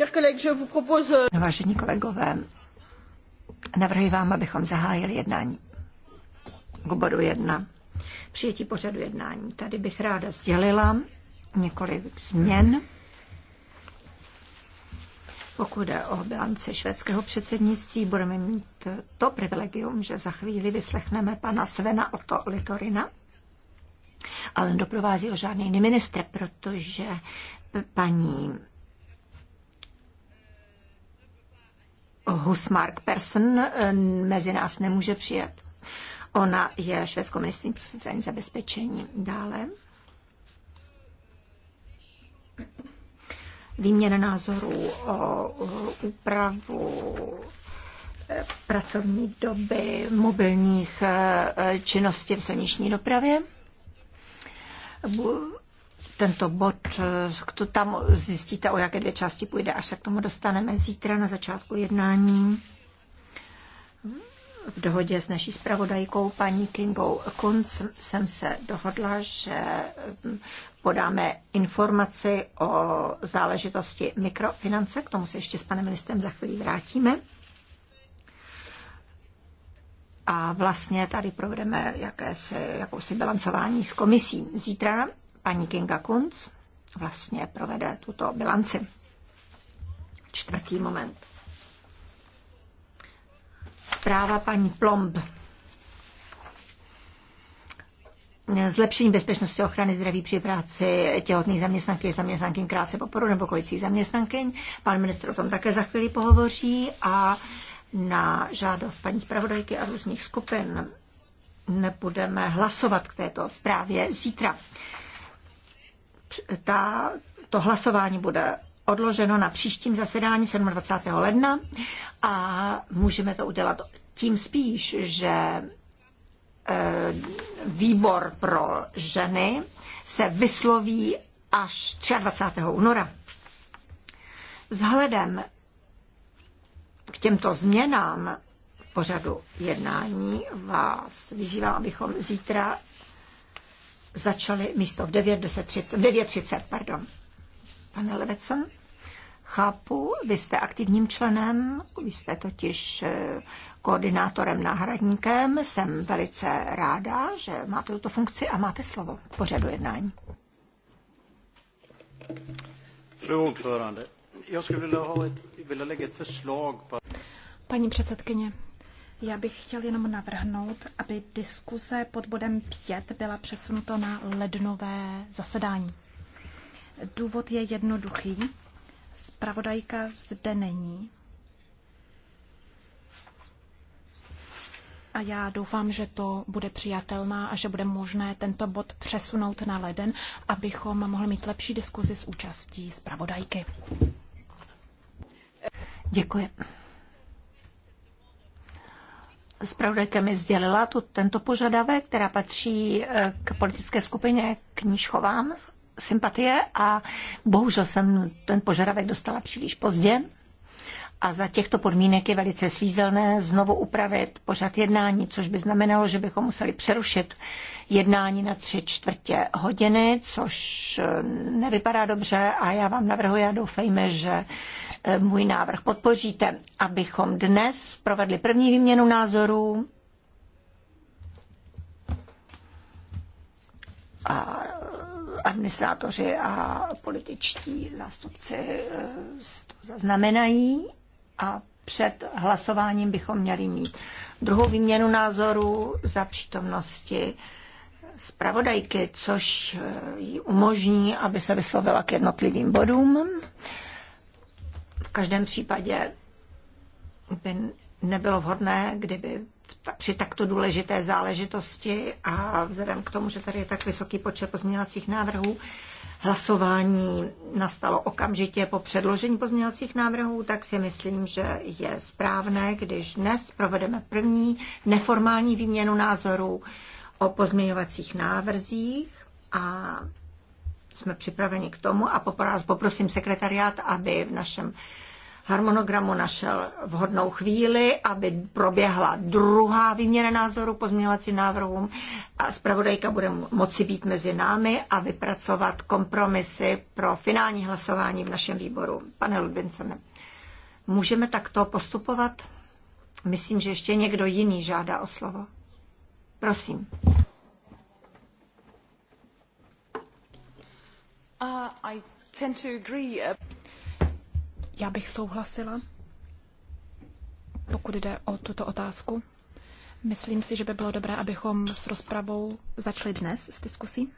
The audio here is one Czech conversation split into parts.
Euh, Vážení kolegové, navrhuji vám, abychom zahájili jednání. K bodu jedna. Přijetí pořadu jednání. Tady bych ráda sdělila několik změn. Pokud je o bilance švédského předsednictví, budeme mít to privilegium, že za chvíli vyslechneme pana Svena Oto Litorina, ale doprovází ho žádný ministr, protože paní Husmark Persson eh, mezi nás nemůže přijet. Ona je švédskou ministrní pro sociální zabezpečení. Dále. Výměna názorů o úpravu eh, pracovní doby mobilních eh, činností v silniční dopravě tento bod, eh, tam zjistíte, o jaké dvě části půjde, až se k tomu dostaneme zítra na začátku jednání v dohodě s naší zpravodajkou paní Kingou Kunz jsem se dohodla, že hm, podáme informaci o záležitosti mikrofinance, k tomu se ještě s panem ministrem za chvíli vrátíme. A vlastně tady provedeme jakési, jakousi bilancování s komisí. Zítra paní Kinga Kunz vlastně provede tuto bilanci. Čtvrtý moment. Zpráva paní Plomb. Zlepšení bezpečnosti ochrany zdraví při práci těhotných zaměstnanky, zaměstnankyň krátce po porodu nebo kojící zaměstnankyň. Pan ministr o tom také za chvíli pohovoří a na žádost paní zpravodajky a různých skupin nebudeme hlasovat k této zprávě zítra ta, to hlasování bude odloženo na příštím zasedání 27. ledna a můžeme to udělat tím spíš, že eh, výbor pro ženy se vysloví až 23. února. Vzhledem k těmto změnám pořadu jednání vás vyzývám, abychom zítra začali místo v 9.30, 9.30, pardon. Pane Levecen, chápu, vy jste aktivním členem, vy jste totiž eh, koordinátorem náhradníkem, jsem velice ráda, že máte tuto funkci a máte slovo k pořadu jednání. Paní předsedkyně, já bych chtěl jenom navrhnout, aby diskuse pod bodem 5 byla přesunuta na lednové zasedání. Důvod je jednoduchý. Spravodajka zde není. A já doufám, že to bude přijatelná a že bude možné tento bod přesunout na leden, abychom mohli mít lepší diskuzi s účastí zpravodajky. Děkuji zpravodajka mi sdělila tu, tento požadavek, která patří eh, k politické skupině knížkovám sympatie a bohužel jsem ten požadavek dostala příliš pozdě a za těchto podmínek je velice svízelné znovu upravit pořad jednání, což by znamenalo, že bychom museli přerušit jednání na tři čtvrtě hodiny, což eh, nevypadá dobře a já vám navrhuji a doufejme, že eh, můj návrh podpoříte, abychom dnes provedli první výměnu názorů a eh, administrátoři a političtí zástupci to zaznamenají a před hlasováním bychom měli mít druhou výměnu názorů za přítomnosti zpravodajky, což eh, ji umožní, aby se vyslovila k jednotlivým bodům. V každém případě by nebylo vhodné, kdyby při takto důležité záležitosti a vzhledem k tomu, že tady je tak vysoký počet pozměňovacích návrhů, hlasování nastalo okamžitě po předložení pozměňovacích návrhů, tak si myslím, že je správné, když dnes provedeme první neformální výměnu názorů o pozměňovacích návrzích a jsme připraveni k tomu a poprosím sekretariát, aby v našem harmonogramu našel vhodnou chvíli, aby proběhla druhá výměna názoru pozměňovací návrhům a zpravodajka bude moci být mezi námi a vypracovat kompromisy pro finální hlasování v našem výboru. Pane Ludvincene, můžeme takto postupovat? Myslím, že ještě někdo jiný žádá o slovo. Prosím. Uh, I tend to agree. Uh, já bych souhlasila, pokud jde o tuto otázku. Myslím si, že by bylo dobré, abychom s rozpravou začali dnes s diskusí.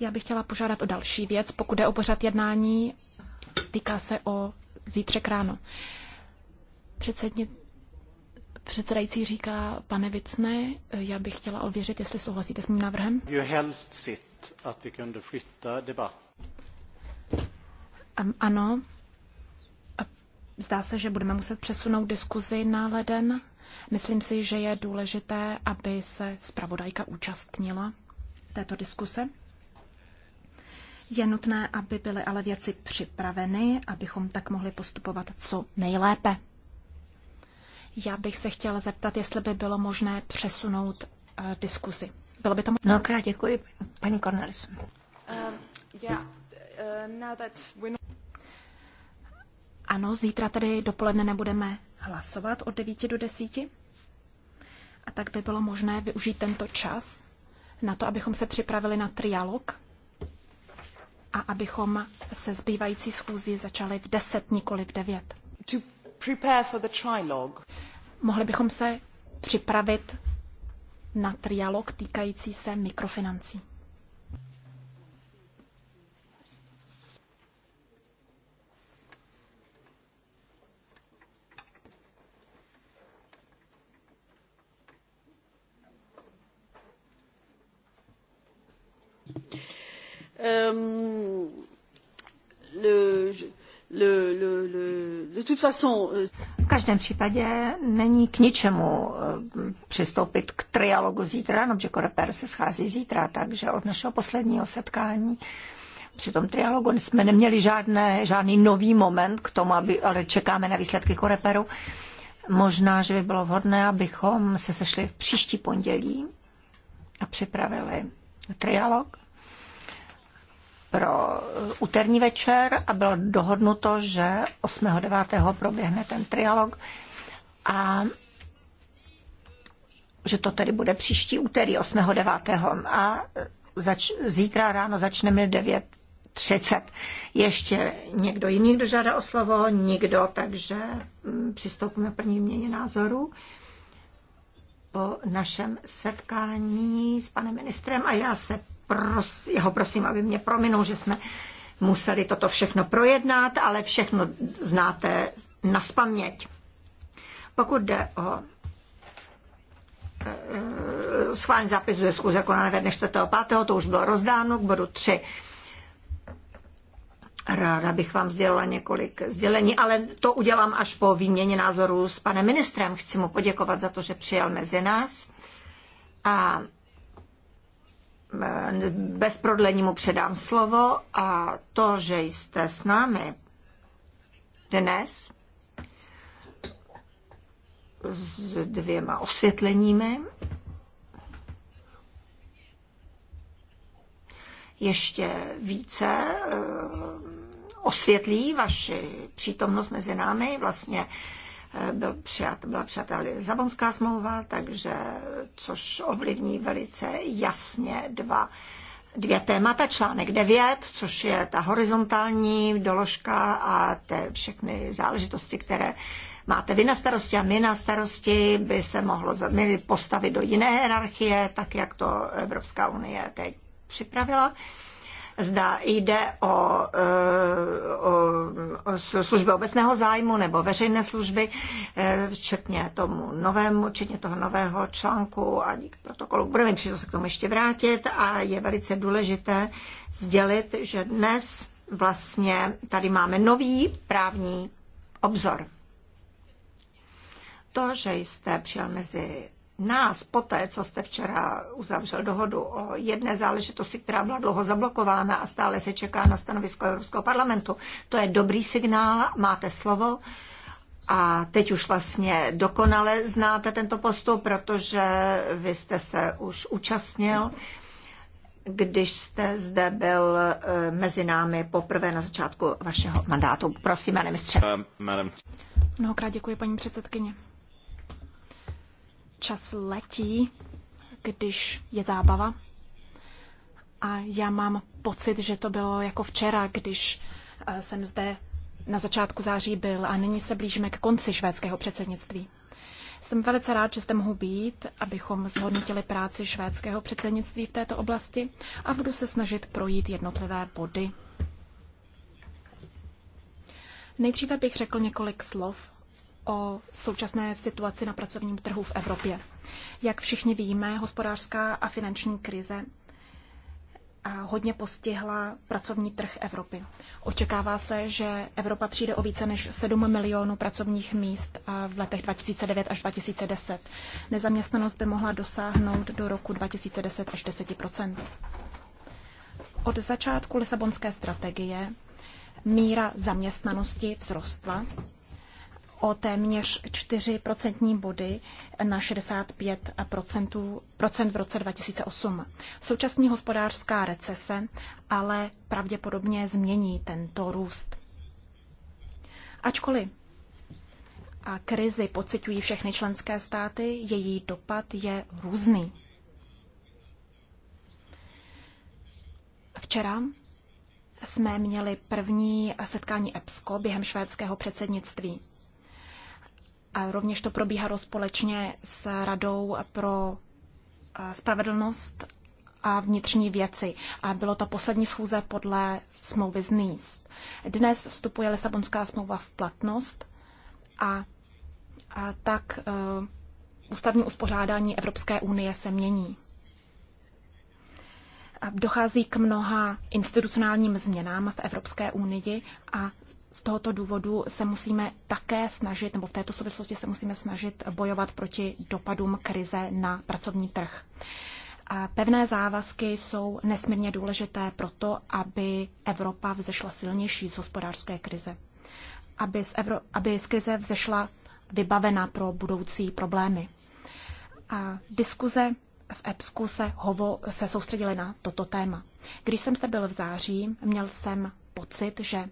Já bych chtěla požádat o další věc, pokud jde o pořad jednání, týká se o zítřek ráno. Předsedně, předsedající říká, pane Vicne, já bych chtěla ověřit, jestli souhlasíte s mým návrhem. Helst Um, ano, Zdá se, že budeme muset přesunout diskuzi na leden. Myslím si, že je důležité, aby se zpravodajka účastnila této diskuse. Je nutné, aby byly ale věci připraveny, abychom tak mohli postupovat co nejlépe. Já bych se chtěla zeptat, jestli by bylo možné přesunout uh, diskuzi. Bylo by to možné? Mnohokrát děkuji, paní Cornelis. Uh, um, yeah. uh, ano, zítra tedy dopoledne nebudeme hlasovat od 9 do 10. A tak by bylo možné využít tento čas na to, abychom se připravili na trialog a abychom se zbývající schůzi začali v 10, nikoli v 9. To prepare for the trilog. Mohli bychom se připravit na trialog týkající se mikrofinancí. Eh, v každém případě není k ničemu eh, přistoupit k trialogu zítra, no, že Koreper se schází zítra, takže od našeho posledního setkání při tom trialogu jsme neměli žádné, žádný nový moment k tomu, aby, ale čekáme na výsledky Koreperu. Možná, že by bylo vhodné, abychom se sešli v příští pondělí a připravili trialog pro eh, úterní večer a bylo dohodnuto, že 8. 9. proběhne ten trialog a že to tedy bude příští úterý 8. 9. a eh, zač- zítra ráno začneme 9. 30. Ještě někdo jiný, kdo žádá o slovo? Nikdo, takže mm, přistoupíme k první měně názoru po našem setkání s panem ministrem a já se pros, jeho prosím, aby mě prominul, že jsme museli toto všechno projednat, ale všechno znáte na spaměť. Pokud jde o e, e, schválení zápisu ze schůze konané ve dne 4.5. to už bylo rozdáno k bodu 3. Ráda bych vám sdělila několik sdělení, ale to udělám až po výměně názorů s panem ministrem. Chci mu poděkovat za to, že přijel mezi nás. A bez prodlení mu předám slovo a to, že jste s námi dnes s dvěma osvětleními. Ještě více eh, osvětlí vaši přítomnost mezi námi, vlastně byl přijat, byla přijata Lizabonská smlouva, takže, což ovlivní velice jasně dva dvě témata, článek 9, což je ta horizontální doložka a te všechny záležitosti, které máte vy na starosti a my na starosti, by se mohlo postavit do jiné hierarchie, tak jak to Evropská unie teď připravila zda jde o, eh, o, o služby obecného zájmu nebo veřejné služby, eh, včetně tomu novému, včetně toho nového článku a protokolu. Budeme příště se k tomu ještě vrátit a je velice důležité sdělit, že dnes vlastně tady máme nový právní obzor. To, že jste přijel mezi nás poté, co jste včera uzavřel dohodu o jedné záležitosti, která byla dlouho zablokována a stále se čeká na stanovisko Evropského parlamentu, to je dobrý signál, máte slovo. A teď už vlastně dokonale znáte tento postup, protože vy jste se už účastnil, když jste zde byl eh, mezi námi poprvé na začátku vašeho mandátu. Prosím, pane mistře. Mnohokrát děkuji, paní předsedkyně čas letí, když je zábava. A já mám pocit, že to bylo jako včera, když eh, jsem zde na začátku září byl a nyní se blížíme k konci švédského předsednictví. Jsem velice rád, že zde mohu být, abychom zhodnotili práci švédského předsednictví v této oblasti a budu se snažit projít jednotlivé body. Nejdříve bych řekl několik slov o současné situaci na pracovním trhu v Evropě. Jak všichni víme, hospodářská a finanční krize a hodně postihla pracovní trh Evropy. Očekává se, že Evropa přijde o více než 7 milionů pracovních míst v letech 2009 až 2010. Nezaměstnanost by mohla dosáhnout do roku 2010 až 10 Od začátku Lisabonské strategie míra zaměstnanosti vzrostla o téměř 4% body na 65% v roce 2008. Současní hospodářská recese ale pravděpodobně změní tento růst. Ačkoliv a krizi pociťují všechny členské státy, její dopad je různý. Včera jsme měli první setkání EPSCO během švédského předsednictví. A rovněž to probíhalo společně s Radou pro eh, spravedlnost a vnitřní věci. A bylo to poslední schůze podle smlouvy z NIS. Dnes vstupuje Lisabonská smlouva v platnost a, a tak uh, ústavní uspořádání Evropské unie se mění dochází k mnoha institucionálním změnám v Evropské unii a z tohoto důvodu se musíme také snažit, nebo v této souvislosti se musíme snažit bojovat proti dopadům krize na pracovní trh. A pevné závazky jsou nesmírně důležité proto, aby Evropa vzešla silnější z hospodářské krize. Aby z, Evro- aby z krize vzešla vybavena pro budoucí problémy. A diskuze v EPSku se, hovo, se soustředili na toto téma. Když jsem zde byl v září, měl jsem pocit, že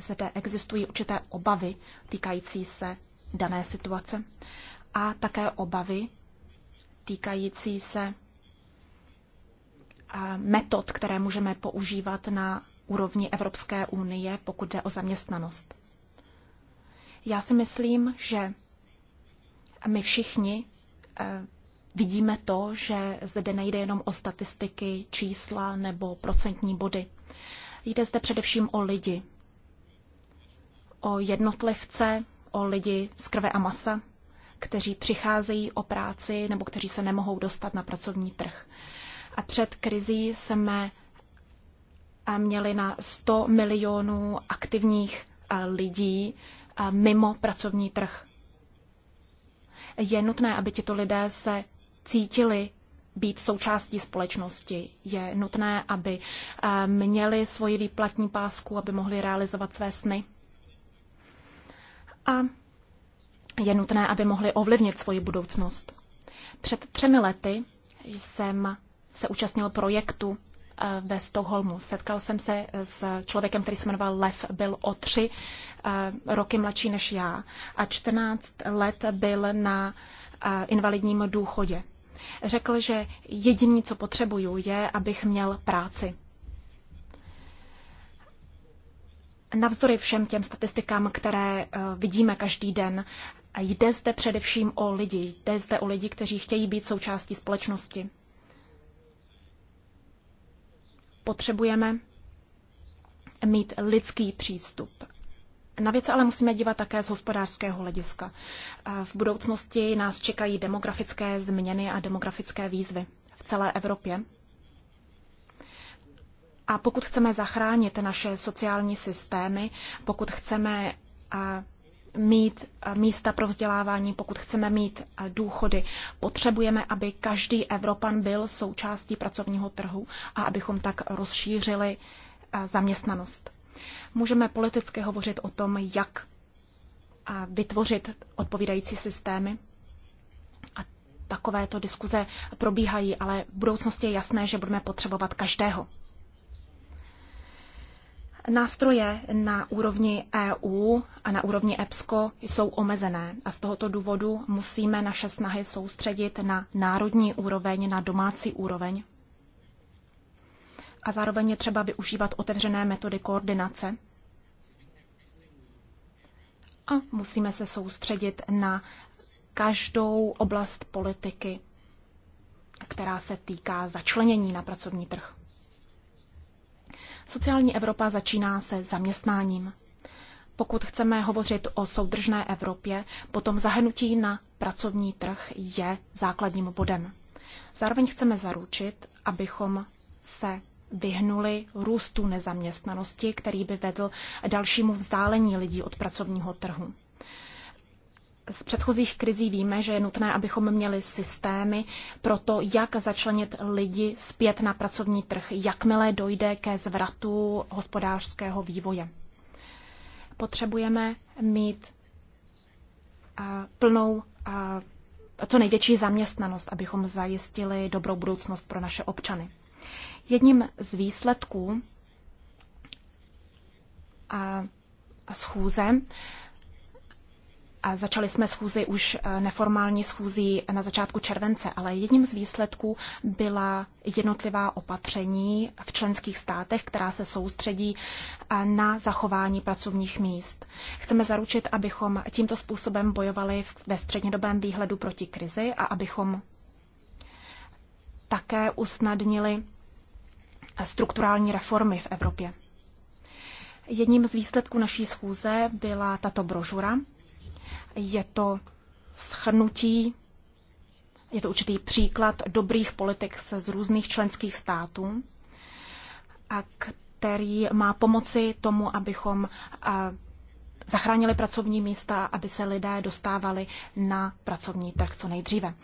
zde existují určité obavy týkající se dané situace a také obavy týkající se metod, které můžeme používat na úrovni Evropské unie, pokud jde o zaměstnanost. Já si myslím, že my všichni e, Vidíme to, že zde nejde jenom o statistiky, čísla nebo procentní body. Jde zde především o lidi. O jednotlivce, o lidi z krve a masa, kteří přicházejí o práci nebo kteří se nemohou dostat na pracovní trh. A před krizí jsme měli na 100 milionů aktivních lidí mimo pracovní trh. Je nutné, aby tito lidé se cítili být součástí společnosti. Je nutné, aby eh, měli svoji výplatní pásku, aby mohli realizovat své sny. A je nutné, aby mohli ovlivnit svoji budoucnost. Před třemi lety jsem se účastnil projektu eh, ve Stockholmu. Setkal jsem se eh, s člověkem, který se jmenoval Lev, byl o tři roky mladší než já a 14 let byl na invalidním důchodě řekl, že jediné, co potřebuju, je, abych měl práci. Navzdory všem těm statistikám, které eh, vidíme každý den, jde zde především o lidi. Jde zde o lidi, kteří chtějí být součástí společnosti. Potřebujeme mít lidský přístup na věci ale musíme dívat také z hospodářského hlediska. V budoucnosti nás čekají demografické změny a demografické výzvy v celé Evropě. A pokud chceme zachránit naše sociální systémy, pokud chceme mít místa pro vzdělávání, pokud chceme mít důchody, potřebujeme, aby každý Evropan byl součástí pracovního trhu a abychom tak rozšířili zaměstnanost. Můžeme politicky hovořit o tom, jak vytvořit odpovídající systémy. A takovéto diskuze probíhají, ale v budoucnosti je jasné, že budeme potřebovat každého. Nástroje na úrovni EU a na úrovni EPSCO jsou omezené a z tohoto důvodu musíme naše snahy soustředit na národní úroveň, na domácí úroveň a zároveň je třeba využívat otevřené metody koordinace. A musíme se soustředit na každou oblast politiky, která se týká začlenění na pracovní trh. Sociální Evropa začíná se zaměstnáním. Pokud chceme hovořit o soudržné Evropě, potom zahrnutí na pracovní trh je základním bodem. Zároveň chceme zaručit, abychom se vyhnuli růstu nezaměstnanosti, který by vedl dalšímu vzdálení lidí od pracovního trhu. Z předchozích krizí víme, že je nutné, abychom měli systémy pro to, jak začlenit lidi zpět na pracovní trh, jakmile dojde ke zvratu hospodářského vývoje. Potřebujeme mít plnou, co největší zaměstnanost, abychom zajistili dobrou budoucnost pro naše občany. Jedním z výsledků a, a schůze a začali jsme schůzi už e, neformální schůzí na začátku července, ale jedním z výsledků byla jednotlivá opatření v členských státech, která se soustředí e, na zachování pracovních míst. Chceme zaručit, abychom tímto způsobem bojovali ve střednědobém výhledu proti krizi a abychom také usnadnili strukturální reformy v Evropě. Jedním z výsledků naší schůze byla tato brožura. Je to schrnutí, je to určitý příklad dobrých politik se z různých členských států, a který má pomoci tomu, abychom zachránili pracovní místa, aby se lidé dostávali na pracovní trh co nejdříve.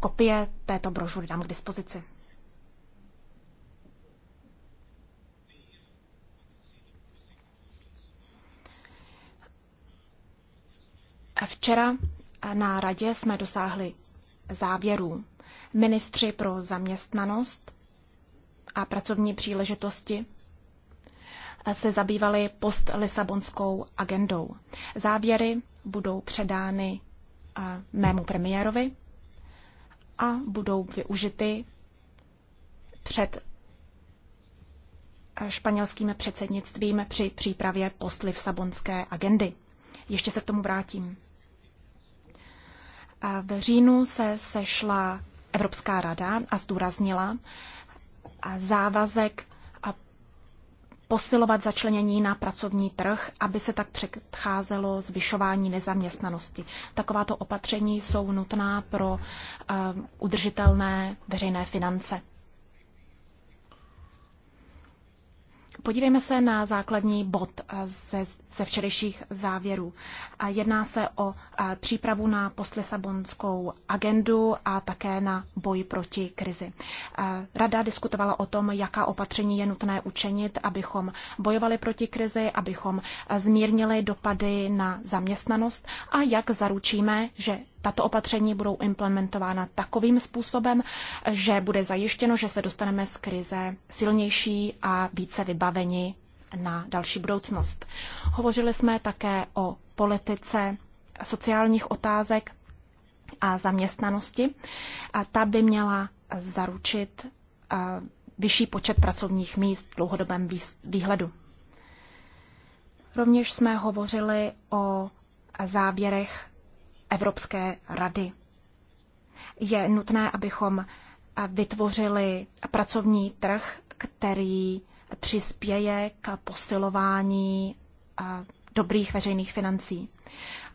Kopie této brožury dám k dispozici. Včera na radě jsme dosáhli závěrů. Ministři pro zaměstnanost a pracovní příležitosti se zabývali post-Lisabonskou agendou. Závěry budou předány eh, mému premiérovi a budou využity před eh, španělským předsednictvím při přípravě post-Lisabonské agendy. Ještě se k tomu vrátím. V říjnu se sešla Evropská rada a zdůraznila závazek a posilovat začlenění na pracovní trh, aby se tak předcházelo zvyšování nezaměstnanosti. Takováto opatření jsou nutná pro eh, udržitelné veřejné finance. Podívejme se na základní bod eh, ze, ze včerejších závěrů. Jedná se o eh, přípravu na poslisabonskou agendu a také na boj proti krizi. Eh, Rada diskutovala o tom, jaká opatření je nutné učinit, abychom bojovali proti krizi, abychom zmírnili dopady na zaměstnanost a jak zaručíme, že tato opatření budou implementována takovým způsobem, že bude zajištěno, že se dostaneme z krize silnější a více vybaveni na další budoucnost. Hovořili jsme také o politice sociálních otázek a zaměstnanosti. A ta by měla zaručit vyšší počet pracovních míst v dlouhodobém výhledu. Rovněž jsme hovořili o závěrech Evropské rady. Je nutné, abychom vytvořili pracovní trh, který přispěje k posilování dobrých veřejných financí.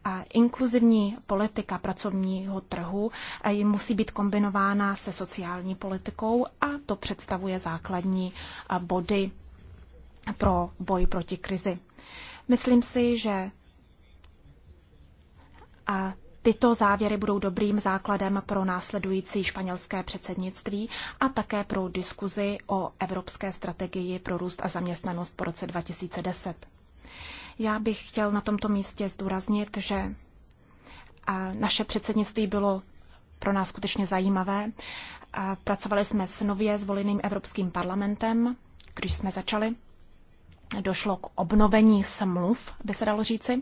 A inkluzivní politika pracovního trhu musí být kombinována se sociální politikou a to představuje základní body pro boj proti krizi. Myslím si, že tyto závěry budou dobrým základem pro následující španělské předsednictví a také pro diskuzi o evropské strategii pro růst a zaměstnanost po roce 2010. Já bych chtěl na tomto místě zdůraznit, že naše předsednictví bylo pro nás skutečně zajímavé. Pracovali jsme s nově zvoleným Evropským parlamentem, když jsme začali. Došlo k obnovení smluv, by se dalo říci.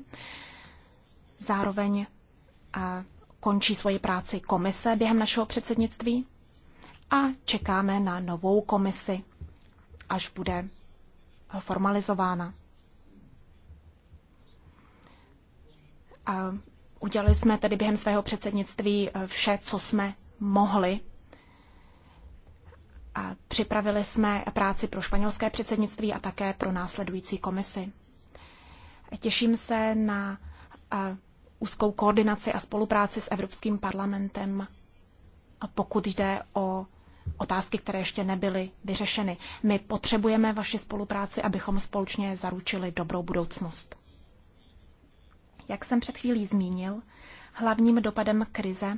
Zároveň končí svoji práci komise během našeho předsednictví a čekáme na novou komisi, až bude formalizována. A udělali jsme tedy během svého předsednictví eh, vše, co jsme mohli. A připravili jsme práci pro španělské předsednictví a také pro následující komisi. Těším se na eh, úzkou koordinaci a spolupráci s Evropským parlamentem, pokud jde o otázky, které ještě nebyly vyřešeny. My potřebujeme vaši spolupráci, abychom společně zaručili dobrou budoucnost. Jak jsem před chvílí zmínil, hlavním dopadem krize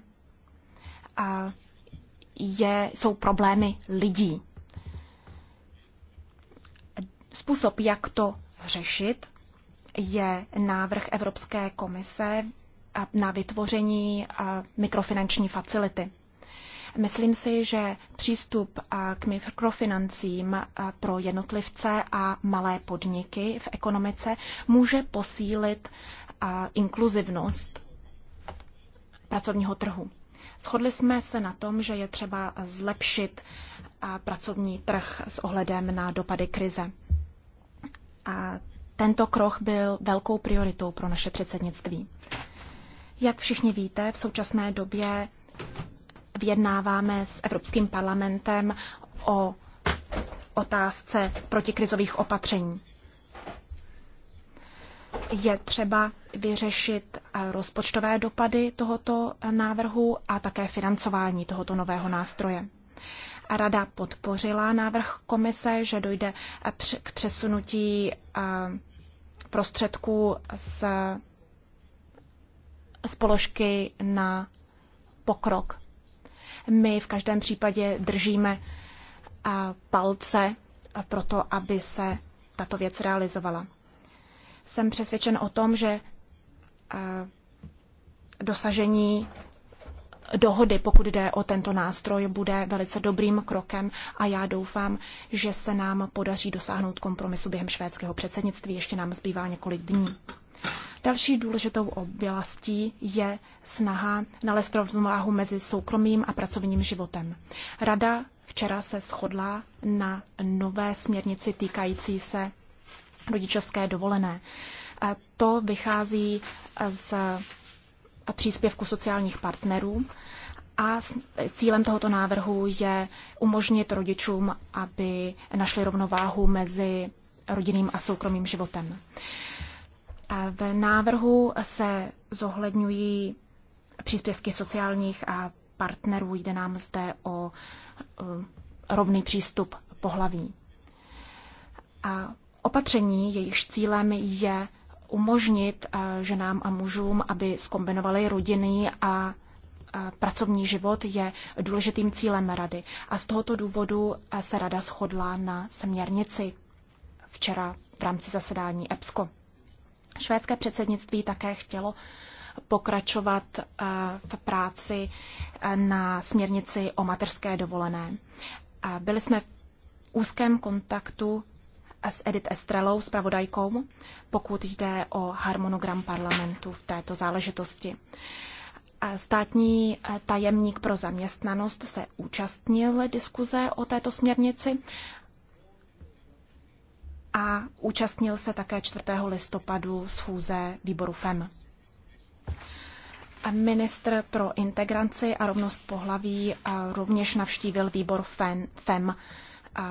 a je, jsou problémy lidí. Způsob, jak to řešit, je návrh Evropské komise na vytvoření mikrofinanční facility. Myslím si, že přístup k mikrofinancím pro jednotlivce a malé podniky v ekonomice může posílit inkluzivnost pracovního trhu. Shodli jsme se na tom, že je třeba zlepšit pracovní trh s ohledem na dopady krize. A tento krok byl velkou prioritou pro naše předsednictví. Jak všichni víte, v současné době vyjednáváme s Evropským parlamentem o otázce protikrizových opatření. Je třeba vyřešit rozpočtové dopady tohoto návrhu a také financování tohoto nového nástroje. Rada podpořila návrh komise, že dojde k přesunutí eh, prostředků z, z položky na pokrok. My v každém případě držíme palce pro to, aby se tato věc realizovala. Jsem přesvědčen o tom, že dosažení dohody, pokud jde o tento nástroj, bude velice dobrým krokem a já doufám, že se nám podaří dosáhnout kompromisu během švédského předsednictví. Ještě nám zbývá několik dní. Další důležitou oblastí je snaha nalézt rovnováhu mezi soukromým a pracovním životem. Rada včera se shodla na nové směrnici týkající se rodičovské dovolené. To vychází z a příspěvku sociálních partnerů. A cílem tohoto návrhu je umožnit rodičům, aby našli rovnováhu mezi rodinným a soukromým životem. V návrhu se zohledňují příspěvky sociálních a partnerů. Jde nám zde o rovný přístup pohlaví. A opatření, jejichž cílem je umožnit eh, ženám a mužům, aby skombinovali rodinný a pracovní život je důležitým cílem rady. A z tohoto důvodu eh, se rada shodla na směrnici včera v rámci zasedání EPSCO. Švédské předsednictví také chtělo pokračovat eh, v práci na směrnici o mateřské dovolené. Byli jsme v úzkém kontaktu s Edith Estrelou, zpravodajkou, pokud jde o harmonogram parlamentu v této záležitosti. Státní eh, tajemník pro zaměstnanost se účastnil diskuze o této směrnici a účastnil se také 4. listopadu schůze výboru FEM. Ministr pro integraci a rovnost pohlaví eh, rovněž navštívil výbor FEM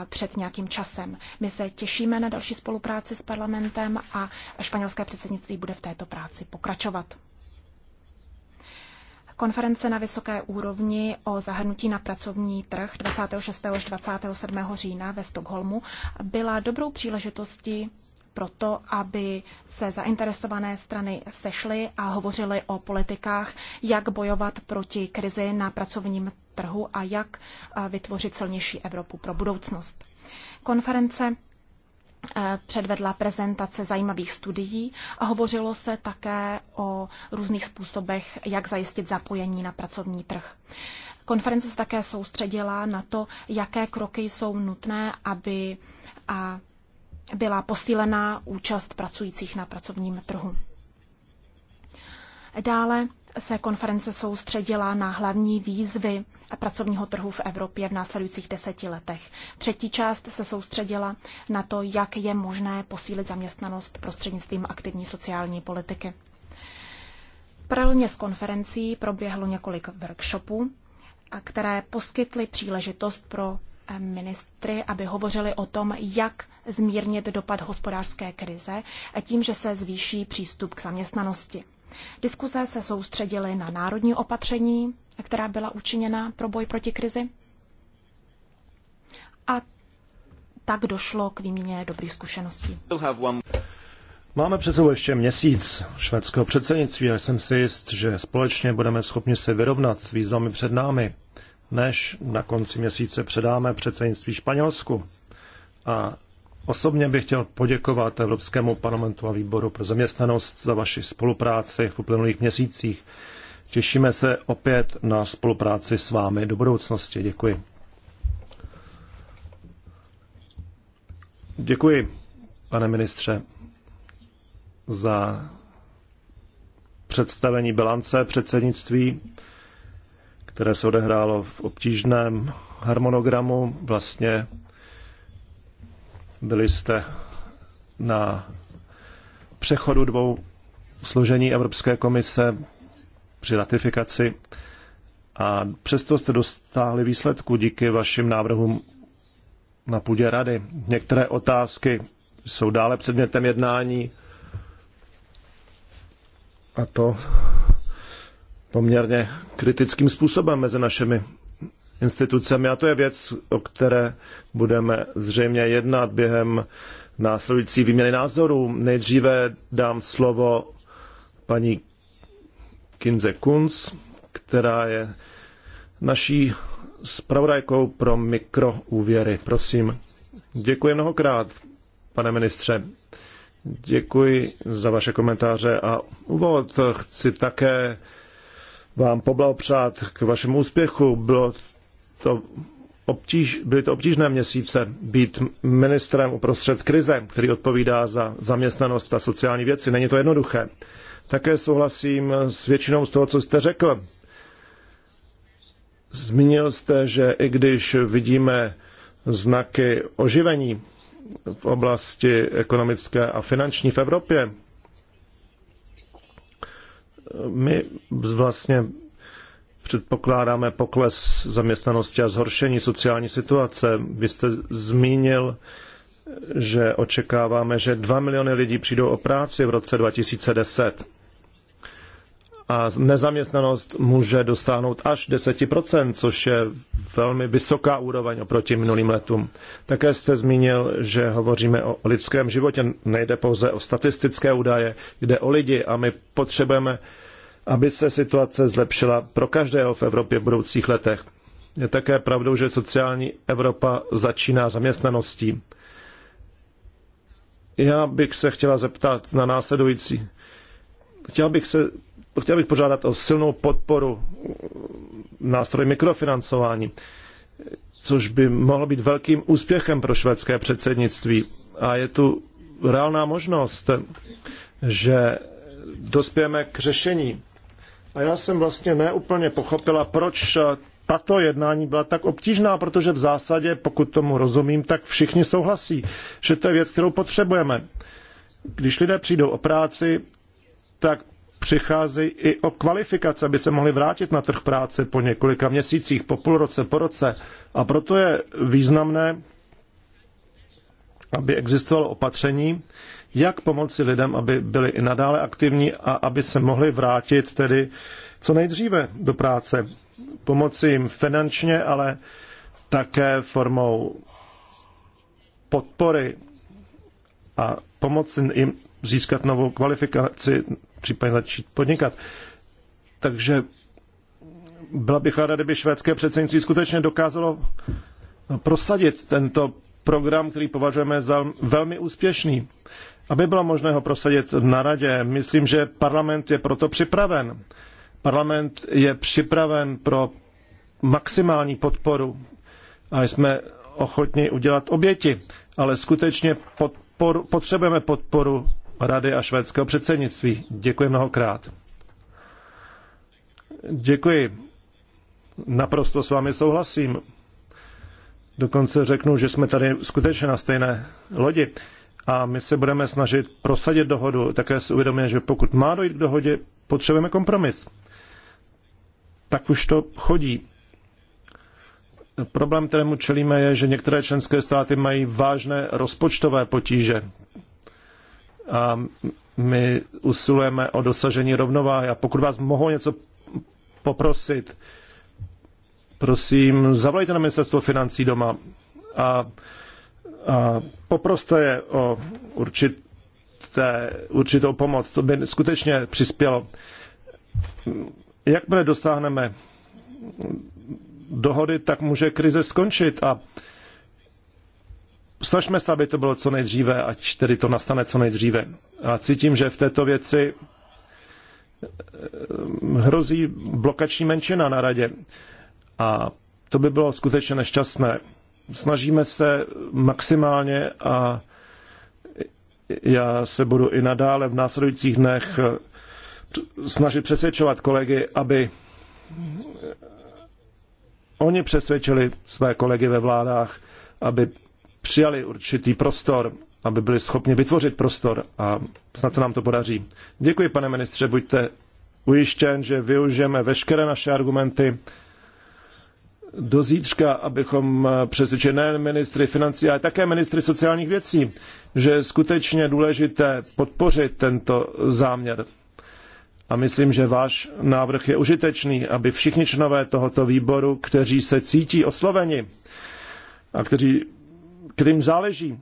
před nějakým časem. My se těšíme na další spolupráci s parlamentem a španělské předsednictví bude v této práci pokračovat. Konference na vysoké úrovni o zahrnutí na pracovní trh 26. až 27. října ve Stockholmu byla dobrou příležitostí proto, aby se zainteresované strany sešly a hovořily o politikách, jak bojovat proti krizi na pracovním trhu a jak eh, vytvořit silnější Evropu pro budoucnost. Konference eh, předvedla prezentace zajímavých studií a hovořilo se také o různých způsobech, jak zajistit zapojení na pracovní trh. Konference se také soustředila na to, jaké kroky jsou nutné, aby a byla posílená účast pracujících na pracovním trhu. Dále se konference soustředila na hlavní výzvy pracovního trhu v Evropě v následujících deseti letech. Třetí část se soustředila na to, jak je možné posílit zaměstnanost prostřednictvím aktivní sociální politiky. Paralelně s konferencí proběhlo několik workshopů, které poskytly příležitost pro ministry, aby hovořili o tom, jak zmírnit dopad hospodářské krize tím, že se zvýší přístup k zaměstnanosti. Diskuze se soustředily na národní opatření, která byla učiněna pro boj proti krizi. A tak došlo k výměně dobrých zkušeností. Máme před sebou ještě měsíc švédského předsednictví a jsem si jist, že společně budeme schopni se vyrovnat s výzvami před námi, než na konci měsíce předáme předsednictví Španělsku. A Osobně bych chtěl poděkovat Evropskému parlamentu a výboru pro zaměstnanost za vaši spolupráci v uplynulých měsících. Těšíme se opět na spolupráci s vámi do budoucnosti. Děkuji. Děkuji, pane ministře, za představení bilance předsednictví, které se odehrálo v obtížném harmonogramu. Vlastně byli jste na přechodu dvou složení Evropské komise při ratifikaci a přesto jste dostáli výsledku díky vašim návrhům na půdě rady. Některé otázky jsou dále předmětem jednání a to poměrně kritickým způsobem mezi našimi institucemi. A to je věc, o které budeme zřejmě jednat během následující výměny názorů. Nejdříve dám slovo paní Kinze Kunz, která je naší spravodajkou pro mikroúvěry. Prosím. Děkuji mnohokrát, pane ministře. Děkuji za vaše komentáře a úvod. Chci také vám poblahopřát k vašemu úspěchu. Bylo to obtíž, byly to obtížné měsíce být ministrem uprostřed krize, který odpovídá za zaměstnanost a sociální věci. Není to jednoduché. Také souhlasím s většinou z toho, co jste řekl. Zmínil jste, že i když vidíme znaky oživení v oblasti ekonomické a finanční v Evropě, my vlastně předpokládáme pokles zaměstnanosti a zhoršení sociální situace. Vy jste zmínil, že očekáváme, že 2 miliony lidí přijdou o práci v roce 2010. A nezaměstnanost může dosáhnout až 10%, což je velmi vysoká úroveň oproti minulým letům. Také jste zmínil, že hovoříme o lidském životě, nejde pouze o statistické údaje, jde o lidi a my potřebujeme aby se situace zlepšila pro každého v Evropě v budoucích letech. Je také pravdou, že sociální Evropa začíná zaměstnaností. Já bych se chtěla zeptat na následující. Chtěl bych, se, chtěl bych požádat o silnou podporu nástroj mikrofinancování, což by mohlo být velkým úspěchem pro švédské předsednictví. A je tu reálná možnost, že dospějeme k řešení a já jsem vlastně neúplně pochopila, proč tato jednání byla tak obtížná, protože v zásadě, pokud tomu rozumím, tak všichni souhlasí, že to je věc, kterou potřebujeme. Když lidé přijdou o práci, tak přicházejí i o kvalifikace, aby se mohli vrátit na trh práce po několika měsících, po půl roce, po roce. A proto je významné, aby existovalo opatření, jak pomoci lidem, aby byli i nadále aktivní a aby se mohli vrátit tedy co nejdříve do práce. Pomoci jim finančně, ale také formou podpory a pomoci jim získat novou kvalifikaci, případně začít podnikat. Takže byla bych ráda, kdyby švédské předsednictví skutečně dokázalo prosadit tento program, který považujeme za velmi úspěšný aby bylo možné ho prosadit na radě. Myslím, že parlament je proto připraven. Parlament je připraven pro maximální podporu a jsme ochotni udělat oběti, ale skutečně podporu, potřebujeme podporu Rady a švédského předsednictví. Děkuji mnohokrát. Děkuji. Naprosto s vámi souhlasím. Dokonce řeknu, že jsme tady skutečně na stejné lodi a my se budeme snažit prosadit dohodu. Také si uvědomíme, že pokud má dojít k dohodě, potřebujeme kompromis. Tak už to chodí. Problém, kterému čelíme, je, že některé členské státy mají vážné rozpočtové potíže. A my usilujeme o dosažení rovnováhy. A pokud vás mohou něco poprosit, prosím, zavolejte na ministerstvo financí doma a po poproste je o určité, určitou pomoc. To by skutečně přispělo. Jakmile dosáhneme dohody, tak může krize skončit a snažme se, aby to bylo co nejdříve, ať tedy to nastane co nejdříve. A cítím, že v této věci eh, hrozí blokační menšina na radě. A to by bylo skutečně nešťastné snažíme se maximálně a já se budu i nadále v následujících dnech snažit přesvědčovat kolegy, aby oni přesvědčili své kolegy ve vládách, aby přijali určitý prostor, aby byli schopni vytvořit prostor a snad se nám to podaří. Děkuji, pane ministře, buďte ujištěn, že využijeme veškeré naše argumenty do zítřka, abychom eh, přesvědčili nejen ministry financí, ale také ministry sociálních věcí, že je skutečně důležité podpořit tento záměr. A myslím, že váš návrh je užitečný, aby všichni členové tohoto výboru, kteří se cítí osloveni a kteří, kterým záleží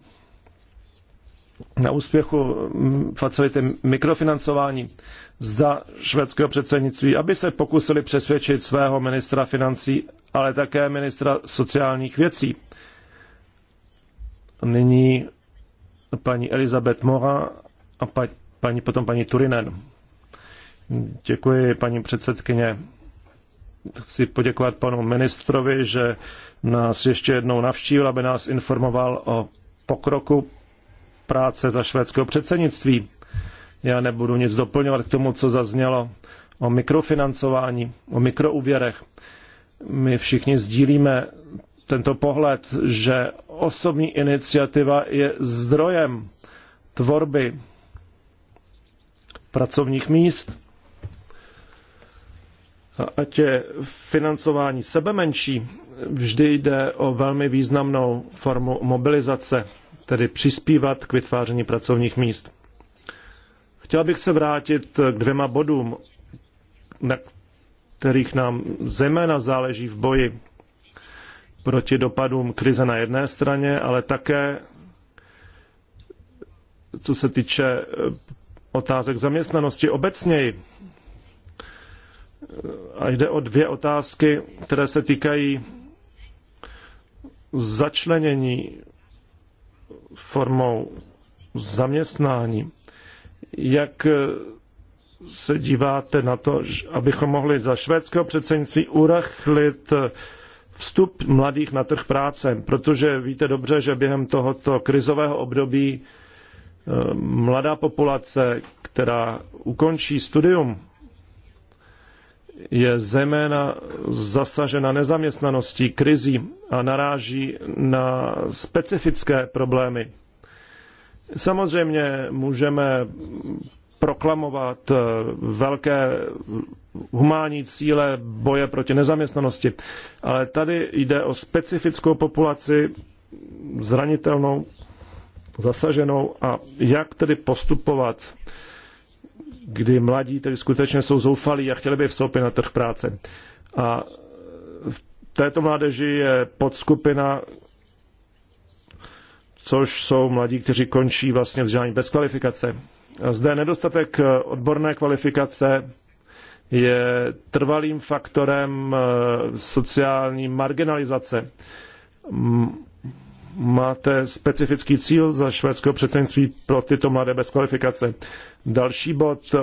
na úspěchu mm, facility mikrofinancování za švédského předsednictví, aby se pokusili přesvědčit svého ministra financí ale také ministra sociálních věcí. Nyní paní Elizabeth Mora a pa, paní, potom paní Turinen. Děkuji, paní předsedkyně. Chci poděkovat panu ministrovi, že nás ještě jednou navštívil, aby nás informoval o pokroku práce za švédského předsednictví. Já nebudu nic doplňovat k tomu, co zaznělo o mikrofinancování, o mikrouvěrech. My všichni sdílíme tento pohled, že osobní iniciativa je zdrojem tvorby pracovních míst. A ať je financování sebe menší, vždy jde o velmi významnou formu mobilizace, tedy přispívat k vytváření pracovních míst. Chtěl bych se vrátit k dvěma bodům, kterých nám zejména záleží v boji proti dopadům krize na jedné straně, ale také co se týče eh, otázek zaměstnanosti obecněji. A jde o dvě otázky, které se týkají začlenění formou zaměstnání. Jak eh, se díváte na to, abychom mohli za švédského předsednictví urachlit vstup mladých na trh práce, protože víte dobře, že během tohoto krizového období eh, mladá populace, která ukončí studium, je zejména zasažena nezaměstnaností, krizí a naráží na specifické problémy. Samozřejmě můžeme proklamovat eh, velké humánní cíle boje proti nezaměstnanosti. Ale tady jde o specifickou populaci zranitelnou, zasaženou a jak tedy postupovat, kdy mladí tedy skutečně jsou zoufalí a chtěli by vstoupit na trh práce. A v této mládeži je podskupina, což jsou mladí, kteří končí vlastně vzdělání bez kvalifikace zde nedostatek odborné kvalifikace je trvalým faktorem eh, sociální marginalizace. Máte specifický cíl za švédského předsednictví pro tyto mladé bez kvalifikace. Další bod,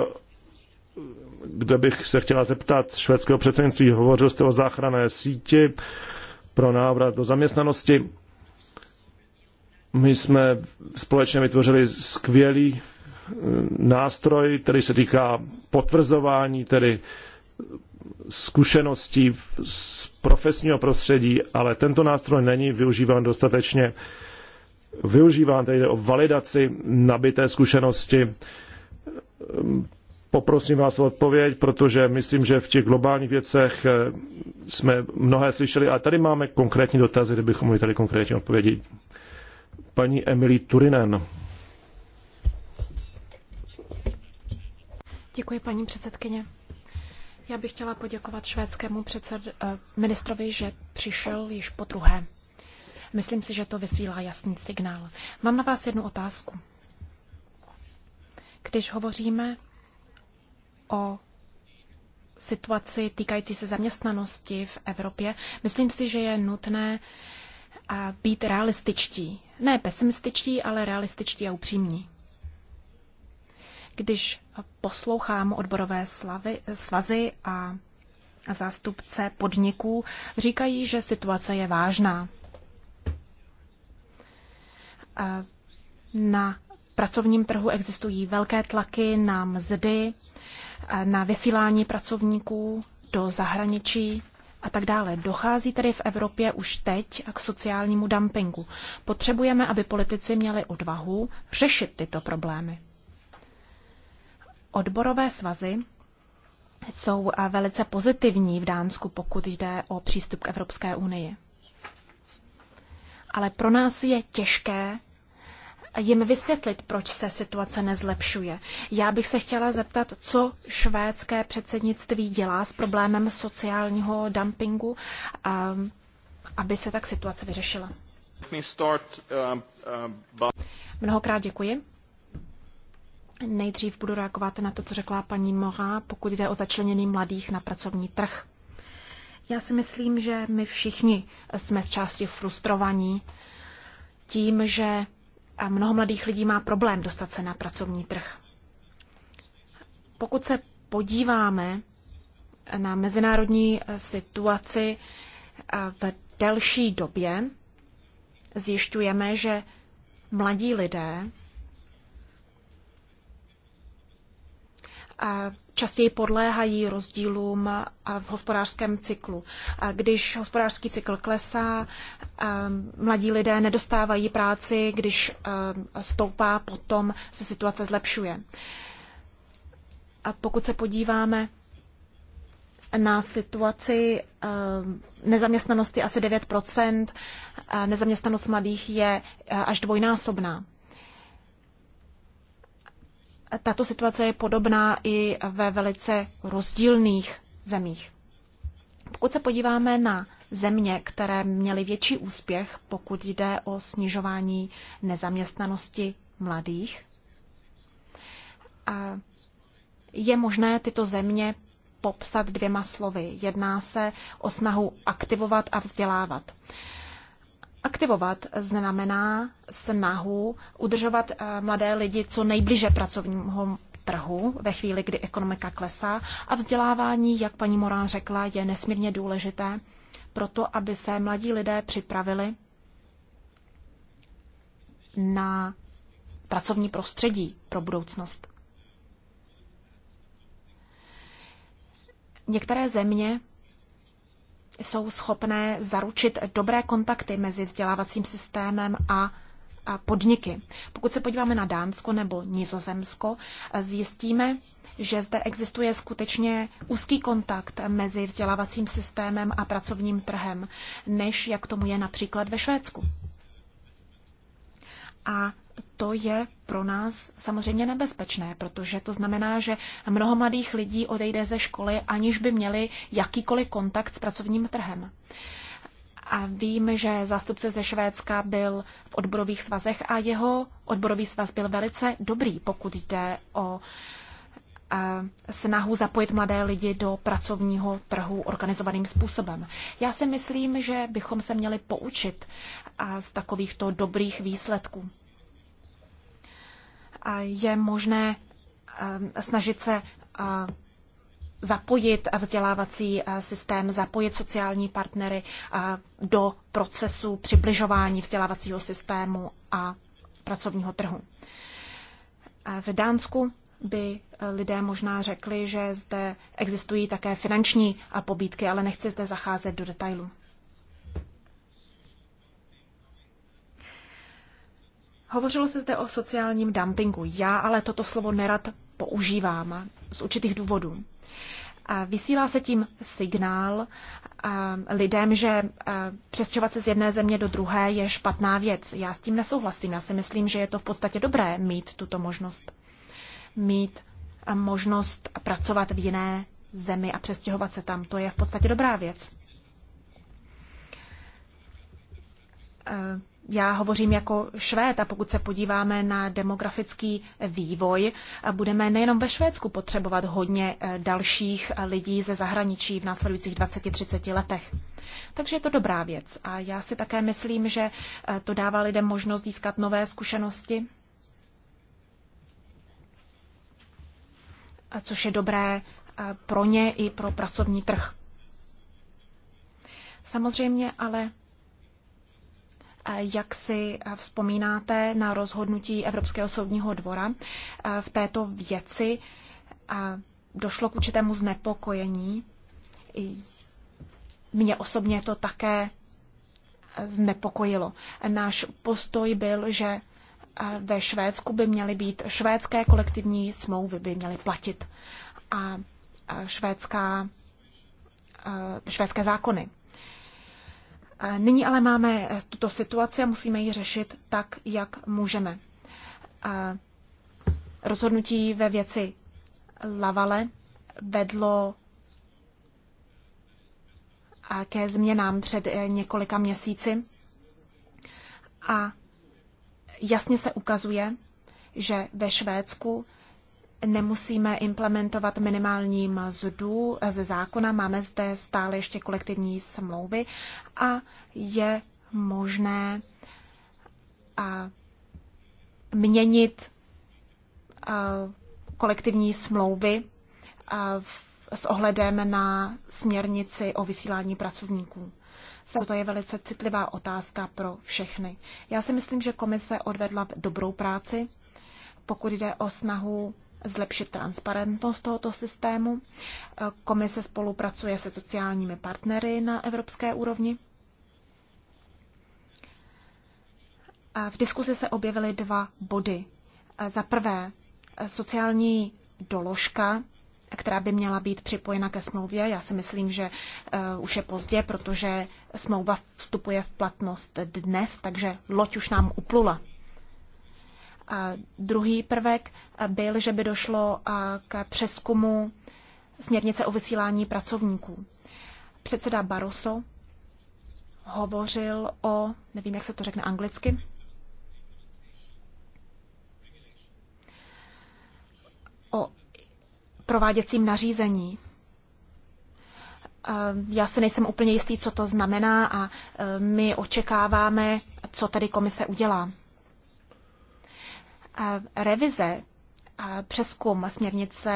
kde bych se chtěla zeptat švédského předsednictví, hovořil jste o záchranné síti pro návrat do zaměstnanosti. My jsme společně vytvořili skvělý nástroj, který se týká potvrzování, tedy zkušeností z profesního prostředí, ale tento nástroj není využíván dostatečně. Využíván tedy jde o validaci nabité zkušenosti. Poprosím vás o odpověď, protože myslím, že v těch globálních věcech eh, jsme mnohé slyšeli, ale tady máme konkrétní dotazy, kdybychom měli tady konkrétní odpovědi. Paní Emily Turinen. Děkuji, paní předsedkyně. Já bych chtěla poděkovat švédskému předsed, eh, ministrovi, že přišel již po druhé. Myslím si, že to vysílá jasný signál. Mám na vás jednu otázku. Když hovoříme o situaci týkající se zaměstnanosti v Evropě, myslím si, že je nutné eh, být realističtí. Ne pesimističtí, ale realističtí a upřímní. Když poslouchám odborové slavy, svazy a zástupce podniků, říkají, že situace je vážná. Eh, na pracovním trhu existují velké tlaky na mzdy, eh, na vysílání pracovníků do zahraničí a tak dále. Dochází tedy v Evropě už teď k sociálnímu dumpingu. Potřebujeme, aby politici měli odvahu řešit tyto problémy. Odborové svazy jsou eh, velice pozitivní v Dánsku, pokud jde o přístup k Evropské unii. Ale pro nás je těžké jim vysvětlit, proč se situace nezlepšuje. Já bych se chtěla zeptat, co švédské předsednictví dělá s problémem sociálního dumpingu, ehm, aby se tak situace vyřešila. Eh, eh, Mnohokrát děkuji. Nejdřív budu reagovat na to, co řekla paní Moha, pokud jde o začlenění mladých na pracovní trh. Já si myslím, že my všichni jsme z části frustrovaní tím, že mnoho mladých lidí má problém dostat se na pracovní trh. Pokud se podíváme na mezinárodní situaci eh, v delší době, zjišťujeme, že mladí lidé častěji podléhají rozdílům v hospodářském cyklu. Když hospodářský cykl klesá, mladí lidé nedostávají práci, když stoupá, potom se situace zlepšuje. A pokud se podíváme na situaci nezaměstnanosti asi 9%, nezaměstnanost mladých je až dvojnásobná tato situace je podobná i ve velice rozdílných zemích. Pokud se podíváme na země, které měly větší úspěch, pokud jde o snižování nezaměstnanosti mladých, je možné tyto země popsat dvěma slovy. Jedná se o snahu aktivovat a vzdělávat. Aktivovat znamená snahu udržovat eh, mladé lidi co nejbliže pracovního trhu ve chvíli, kdy ekonomika klesá a vzdělávání, jak paní Morán řekla, je nesmírně důležité pro to, aby se mladí lidé připravili na pracovní prostředí pro budoucnost. Některé země jsou schopné zaručit dobré kontakty mezi vzdělávacím systémem a podniky. Pokud se podíváme na Dánsko nebo Nizozemsko, zjistíme, že zde existuje skutečně úzký kontakt mezi vzdělávacím systémem a pracovním trhem, než jak tomu je například ve Švédsku. A to je pro nás samozřejmě nebezpečné, protože to znamená, že mnoho mladých lidí odejde ze školy, aniž by měli jakýkoliv kontakt s pracovním trhem. A vím, že zástupce ze Švédska byl v odborových svazech a jeho odborový svaz byl velice dobrý, pokud jde o snahu zapojit mladé lidi do pracovního trhu organizovaným způsobem. Já si myslím, že bychom se měli poučit z takovýchto dobrých výsledků je možné eh, snažit se eh, zapojit vzdělávací eh, systém, zapojit sociální partnery do procesu přibližování vzdělávacího systému a pracovního trhu. V Dánsku by lidé možná řekli, že zde existují také finanční pobídky, ale nechci zde zacházet do detailů. Hovořilo se zde o sociálním dumpingu. Já ale toto slovo nerad používám z určitých důvodů. Vysílá se tím signál lidem, že přestěhovat se z jedné země do druhé je špatná věc. Já s tím nesouhlasím. Já si myslím, že je to v podstatě dobré mít tuto možnost. Mít možnost pracovat v jiné zemi a přestěhovat se tam. To je v podstatě dobrá věc já hovořím jako Švéd a pokud se podíváme na demografický vývoj, budeme nejenom ve Švédsku potřebovat hodně e, dalších e, lidí ze zahraničí v následujících 20-30 letech. Takže je to dobrá věc a já si také myslím, že e, to dává lidem možnost získat nové zkušenosti, což je dobré pro ně i pro pracovní trh. Samozřejmě ale jak si vzpomínáte na rozhodnutí Evropského soudního dvora eh, v této věci, došlo k určitému znepokojení. Mě osobně to také eh, znepokojilo. Náš postoj byl, že eh, ve Švédsku by měly být švédské kolektivní smlouvy, by měly platit a švédská, švédské zákony. Nyní ale máme eh, tuto situaci a musíme ji řešit tak, jak můžeme. Rozhodnutí ve věci Lavale vedlo ke změnám před eh, několika měsíci a jasně se ukazuje, že ve Švédsku nemusíme implementovat minimální mzdu ze zákona. Máme zde stále ještě kolektivní smlouvy a je možné a měnit kolektivní smlouvy s ohledem na směrnici o vysílání pracovníků. To je velice citlivá otázka pro všechny. Já si myslím, že komise odvedla dobrou práci, pokud jde o snahu zlepšit transparentnost tohoto systému. Komise spolupracuje se sociálními partnery na evropské úrovni. V diskuzi se objevily dva body. Za prvé, sociální doložka, která by měla být připojena ke smlouvě. Já si myslím, že eh, už je pozdě, protože smlouva vstupuje v platnost dnes, takže loď už nám uplula. Druhý prvek byl, že by došlo k přeskumu směrnice o vysílání pracovníků. Předseda Barroso hovořil o, nevím, jak se to řekne anglicky, o prováděcím nařízení. Já si nejsem úplně jistý, co to znamená a e, my očekáváme, co tady komise udělá revize, přeskum směrnice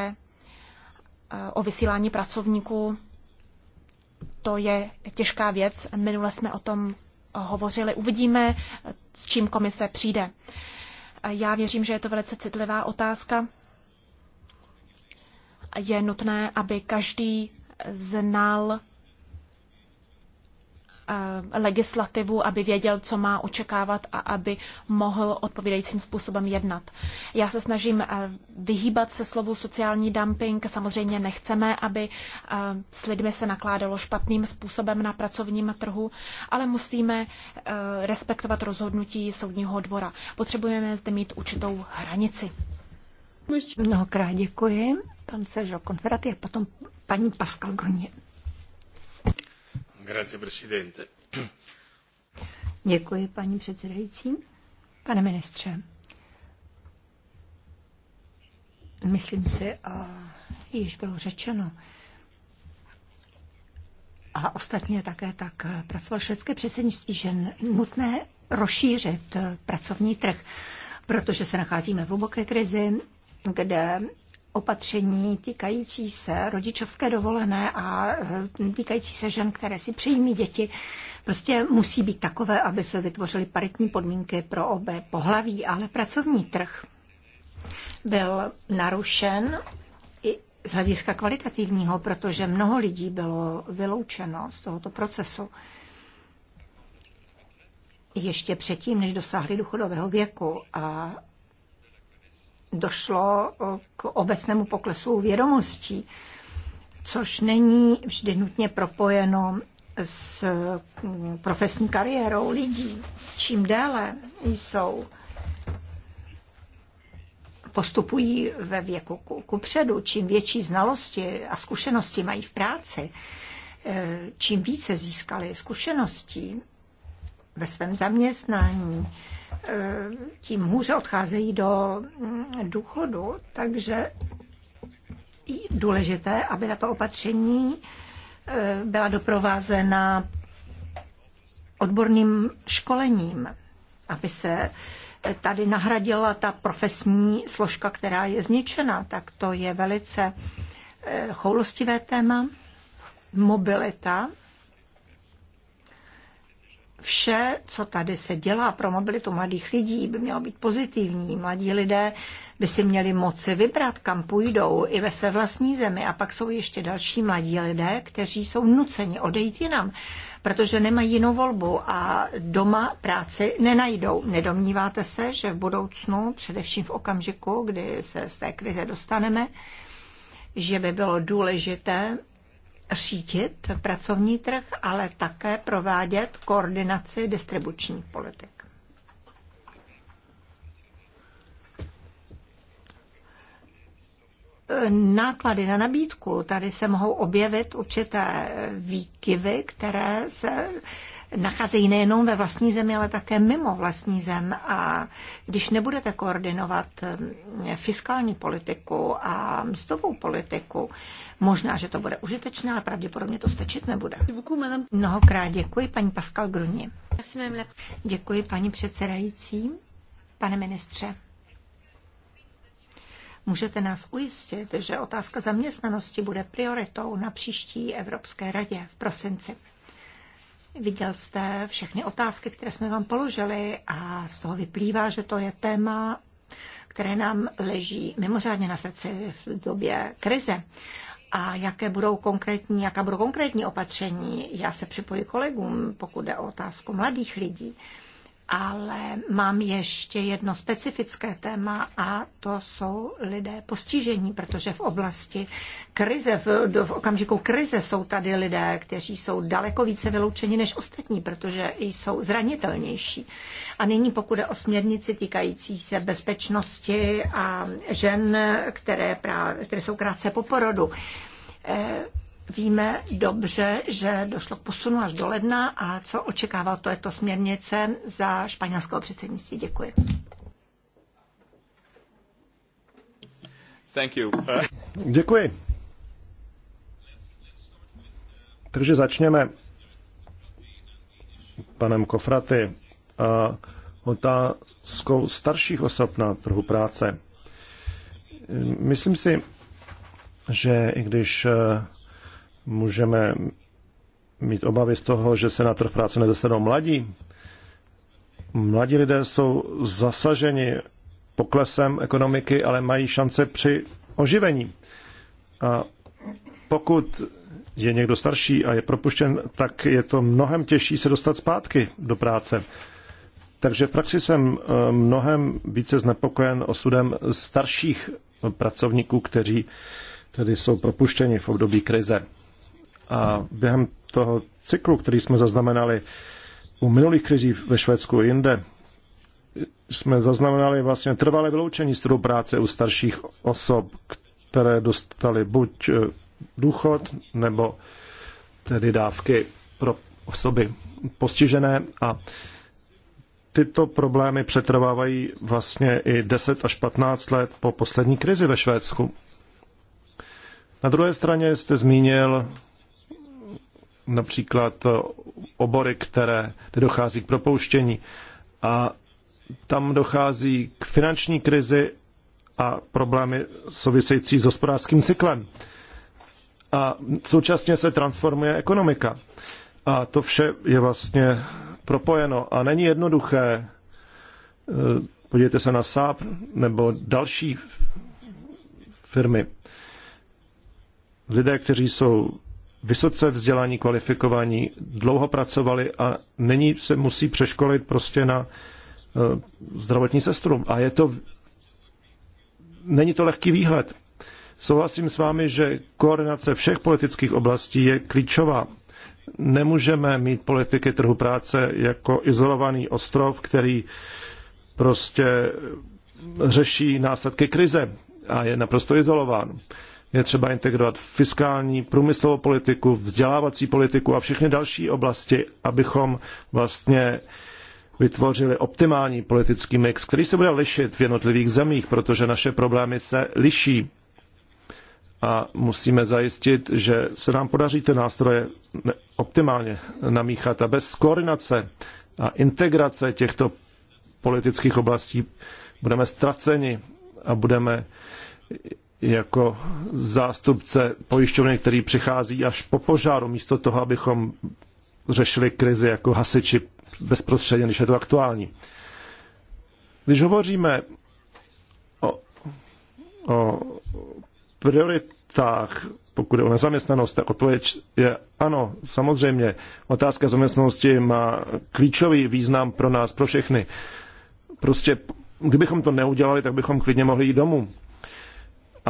e, o vysílání pracovníků, to je těžká věc. Minule jsme o tom hovořili. Uvidíme, s čím komise přijde. Já věřím, že je to velice citlivá otázka. Je nutné, aby každý znal Eh, legislativu, aby věděl, co má očekávat a aby mohl odpovídajícím způsobem jednat. Já se snažím eh, vyhýbat se slovu sociální dumping. Samozřejmě nechceme, aby eh, s lidmi se nakládalo špatným způsobem na pracovním trhu, ale musíme respektovat rozhodnutí soudního dvora. Potřebujeme zde mít určitou hranici. Mnohokrát děkuji. Pan Seržo Konferat a potom paní Pascal Grunie. Grazie, presidente. Děkuji, paní předsedající. Pane ministře, myslím si, a již bylo řečeno, a ostatně také tak pracovalo švédské předsednictví, že nutné rozšířit pracovní trh, protože se nacházíme v hluboké krizi, kde opatření týkající se rodičovské dovolené a e, týkající se žen, které si přijímí děti, prostě musí být takové, aby se vytvořily paritní podmínky pro obě pohlaví, ale pracovní trh byl narušen i z hlediska kvalitativního, protože mnoho lidí bylo vyloučeno z tohoto procesu ještě předtím, než dosáhli důchodového věku a došlo k obecnému poklesu vědomostí, což není vždy nutně propojeno s mm, profesní kariérou lidí. Čím déle jsou postupují ve věku ku, ku předu, čím větší znalosti a zkušenosti mají v práci, e, čím více získali zkušeností ve svém zaměstnání, tím hůře odcházejí do mm, důchodu, takže důležité, aby tato opatření eh, byla doprovázena odborným školením, aby se eh, tady nahradila ta profesní složka, která je zničena, tak to je velice eh, choulostivé téma. Mobilita vše, co tady se dělá pro mobilitu mladých lidí, by mělo být pozitivní. Mladí lidé by si měli moci vybrat, kam půjdou, i ve své vlastní zemi. A pak jsou ještě další mladí lidé, kteří jsou nuceni odejít jinam, protože nemají jinou volbu a doma práci nenajdou. Nedomníváte se, že v budoucnu, především v okamžiku, kdy se z té krize dostaneme, že by bylo důležité řídit pracovní trh, ale také provádět koordinaci distribučních politik. náklady na nabídku. Tady se mohou objevit určité výkyvy, které se nacházejí nejenom ve vlastní zemi, ale také mimo vlastní zem. A když nebudete koordinovat mm, fiskální politiku a mzdovou politiku, možná, že to bude užitečné, ale pravděpodobně to stačit nebude. Mnohokrát děkuji, paní Pascal Gruni. Děkuji, paní předsedající. Pane ministře, můžete nás ujistit, že otázka zaměstnanosti bude prioritou na příští Evropské radě v prosinci. Viděl jste všechny otázky, které jsme vám položili a z toho vyplývá, že to je téma, které nám leží mimořádně na srdci v době krize. A jaké budou konkrétní, jaká budou konkrétní opatření? Já se připoji kolegům, pokud jde o otázku mladých lidí ale mám ještě jedno specifické téma a to jsou lidé postižení, protože v oblasti krize, v, v okamžiku krize jsou tady lidé, kteří jsou daleko více vyloučeni než ostatní, protože jsou zranitelnější. A nyní pokud je o směrnici týkající se bezpečnosti a žen, které, právě, které jsou krátce po porodu, eh, Víme dobře, že došlo k posunu až do ledna a co očekával to je to směrnice za španělského předsednictví. Děkuji. Thank you. Děkuji. Takže začněme panem Kofraty a otázkou starších osob na trhu práce. Myslím si, že i když můžeme mít obavy z toho, že se na trh práce nedostanou mladí. Mladí lidé jsou zasaženi poklesem ekonomiky, ale mají šance při oživení. A pokud je někdo starší a je propuštěn, tak je to mnohem těžší se dostat zpátky do práce. Takže v praxi jsem eh, mnohem více znepokojen osudem starších pracovníků, kteří tedy jsou propuštěni v období krize. A během toho cyklu, který jsme zaznamenali u minulých krizí ve Švédsku i jinde, jsme zaznamenali vlastně trvalé vyloučení z trhu práce u starších osob, které dostali buď e, důchod nebo tedy dávky pro osoby postižené a tyto problémy přetrvávají vlastně i 10 až 15 let po poslední krizi ve Švédsku. Na druhé straně jste zmínil například eh, obory, které nedochází k propouštění. A tam dochází k finanční krizi a problémy související s hospodářským cyklem. A současně se transformuje ekonomika. A to vše je vlastně propojeno. A není jednoduché, eh, podívejte se na SAP nebo další firmy. Lidé, kteří jsou vysoce vzdělaní, kvalifikovaní, dlouho pracovali a nyní se musí přeškolit prostě na eh, zdravotní sestru. A je to, není to lehký výhled. Souhlasím s vámi, že koordinace všech politických oblastí je klíčová. Nemůžeme mít politiky trhu práce jako izolovaný ostrov, který prostě řeší následky krize a je naprosto izolován. Je třeba integrovat fiskální, průmyslovou politiku, vzdělávací politiku a všechny další oblasti, abychom vlastně vytvořili optimální politický mix, který se bude lišit v jednotlivých zemích, protože naše problémy se liší. A musíme zajistit, že se nám podaří ty nástroje optimálně namíchat a bez koordinace a integrace těchto politických oblastí budeme ztraceni a budeme jako zástupce pojišťovny, který přichází až po požáru, místo toho, abychom řešili krizi jako hasiči bezprostředně, když je to aktuální. Když hovoříme o, o prioritách, pokud je o nezaměstnanost, tak odpověď je ano, samozřejmě. Otázka zaměstnanosti má klíčový význam pro nás, pro všechny. Prostě kdybychom to neudělali, tak bychom klidně mohli jít domů.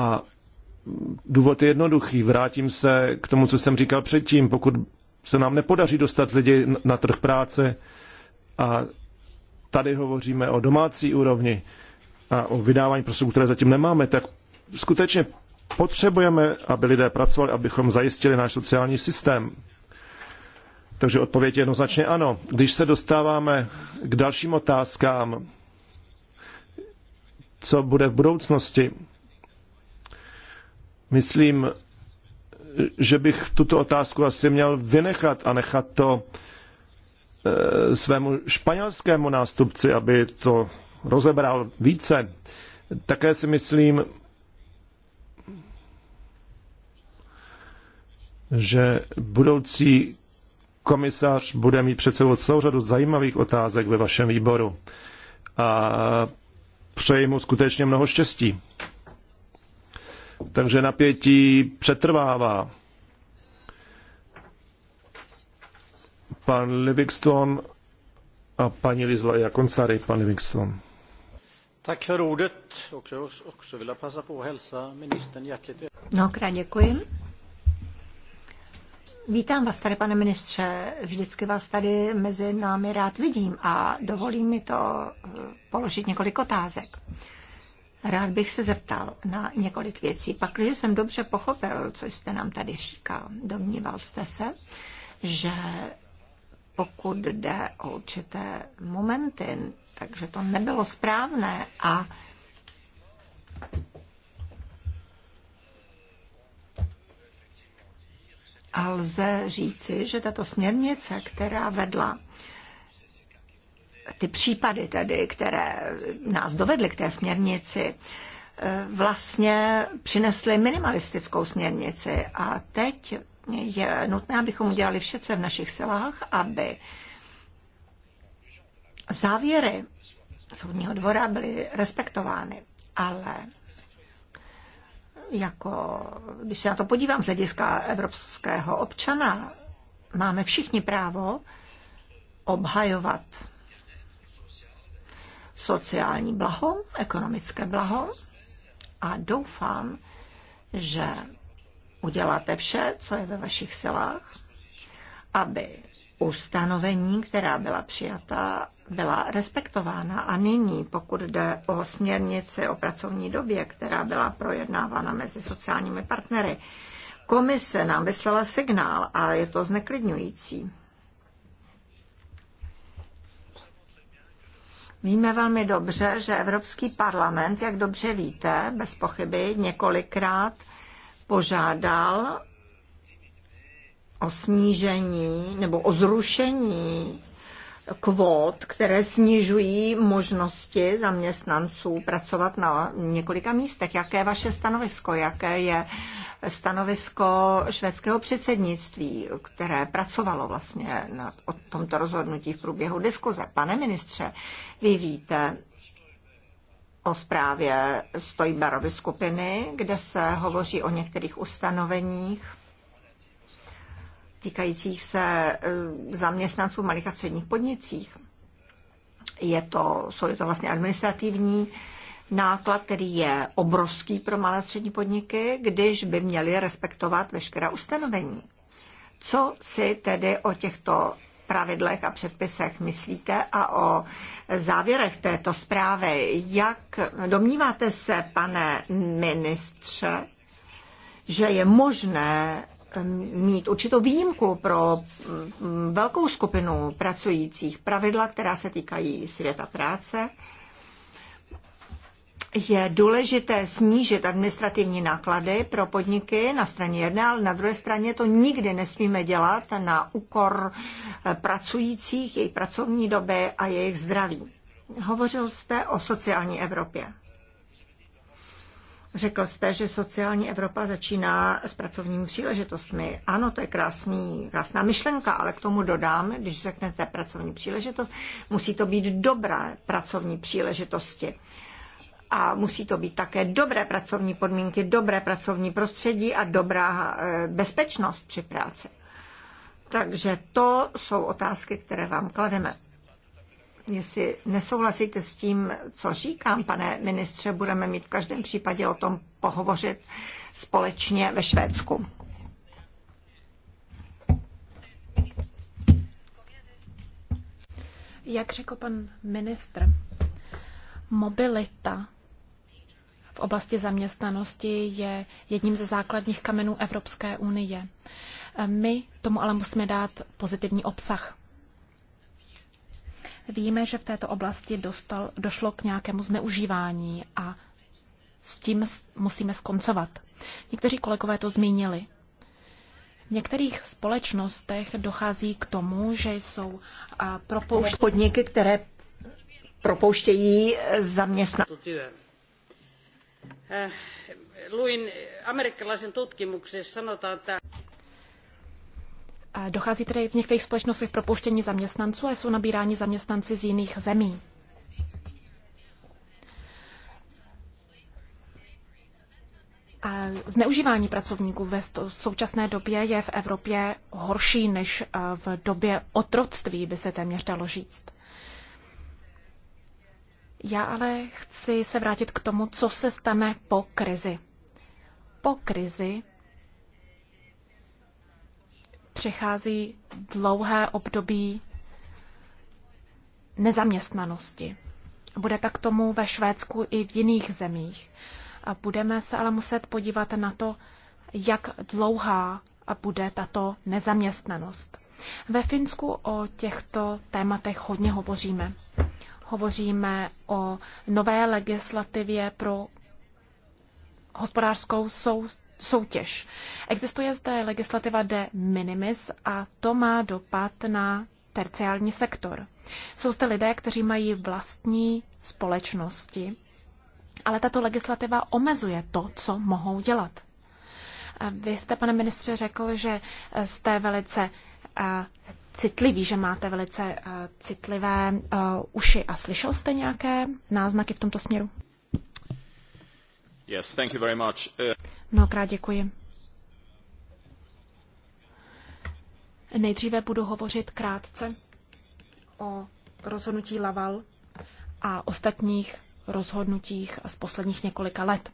A důvod je jednoduchý. Vrátím se k tomu, co jsem říkal předtím. Pokud se nám nepodaří dostat lidi na trh práce a tady hovoříme o domácí úrovni a o vydávání prostředků, které zatím nemáme, tak skutečně potřebujeme, aby lidé pracovali, abychom zajistili náš sociální systém. Takže odpověď je jednoznačně ano. Když se dostáváme k dalším otázkám, co bude v budoucnosti, Myslím, že bych tuto otázku asi měl vynechat a nechat to eh, svému španělskému nástupci, aby to rozebral více. Také si myslím, že budoucí komisař bude mít před sebou celou řadu zajímavých otázek ve vašem výboru. A přeji mu skutečně mnoho štěstí. Takže napětí přetrvává. Pan Livingston a paní Lizla Jakoncary, pan Livingston. Tak för passa po helsa ministern hjärtligt. Mnohokrát děkuji. Vítám vás tady, pane ministře. Vždycky vás tady mezi námi rád vidím a dovolím mi to eh, položit několik otázek. Rád bych se zeptal na několik věcí. Pak, když jsem dobře pochopil, co jste nám tady říkal, domníval jste se, že pokud jde o určité momenty, takže to nebylo správné a A lze říci, že tato směrnice, která vedla ty případy tedy, které nás dovedly k té směrnici, eh, vlastně přinesly minimalistickou směrnici a teď je nutné, abychom udělali vše, co je v našich silách, aby závěry soudního dvora byly respektovány, ale jako, když se na to podívám z hlediska evropského občana, máme všichni právo obhajovat sociální blaho, ekonomické blaho a doufám, že uděláte vše, co je ve vašich silách, aby ustanovení, která byla přijata, byla respektována. A nyní, pokud jde o směrnici o pracovní době, která byla projednávána mezi sociálními partnery, komise nám vyslala signál a je to zneklidňující. Víme velmi dobře, že Evropský parlament, jak dobře víte, bez pochyby několikrát požádal o snížení nebo o zrušení kvót, které snižují možnosti zaměstnanců pracovat na několika místech. Jaké je vaše stanovisko? Jaké je stanovisko švédského předsednictví, které pracovalo vlastně na o tomto rozhodnutí v průběhu diskuze. Pane ministře, vy víte o zprávě Stojbarovy skupiny, kde se hovoří o některých ustanoveních týkajících se eh, zaměstnanců malých a středních podnicích. Je to, jsou to vlastně administrativní náklad, který je obrovský pro malé a střední podniky, když by měli respektovat veškerá ustanovení. Co si tedy o těchto pravidlech a předpisech myslíte a o závěrech této zprávy? Jak domníváte se, pane ministře, že je možné um, mít určitou výjimku pro um, velkou skupinu pracujících pravidla, která se týkají světa práce je důležité snížit administrativní náklady pro podniky na straně jedné, ale na druhé straně to nikdy nesmíme dělat na úkor eh, pracujících, jejich pracovní doby a jejich zdraví. Hovořil jste o sociální Evropě. Řekl jste, že sociální Evropa začíná s pracovními příležitostmi. Ano, to je krásný, krásná myšlenka, ale k tomu dodám, když řeknete pracovní příležitost, musí to být dobré pracovní příležitosti a musí to být také dobré pracovní podmínky, dobré pracovní prostředí a dobrá eh, bezpečnost při práci. Takže to jsou otázky, které vám klademe. Jestli nesouhlasíte s tím, co říkám, pane ministře, budeme mít v každém případě o tom pohovořit společně ve Švédsku. Jak řekl pan ministr, mobilita oblasti zaměstnanosti je jedním ze základních kamenů Evropské unie. E, my tomu ale musíme dát pozitivní obsah. Víme, že v této oblasti dostal, došlo k nějakému zneužívání a s tím musíme skoncovat. Někteří kolegové to zmínili. V některých společnostech dochází k tomu, že jsou propouštěny podniky, které propouštějí zaměstnance. Eh, luin amerikkalaisen tutkimuksessa, sanotaan, että Dochází tedy v některých společnostech propuštění zaměstnanců a jsou nabíráni zaměstnanci z jiných zemí. A zneužívání pracovníků ve současné době je v Evropě horší než eh, v době otroctví, by se téměř dalo říct. Já ale chci se vrátit k tomu, co se stane po krizi. Po krizi přichází dlouhé období nezaměstnanosti. Bude tak tomu ve Švédsku i v jiných zemích. A budeme se ale muset podívat na to, jak dlouhá bude tato nezaměstnanost. Ve Finsku o těchto tématech hodně hovoříme. Hovoříme o nové legislativě pro hospodářskou sou, soutěž. Existuje zde legislativa de minimis a to má dopad na terciální sektor. Jsou zde lidé, kteří mají vlastní společnosti, ale tato legislativa omezuje to, co mohou dělat. Vy jste, pane ministře, řekl, že jste velice citlivý, že máte velice eh, citlivé eh, uši. A slyšel jste nějaké náznaky v tomto směru? Yes, thank you very much. Eh, Mnohokrát děkuji. Nejdříve budu hovořit krátce o rozhodnutí Laval a ostatních rozhodnutích z posledních několika let.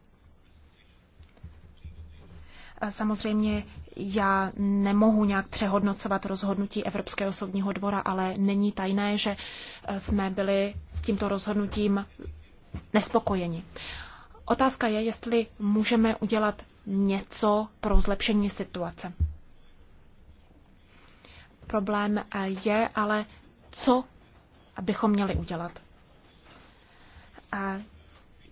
Samozřejmě já nemohu nějak přehodnocovat rozhodnutí Evropského soudního dvora, ale není tajné, že eh, jsme byli s tímto rozhodnutím nespokojeni. Otázka je, jestli můžeme udělat něco pro zlepšení situace. Problém eh, je ale, co bychom měli udělat.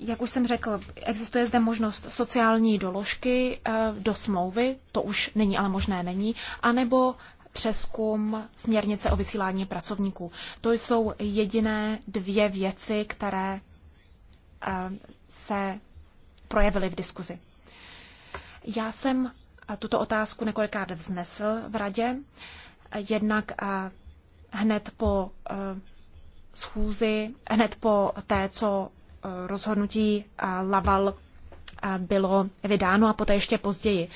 Jak už jsem řekl, existuje zde možnost sociální doložky eh, do smlouvy, to už není, ale možné není, anebo přeskum směrnice o vysílání pracovníků. To jsou jediné dvě věci, které eh, se projevily v diskuzi. Já jsem eh, tuto otázku několikrát vznesl v radě, jednak hned po schůzi, hned po té, co rozhodnutí Laval bylo vydáno a poté ještě později.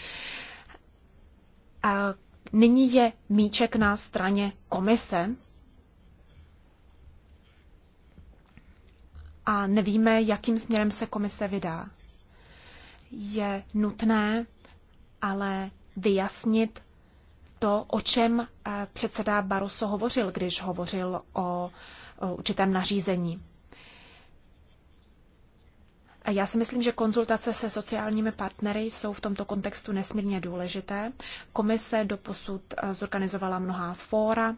Nyní je míček na straně komise a nevíme, jakým směrem se komise vydá. Je nutné ale vyjasnit to, o čem eh, předseda Barroso hovořil, když hovořil o určitém nařízení. Já si myslím, že konzultace se sociálními partnery jsou v tomto kontextu nesmírně důležité. Komise doposud eh, zorganizovala mnohá fóra,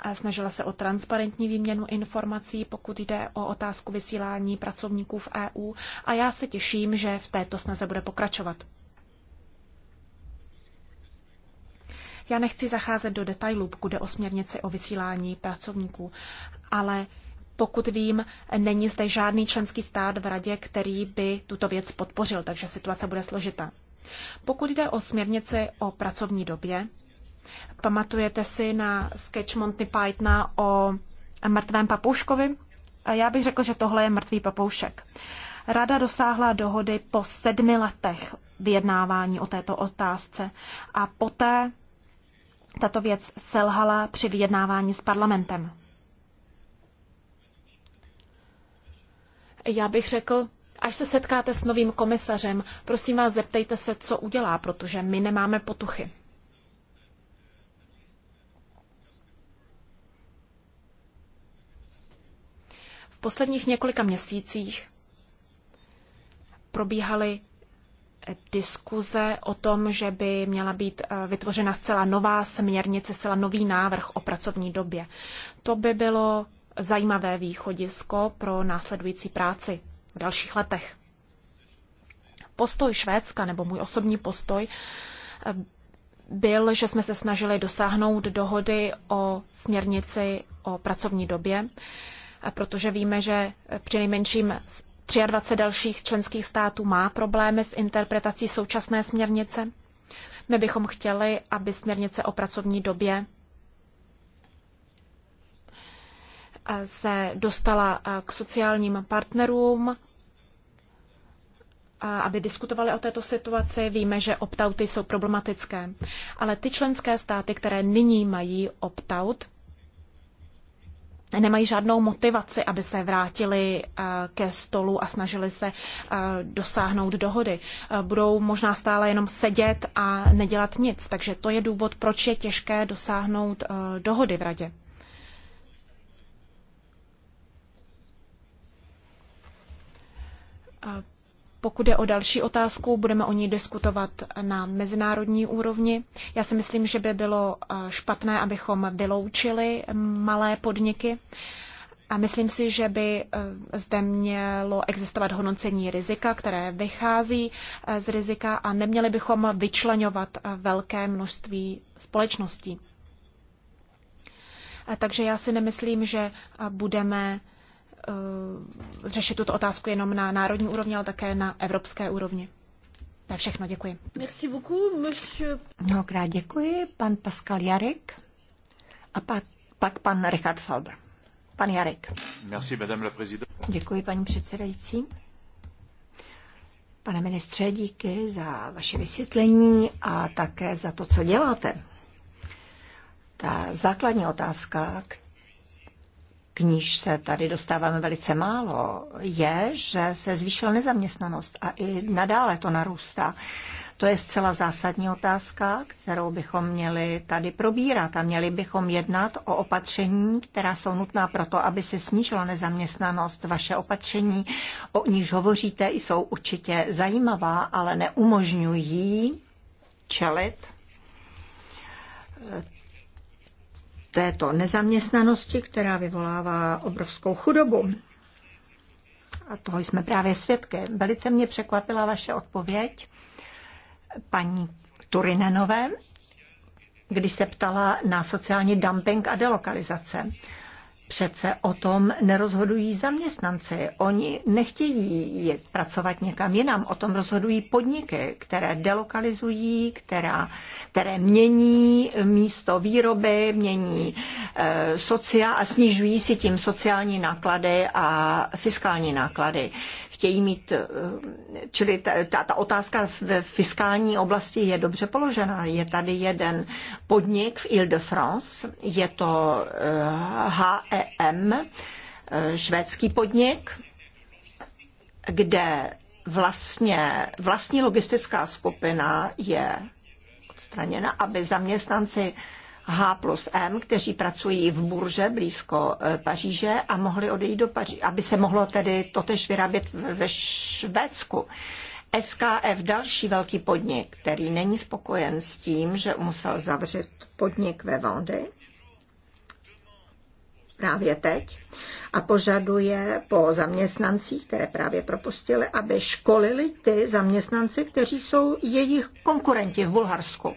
a snažila se o transparentní výměnu informací, pokud jde o otázku vysílání pracovníků v EU a já se těším, že v této snaze bude pokračovat. Já nechci zacházet do detailů, pokud jde o směrnici o vysílání pracovníků, ale pokud vím, není zde žádný členský stát v radě, který by tuto věc podpořil, takže situace bude složitá. Pokud jde o směrnici o pracovní době, pamatujete si na sketch Monty Pythona o mrtvém papouškovi? Já bych řekl, že tohle je mrtvý papoušek. Rada dosáhla dohody po sedmi letech vyjednávání o této otázce a poté tato věc selhala při vyjednávání s parlamentem. Já bych řekl, až se setkáte s novým komisařem, prosím vás, zeptejte se, co udělá, protože my nemáme potuchy. V posledních několika měsících probíhaly diskuze o tom, že by měla být eh, vytvořena zcela nová směrnice, zcela nový návrh o pracovní době. To by bylo zajímavé východisko pro následující práci v dalších letech. Postoj Švédska nebo můj osobní postoj byl, že jsme se snažili dosáhnout dohody o směrnici o pracovní době, protože víme, že při nejmenším 23 dalších členských států má problémy s interpretací současné směrnice. My bychom chtěli, aby směrnice o pracovní době se dostala eh, k sociálním partnerům, eh, aby diskutovali o této situaci. Víme, že optauty jsou problematické. Ale ty členské státy, které nyní mají optaut, nemají žádnou motivaci, aby se vrátili eh, ke stolu a snažili se dosáhnout dohody. Budou možná stále jenom sedět a nedělat nic. Takže to je důvod, proč je těžké dosáhnout dohody v radě. Pokud je o další otázku, budeme o ní diskutovat na mezinárodní úrovni. Já si myslím, že by bylo eh, špatné, abychom vyloučili malé podniky. A myslím si, že by eh, zde mělo existovat hodnocení rizika, které vychází eh, z rizika a neměli bychom vyčlenovat velké množství společností. Takže já si nemyslím, že budeme Eh, řešit tuto otázku jenom na národní úrovni, ale také na evropské úrovni. To je všechno, děkuji. Merci beaucoup, monsieur. Mnohokrát děkuji, pan Pascal Jarek a pak, pak pan Richard Falber. Pan Jarek. Merci, madame la présidente. Děkuji, paní předsedající. Pane ministře, díky za vaše vysvětlení a také za to, co děláte. Ta základní otázka, k níž se tady dostáváme velice málo, je, že se zvýšila nezaměstnanost a i nadále to narůstá. To je zcela zásadní otázka, kterou bychom měli tady probírat a měli bychom jednat o opatření, která jsou nutná pro to, aby se snížila nezaměstnanost. Vaše opatření, o níž hovoříte, jsou určitě zajímavá, ale neumožňují čelit této nezaměstnanosti, která vyvolává obrovskou chudobu. A toho jsme právě svědky. Velice mě překvapila vaše odpověď paní Turinenové, když se ptala na sociální dumping a delokalizace. Přece o tom nerozhodují zaměstnanci. Oni nechtějí jít pracovat někam jinam. O tom rozhodují podniky, které delokalizují, která, které mění místo výroby, mění e, eh, socia a snižují si tím sociální náklady a fiskální náklady. Chtějí mít, e, čili ta, ta, ta otázka v fiskální oblasti je dobře položená. Je tady jeden podnik v Ile-de-France, je to eh, e, HR KEM, švédský podnik, kde vlastně vlastní logistická skupina je odstraněna, aby zaměstnanci H plus M, kteří pracují v Burže blízko eh, Paříže a mohli odejít do Paříže, aby se mohlo tedy totež vyrábět ve Švédsku. SKF, další velký podnik, který není spokojen s tím, že musel zavřít podnik ve Vendy, právě teď a požaduje po zaměstnancích, které právě propustili, aby školili ty zaměstnanci, kteří jsou jejich konkurenti v Bulharsku.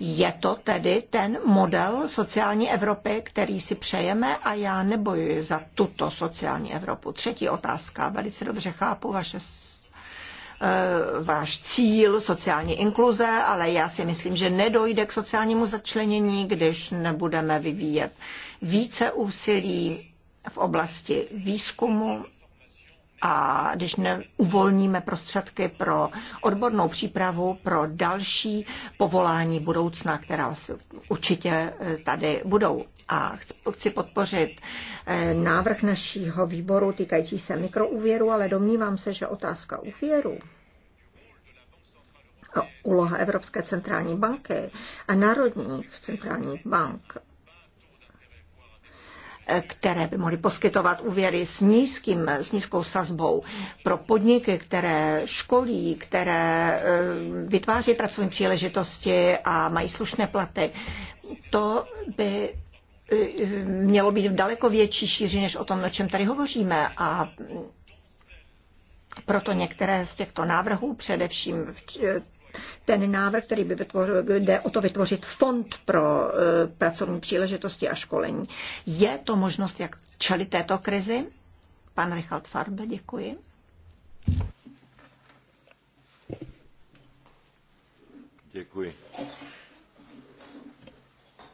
Je to tedy ten model sociální Evropy, který si přejeme a já nebojuji za tuto sociální Evropu. Třetí otázka. Velice dobře chápu vaše eh, váš cíl sociální inkluze, ale já si myslím, že nedojde k sociálnímu začlenění, když nebudeme vyvíjet více úsilí v oblasti výzkumu a když neuvolníme uvolníme prostředky pro odbornou přípravu pro další povolání budoucna, která určitě e, tady budou. A chci podpořit e, návrh našího výboru týkající se mikroúvěru, ale domnívám se, že otázka úvěru úloha Evropské centrální banky a národních centrálních bank které by mohly poskytovat úvěry s, nízkým, s nízkou sazbou pro podniky, které školí, které eh, vytváří pracovní příležitosti a mají slušné platy. To by eh, mělo být v daleko větší šíři, než o tom, o čem tady hovoříme. A proto některé z těchto návrhů, především ten návrh, který by vytvořil, jde o to vytvořit fond pro e, pracovní příležitosti a školení. Je to možnost, jak čelit této krizi? Pan Richard Farbe, děkuji. Děkuji.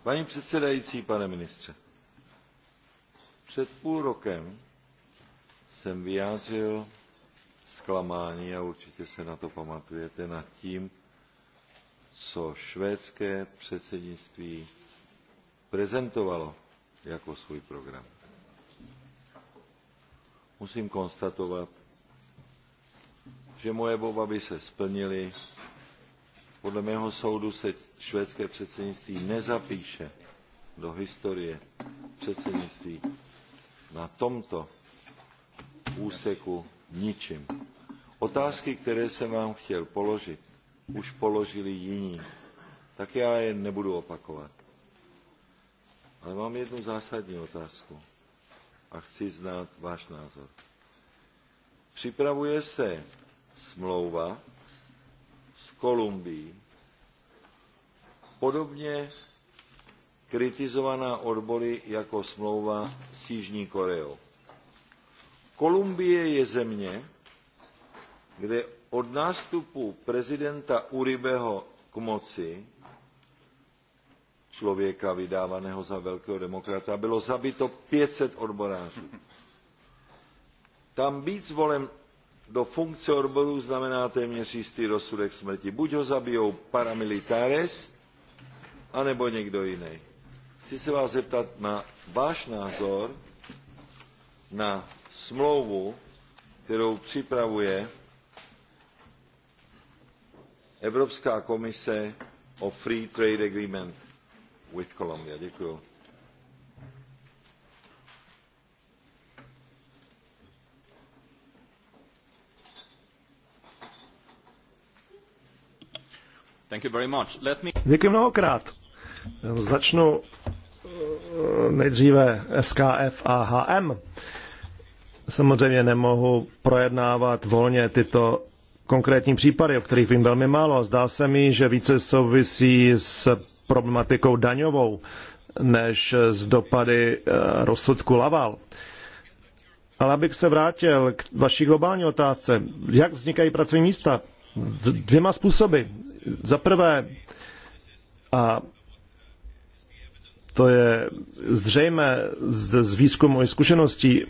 Paní předsedající, pane ministře, před půl rokem jsem vyjádřil zklamáni a určitě se na to pamatujete nad tím, co švédské předsednictví prezentovalo jako svůj program. Musím konstatovat, že moje obavy se splnily. Podle mého soudu se švédské předsednictví nezapíše do historie předsednictví na tomto úseku ničím. Otázky, které jsem vám chtěl položit, už položili jiní, tak já je nebudu opakovat. Ale mám jednu zásadní otázku a chci znát váš názor. Připravuje se smlouva s Kolumbií, podobně kritizovaná odbory jako smlouva s Jižní Koreou. Kolumbie je země, kde od nástupu prezidenta Uribeho k moci, člověka vydávaného za velkého demokrata, bylo zabito 500 odborářů. Tam být zvolen do funkce odborů znamená téměř jistý rozsudek smrti. Buď ho zabijou paramilitares, anebo někdo jiný. Chci se vás zeptat na váš názor na smlouvu, kterou připravuje Evropská komise o Free Trade Agreement with Colombia. Děkuji. Thank you very much. Let me... Děkuji mnohokrát. Začnu eh, nejdříve SKF a HM. Samozřejmě nemohu projednávat volně tyto konkrétní případy, o kterých vím velmi málo. Zdá se mi, že více souvisí s problematikou daňovou než s dopady eh, rozsudku Laval. Ale abych se vrátil k vaší globální otázce. Jak vznikají pracovní místa? Dvěma způsoby. Za prvé, a to je zřejmé z, z výzkumu i zkušeností,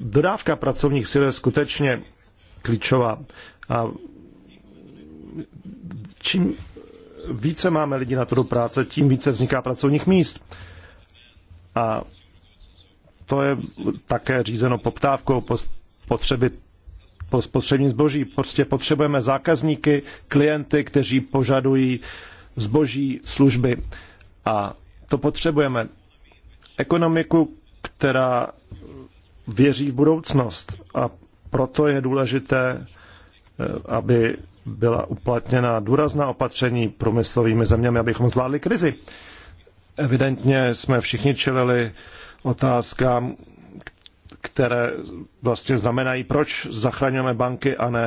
dodávka pracovních sil je skutečně klíčová. A čím více máme lidí na to do práce, tím více vzniká pracovních míst. A to je také řízeno poptávkou po potřeby po spotřební zboží. Prostě potřebujeme zákazníky, klienty, kteří požadují zboží, služby. A to potřebujeme. Ekonomiku, která věří v budoucnost a proto je důležité, eh, aby byla uplatněna důrazná opatření průmyslovými zeměmi, abychom zvládli krizi. Evidentně jsme všichni čelili otázkám, které vlastně znamenají, proč zachraňujeme banky a ne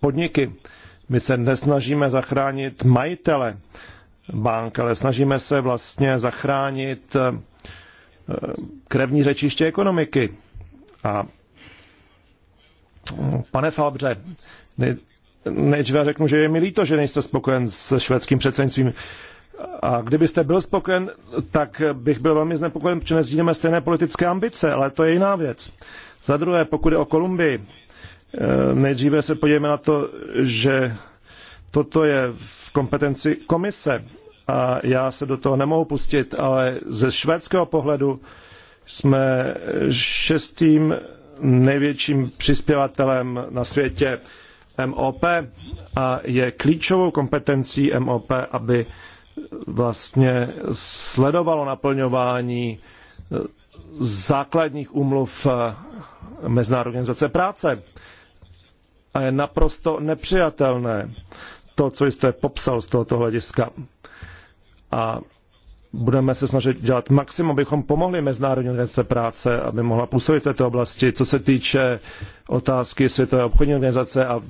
podniky. My se nesnažíme zachránit majitele bank, ale snažíme se vlastně zachránit eh, krevní řečiště ekonomiky. A Pane Falbře, nejdříve řeknu, že je mi líto, že nejste spokojen s švédským předsednictvím. A kdybyste byl spokojen, tak bych byl velmi znepokojen, protože nezdílíme stejné politické ambice, ale to je jiná věc. Za druhé, pokud je o Kolumbii, eh, nejdříve se podívejme na to, že toto je v kompetenci komise a já se do toho nemohu pustit, ale ze švédského pohledu jsme šestým největším přispěvatelem na světě MOP a je klíčovou kompetencí MOP, aby vlastně sledovalo naplňování eh, základních úmluv eh, Mezinárodní organizace práce. A je naprosto nepřijatelné to, co jste popsal z tohoto hlediska. A budeme se snažit dělat maximum, abychom pomohli Mezinárodní organizace práce, aby mohla působit v této oblasti. Co se týče otázky Světové obchodní organizace a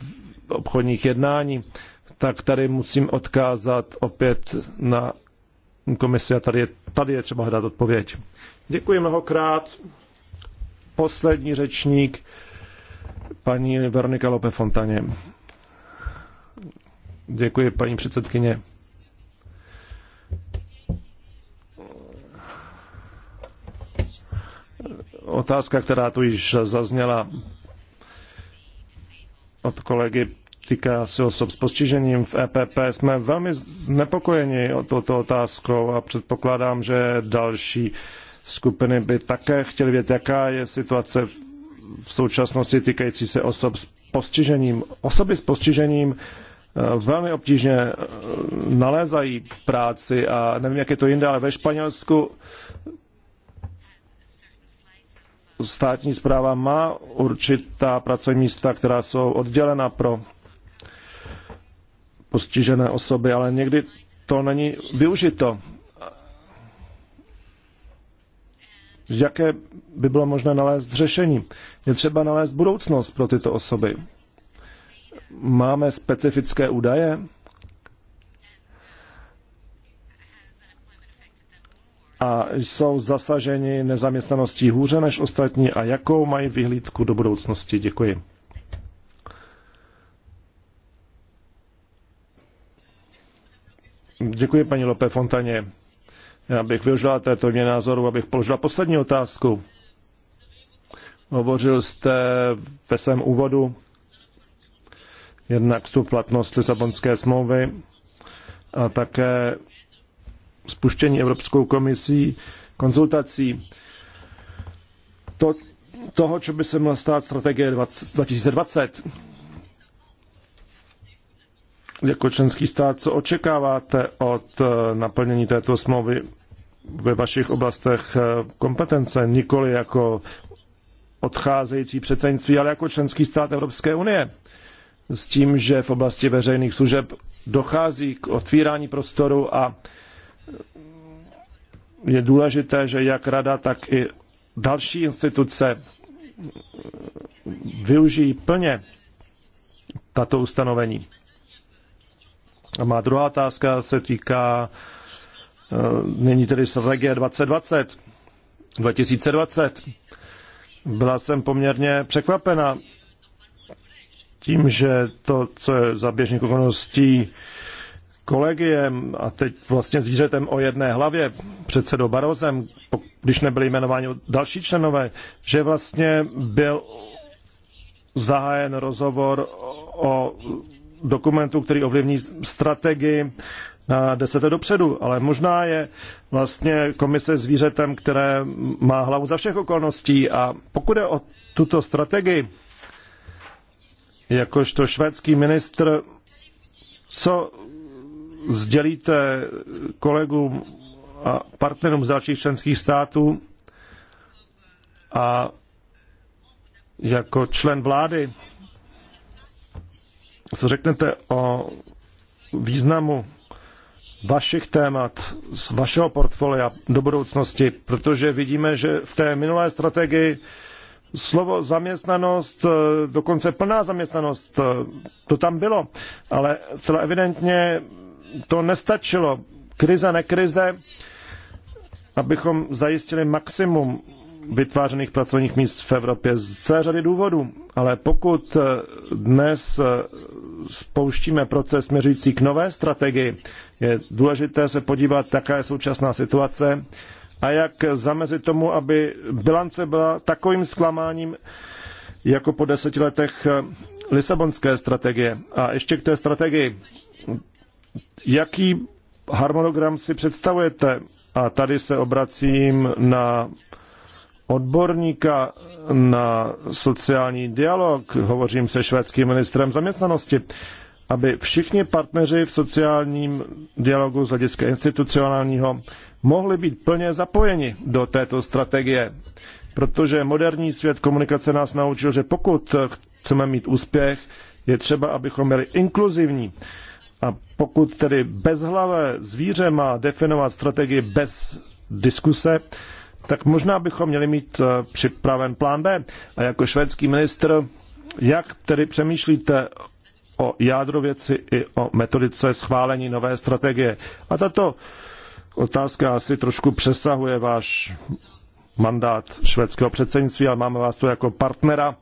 obchodních jednání, tak tady musím odkázat opět na komisi a tady je, tady je třeba hledat odpověď. Děkuji mnohokrát. Poslední řečník, paní Veronika Lope Fontaně. Děkuji, paní předsedkyně. otázka, která tu již zazněla od kolegy týká se osob s postižením v EPP. Jsme velmi znepokojeni o touto otázkou a předpokládám, že další skupiny by také chtěly vědět, jaká je situace v současnosti týkající se osob s postižením. Osoby s postižením eh, velmi obtížně eh, nalézají práci a nevím, jak je to jinde, ale ve Španělsku státní zpráva má určitá pracovní místa, která jsou oddělena pro postižené osoby, ale někdy to není využito. Jaké by bylo možné nalézt řešení? Je třeba nalézt budoucnost pro tyto osoby. Máme specifické údaje? a jsou zasaženi nezaměstnaností hůře než ostatní a jakou mají vyhlídku do budoucnosti? Děkuji. Děkuji paní Lope Fontaně. Já bych využila této mě názoru, abych položila poslední otázku. Hovořil jste ve svém úvodu jednak tu platnost Lisabonské smlouvy a také spuštění Evropskou komisí konzultací to, toho, co by se měla stát strategie 2020. Jako členský stát, co očekáváte od eh, naplnění této smlouvy ve vašich oblastech eh, kompetence, nikoli jako odcházející předsednictví, ale jako členský stát Evropské unie. S tím, že v oblasti veřejných služeb dochází k otvírání prostoru a je důležité, že jak rada, tak i další instituce využijí plně tato ustanovení. A má druhá otázka se týká, eh, není tedy strategie 2020. 2020. Byla jsem poměrně překvapena tím, že to, co je za běžných okolností kolegiem a teď vlastně zvířetem o jedné hlavě, předsedou Barozem, když nebyli jmenováni další členové, že vlastně byl zahájen rozhovor o dokumentu, který ovlivní strategii na desete dopředu, ale možná je vlastně komise zvířetem, které má hlavu za všech okolností a pokud je o tuto strategii, jakožto švédský ministr, co sdělíte kolegům a partnerům z dalších členských států a jako člen vlády, co řeknete o významu vašich témat z vašeho portfolia do budoucnosti, protože vidíme, že v té minulé strategii slovo zaměstnanost, dokonce plná zaměstnanost, to tam bylo, ale zcela evidentně to nestačilo. Krize, nekrize, abychom zajistili maximum vytvářených pracovních míst v Evropě z celé řady důvodů. Ale pokud eh, dnes eh, spouštíme proces směřující k nové strategii, je důležité se podívat, jaká je současná situace a jak zamezit tomu, aby bilance byla takovým zklamáním, jako po deseti letech eh, Lisabonské strategie. A ještě k té strategii. Jaký harmonogram si představujete? A tady se obracím na odborníka na sociální dialog, hovořím se švédským ministrem zaměstnanosti, aby všichni partneři v sociálním dialogu z hlediska institucionálního mohli být plně zapojeni do této strategie. Protože moderní svět komunikace nás naučil, že pokud chceme mít úspěch, je třeba, abychom byli inkluzivní a pokud tedy bezhlavé zvíře má definovat strategii bez diskuse, tak možná bychom měli mít eh, připraven plán B. A jako švédský ministr, jak tedy přemýšlíte o jádrověci i o metodice schválení nové strategie? A tato otázka asi trošku přesahuje váš mandát švédského předsednictví, ale máme vás tu jako partnera,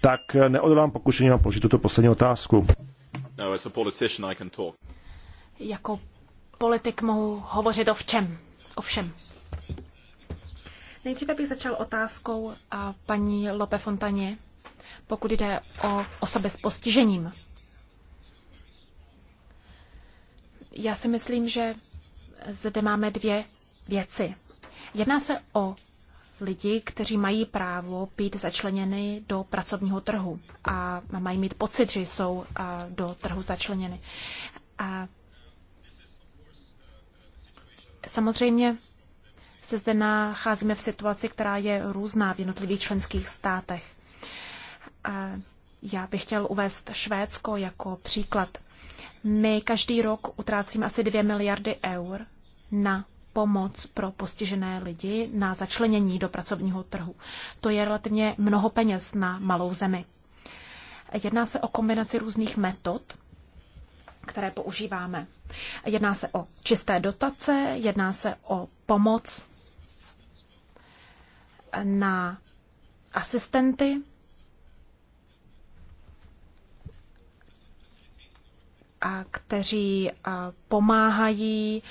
tak eh, neodolám pokušení vám položit tuto poslední otázku. No, as a politician I can talk. Jako politik mohu hovořit o všem. O všem. Nejdříve bych začal otázkou a eh, paní Lope Fontaně, pokud jde o osoby s postižením. Já si myslím, že zde máme dvě věci. Jedná se o lidi, kteří mají právo být začleněny do pracovního trhu a mají mít pocit, že jsou do trhu začleněny. A samozřejmě se zde nacházíme v situaci, která je různá v jednotlivých členských státech. A já bych chtěl uvést Švédsko jako příklad. My každý rok utrácíme asi 2 miliardy eur na pomoc pro postižené lidi na začlenění do pracovního trhu. To je relativně mnoho peněz na malou zemi. Jedná se o kombinaci různých metod, které používáme. Jedná se o čisté dotace, jedná se o pomoc na asistenty, a kteří pomáhají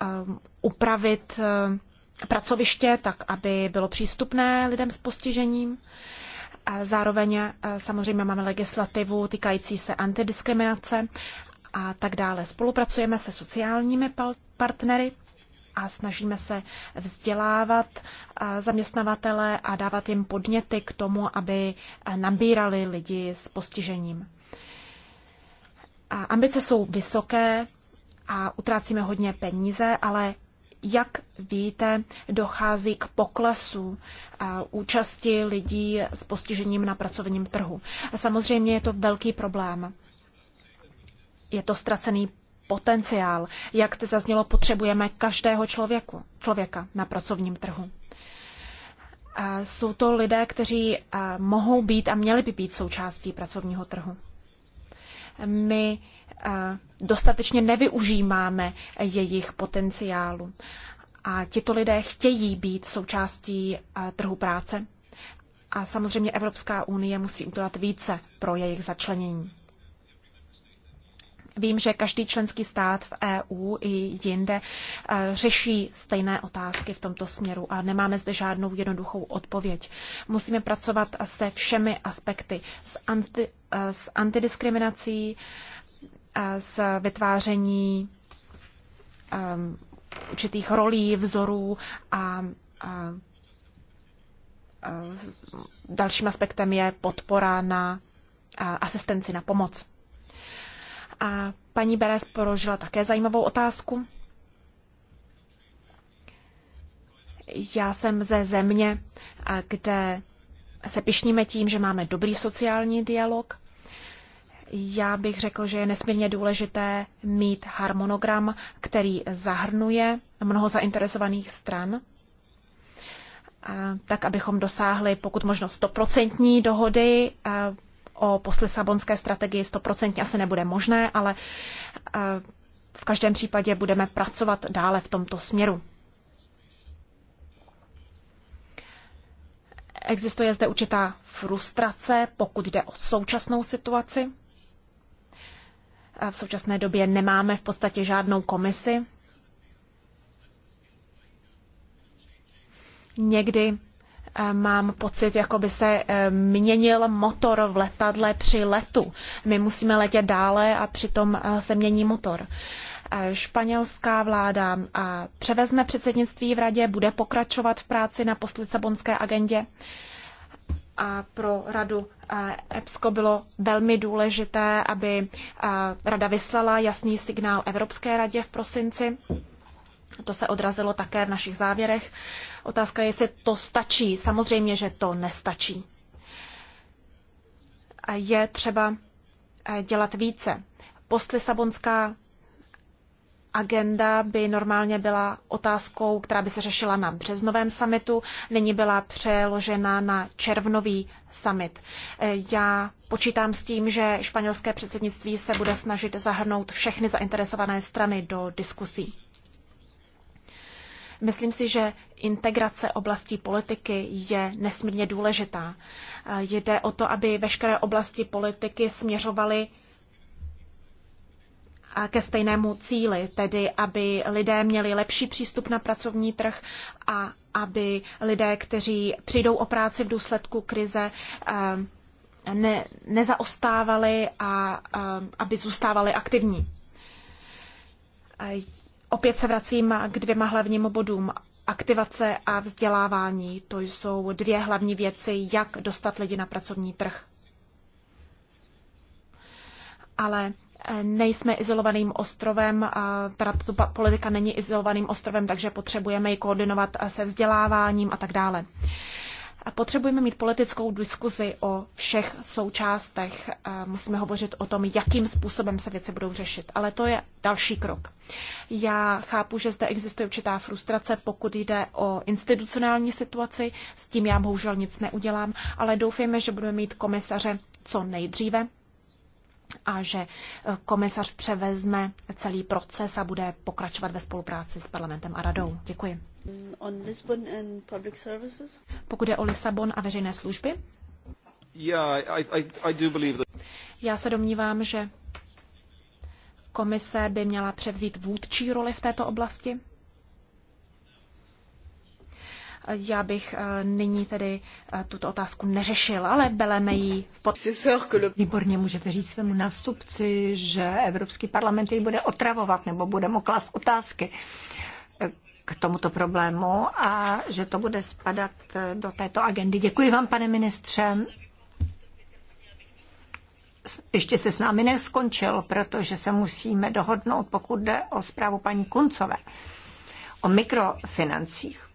Um, upravit um, pracoviště tak, aby bylo přístupné lidem s postižením. Zároveň uh, samozřejmě máme legislativu týkající se antidiskriminace a tak dále. Spolupracujeme se sociálními partnery a snažíme se vzdělávat uh, zaměstnavatele a dávat jim podněty k tomu, aby uh, nabírali lidi s postižením. A ambice jsou vysoké, a utrácíme hodně peníze, ale jak víte, dochází k poklesu uh, účasti lidí s postižením na pracovním trhu. A samozřejmě je to velký problém. Je to ztracený potenciál. Jak to zaznělo, potřebujeme každého člověku, člověka na pracovním trhu. A jsou to lidé, kteří uh, mohou být a měli by být součástí pracovního trhu. My dostatečně nevyužíváme jejich potenciálu. A tito lidé chtějí být součástí trhu práce. A samozřejmě Evropská unie musí udělat více pro jejich začlenění. Vím, že každý členský stát v EU i jinde řeší stejné otázky v tomto směru a nemáme zde žádnou jednoduchou odpověď. Musíme pracovat se všemi aspekty, s, anti, s antidiskriminací, z vytváření um, určitých rolí, vzorů a, a, a dalším aspektem je podpora na a, asistenci, na pomoc. A paní Beres položila také zajímavou otázku. Já jsem ze země, kde se pišníme tím, že máme dobrý sociální dialog já bych řekl, že je nesmírně důležité mít harmonogram, který zahrnuje mnoho zainteresovaných stran, tak abychom dosáhli pokud možno stoprocentní dohody o poslisabonské strategii. Stoprocentně asi nebude možné, ale v každém případě budeme pracovat dále v tomto směru. Existuje zde určitá frustrace, pokud jde o současnou situaci. V současné době nemáme v podstatě žádnou komisi. Někdy eh, mám pocit, jako by se eh, měnil motor v letadle při letu. My musíme letět dále a přitom eh, se mění motor. Španělská vláda převezme předsednictví v radě, bude pokračovat v práci na postlisabonské agendě. agendě a pro radu eh, EPSCO bylo velmi důležité, aby eh, rada vyslala jasný signál Evropské radě v prosinci. To se odrazilo také v našich závěrech. Otázka je, jestli to stačí. Samozřejmě, že to nestačí. Je třeba eh, dělat více. Postlisabonská agenda by normálně byla otázkou, která by se řešila na březnovém summitu, nyní byla přeložena na červnový summit. E, já počítám s tím, že španělské předsednictví se bude snažit zahrnout všechny zainteresované strany do diskusí. Myslím si, že integrace oblastí politiky je nesmírně důležitá. E, jde o to, aby veškeré oblasti politiky směřovaly ke stejnému cíli, tedy aby lidé měli lepší přístup na pracovní trh a aby lidé, kteří přijdou o práci v důsledku krize, eh, ne, nezaostávali a, eh, aby zůstávali aktivní. Eh, opět se vracím k dvěma hlavním bodům. Aktivace a vzdělávání, to jsou dvě hlavní věci, jak dostat lidi na pracovní trh. Ale nejsme izolovaným ostrovem, teda tato politika není izolovaným ostrovem, takže potřebujeme ji koordinovat se vzděláváním a tak dále. Potřebujeme mít politickou diskuzi o všech součástech. Musíme hovořit o tom, jakým způsobem se věci budou řešit. Ale to je další krok. Já chápu, že zde existuje určitá frustrace, pokud jde o institucionální situaci. S tím já bohužel nic neudělám, ale doufejme, že budeme mít komisaře co nejdříve, a že eh, komisař převezme celý proces a bude pokračovat ve spolupráci s parlamentem a radou. Děkuji. Pokud je o Lisabon a veřejné služby? Já se domnívám, že komise by měla převzít vůdčí roli v této oblasti. Já bych eh, nyní tedy eh, tuto otázku neřešil, ale beleme ji v pod... Výborně můžete říct svému nástupci, že Evropský parlament jej bude otravovat nebo bude mu klást otázky eh, k tomuto problému a že to bude spadat do této agendy. Děkuji vám, pane ministře. Ještě se s námi neskončil, protože se musíme dohodnout, pokud jde o zprávu paní Kuncové o mikrofinancích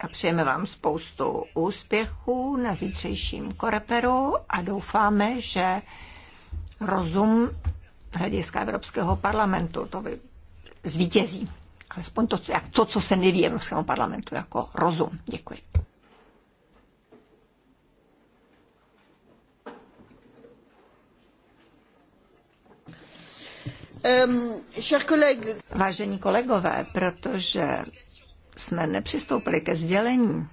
a přejeme vám spoustu úspěchů na zítřejším koreperu a doufáme, že rozum hlediska Evropského parlamentu to vy, zvítězí. Alespoň to, jak to, co se neví Evropskému parlamentu jako rozum. Děkuji. Um, Vážení kolegové, protože jsme nepřistoupili ke sdělení,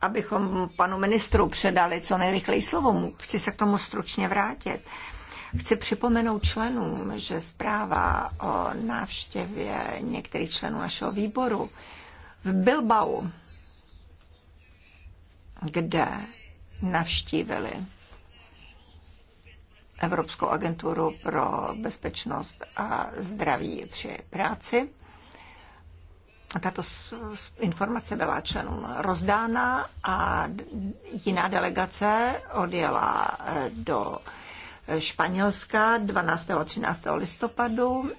abychom panu ministru předali co nejrychleji slovo. Chci se k tomu stručně vrátit. Chci připomenout členům, že zpráva o návštěvě některých členů našeho výboru v Bilbao, kde navštívili Evropskou agenturu pro bezpečnost a zdraví při práci. Tato informace byla členům rozdána a jiná delegace odjela eh, do Španělska 12. a 13. listopadu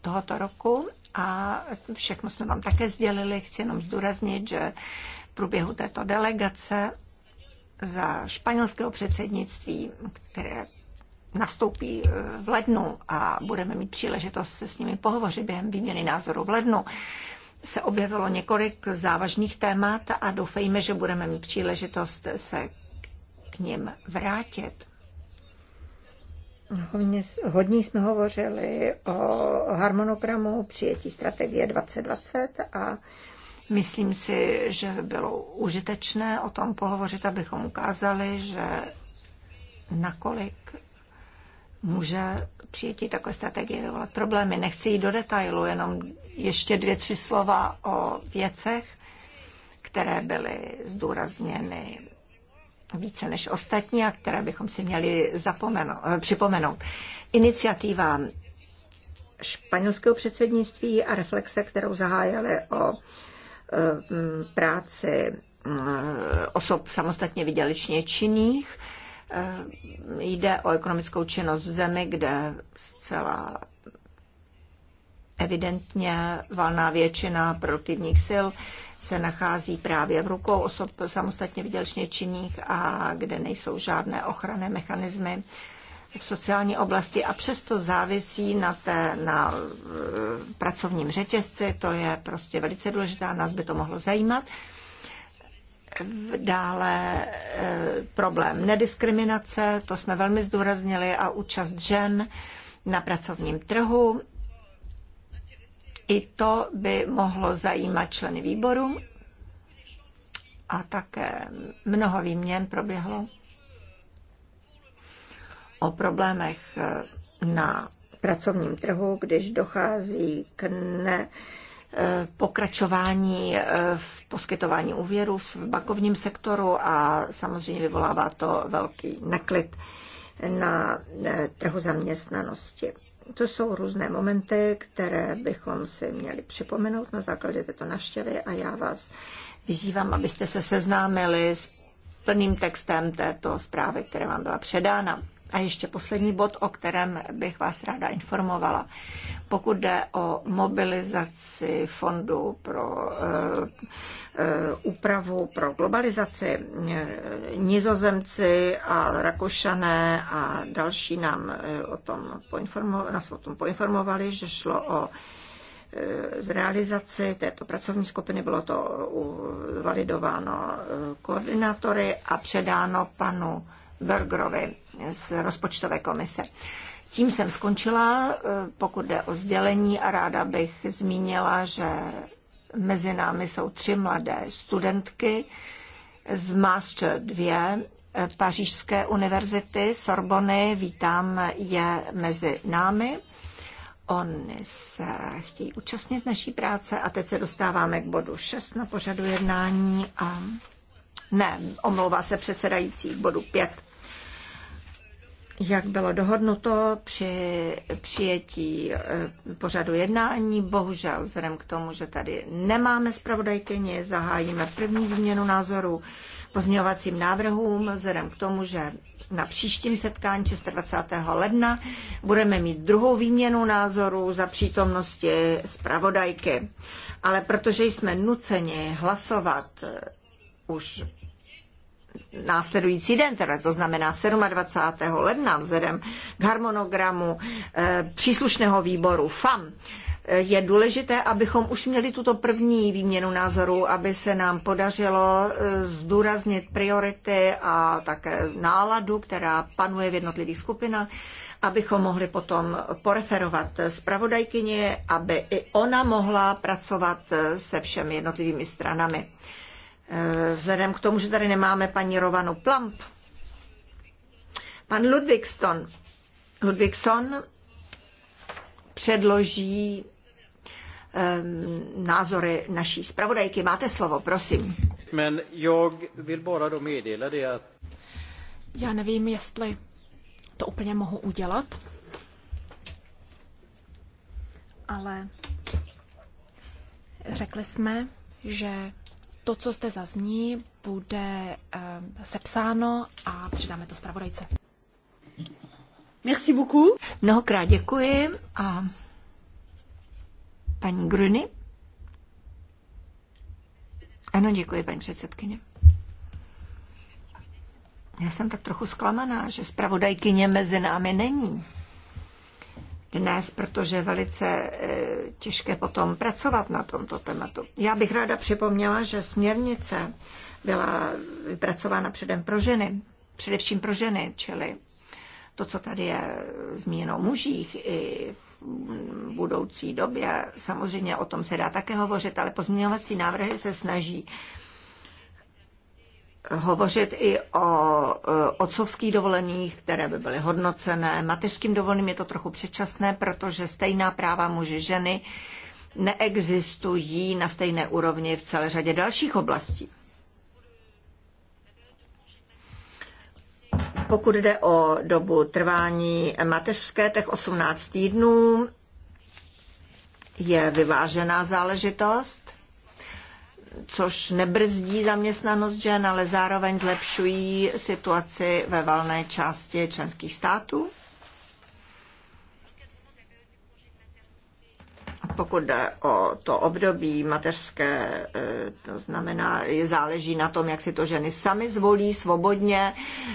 tohoto roku a všechno jsme vám také sdělili. Chci jenom zdůraznit, že v průběhu této delegace za španělského předsednictví, které nastoupí eh, v lednu a budeme mít příležitost se s nimi pohovořit během výměny názoru v lednu, se objevilo několik závažných témat a doufejme, že budeme mít příležitost se k ním vrátit. Hodně, hodně jsme hovořili o harmonogramu přijetí strategie 2020 a myslím si, že bylo užitečné o tom pohovořit, abychom ukázali, že nakolik může přijetí takové strategie vyvolat problémy. Nechci jít do detailu, jenom ještě dvě, tři slova o věcech, které byly zdůrazněny více než ostatní a které bychom si měli zapomenout, eh, připomenout. Iniciativa španělského předsednictví a reflexe, kterou zahájili o eh, práci osob samostatně vydělečně činných, Eh, jde o ekonomickou činnost v zemi, kde zcela evidentně valná většina produktivních sil se nachází právě v rukou osob samostatně vydělečně činných a kde nejsou žádné ochranné mechanismy v sociální oblasti a přesto závisí na, té, na eh, pracovním řetězci. To je prostě velice důležité a nás by to mohlo zajímat. Dále eh, problém nediskriminace, to jsme velmi zdůraznili, a účast žen na pracovním trhu. I to by mohlo zajímat členy výboru. A také mnoho výměn proběhlo o problémech eh, na pracovním trhu, když dochází k ne, pokračování eh, v poskytování úvěru v bankovním sektoru a samozřejmě vyvolává to velký neklid na eh, trhu zaměstnanosti. To jsou různé momenty, které bychom si měli připomenout na základě této navštěvy a já vás vyzývám, abyste se seznámili s plným textem této zprávy, která vám byla předána. A ještě poslední bod, o kterém bych vás ráda informovala. Pokud jde o mobilizaci fondu pro eh, eh, úpravu uh, uh, pro globalizaci, eh, nizozemci a rakušané a další nám o tom poinformo- nás o tom poinformovali, že šlo o z realizaci této pracovní skupiny bylo to validováno koordinátory a předáno panu Bergerovi z rozpočtové komise. Tím jsem skončila, eh, pokud jde o sdělení a ráda bych zmínila, že mezi námi jsou tři mladé studentky z Master 2 eh, Pařížské univerzity Sorbony. Vítám je mezi námi. Oni se chtějí účastnit naší práce a teď se dostáváme k bodu 6 na pořadu jednání a ne, omlouvá se předsedající k bodu 5. Jak bylo dohodnuto při přijetí eh, pořadu jednání, bohužel vzhledem k tomu, že tady nemáme zpravodajkyně, zahájíme první výměnu názorů pozměňovacím návrhům, vzhledem k tomu, že na příštím setkání 26. ledna budeme mít druhou výměnu názorů za přítomnosti zpravodajky. Ale protože jsme nuceni hlasovat už následující den, teda to znamená 27. ledna vzhledem k harmonogramu eh, příslušného výboru FAM, eh, je důležité, abychom už měli tuto první výměnu názoru, aby se nám podařilo eh, zdůraznit priority a také náladu, která panuje v jednotlivých skupinách, abychom mohli potom poreferovat zpravodajkyně, aby i ona mohla pracovat se všemi jednotlivými stranami. Eh, vzhledem k tomu, že tady nemáme paní Rovanu Plump. Pan Ludvíkson, Ludvíkson předloží um, názory naší zpravodajky. Máte slovo, prosím. Men jag vill bara do meddela det att... Já nevím, jestli to úplně mohu udělat, ale řekli jsme, že to, co zde zazní, bude uh, sepsáno a přidáme to zpravodajce. Merci beaucoup. Mnohokrát děkuji a paní Gruny. Ano, děkuji, paní předsedkyně. Já jsem tak trochu zklamaná, že zpravodajkyně mezi námi není dnes, protože je velice eh, těžké potom pracovat na tomto tématu. Já bych ráda připomněla, že směrnice byla vypracována předem pro ženy, především pro ženy, čili to, co tady je zmíněno mužích i v budoucí době, samozřejmě o tom se dá také hovořit, ale pozměňovací návrhy se snaží hovořit i o eh, otcovských dovolených, které by byly hodnocené. Mateřským dovoleným je to trochu předčasné, protože stejná práva muži ženy neexistují na stejné úrovni v celé řadě dalších oblastí. Pokud jde o dobu trvání mateřské, tak 18 týdnů je vyvážená záležitost což nebrzdí zaměstnanost žen, ale zároveň zlepšují situaci ve valné části členských států. Pokud jde o to období mateřské, eh, to znamená, záleží na tom, jak si to ženy sami zvolí svobodně.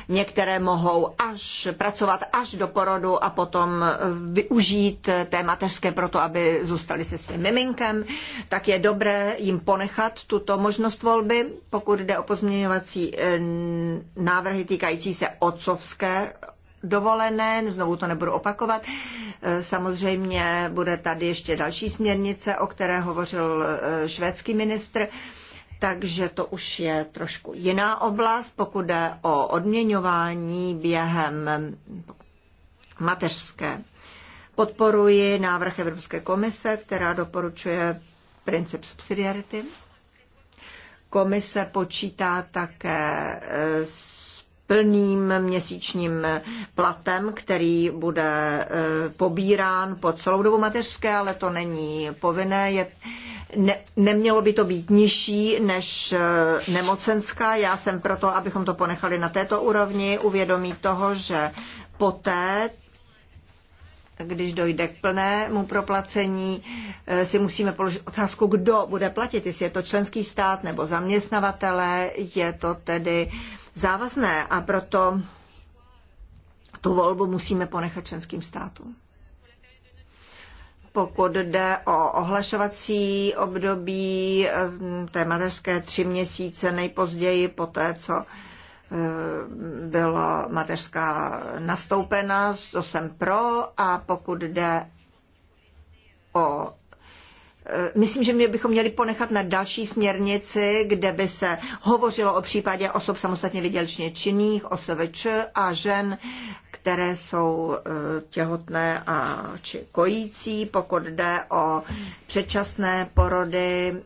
Některé mohou až pracovat až do porodu a potom eh, využít té mateřské proto, aby zůstali se svým miminkem. Tak je dobré jim ponechat tuto možnost volby. Pokud jde o pozměňovací eh, návrhy týkající se otcovské dovolené, znovu to nebudu opakovat. E, samozřejmě bude tady ještě další směrnice, o které hovořil e, švédský ministr, takže to už je trošku jiná oblast, pokud jde o odměňování během mateřské. Podporuji návrh Evropské komise, která doporučuje princip subsidiarity. Komise počítá také s plným měsíčním platem, který bude eh, pobírán po celou dobu mateřské, ale to není povinné. Je, ne, nemělo by to být nižší než eh, nemocenská. Já jsem proto, abychom to ponechali na této úrovni, uvědomí toho, že poté když dojde k plnému proplacení, eh, si musíme položit otázku, kdo bude platit, jestli je to členský stát nebo zaměstnavatele, je to tedy závazné a proto tu volbu musíme ponechat členským státům. Pokud jde o ohlašovací období, eh, té mateřské tři měsíce nejpozději po té, co Eh, byla mateřská nastoupena, to jsem pro a pokud jde o eh, Myslím, že my bychom měli ponechat na další směrnici, kde by se hovořilo o případě osob samostatně vydělečně činných, OSVČ a žen, které jsou eh, těhotné a či kojící, pokud jde o předčasné porody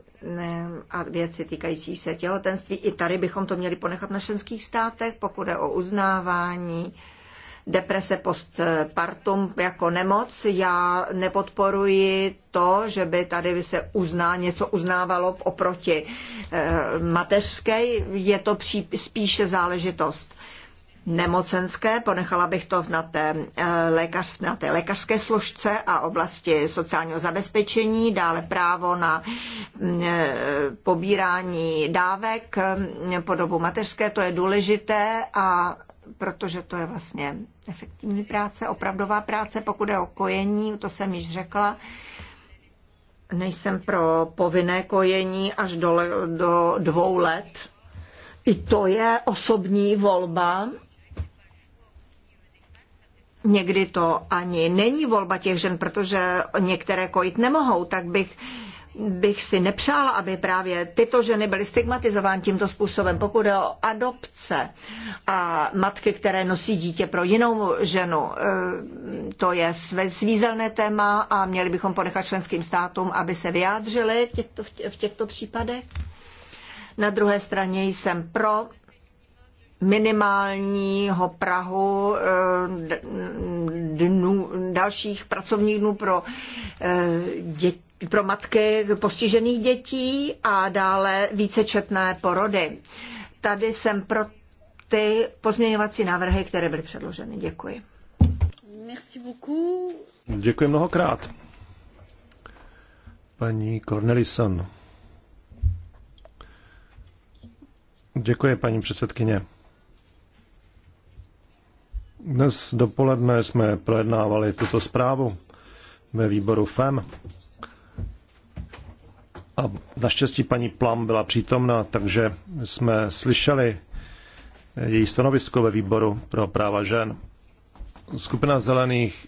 a věci týkající se těhotenství. I tady bychom to měli ponechat na členských státech, pokud je o uznávání deprese postpartum jako nemoc. Já nepodporuji to, že by tady se uzná, něco uznávalo oproti eh, mateřské. Je to pří, spíše záležitost nemocenské, ponechala bych to na té, eh, lékař, na té lékařské složce a oblasti sociálního zabezpečení, dále právo na mm, eh, pobírání dávek mm, po dobu mateřské, to je důležité a protože to je vlastně efektivní práce, opravdová práce, pokud je o kojení, to jsem již řekla, nejsem pro povinné kojení až do, do dvou let. I to je osobní volba někdy to ani není volba těch žen, protože některé kojit nemohou, tak bych bych si nepřála, aby právě tyto ženy byly stigmatizovány tímto způsobem, pokud je o adopce a matky, které nosí dítě pro jinou ženu. Eh, to je svízelné téma a měli bychom ponechat členským státům, aby se vyjádřili v těchto, v těchto případech. Na druhé straně jsem pro minimálního Prahu eh, dnů, dalších pracovních dnů pro eh, děti pro matky postižených dětí a dále vícečetné porody. Tady jsem pro ty pozměňovací návrhy, které byly předloženy. Děkuji. Merci beaucoup. Děkuji mnohokrát. Paní Cornelison. Děkuji, paní předsedkyně. Dnes dopoledne jsme projednávali tuto zprávu ve výboru FEM. A naštěstí paní Plam byla přítomna, takže jsme slyšeli její stanovisko ve výboru pro práva žen. Skupina zelených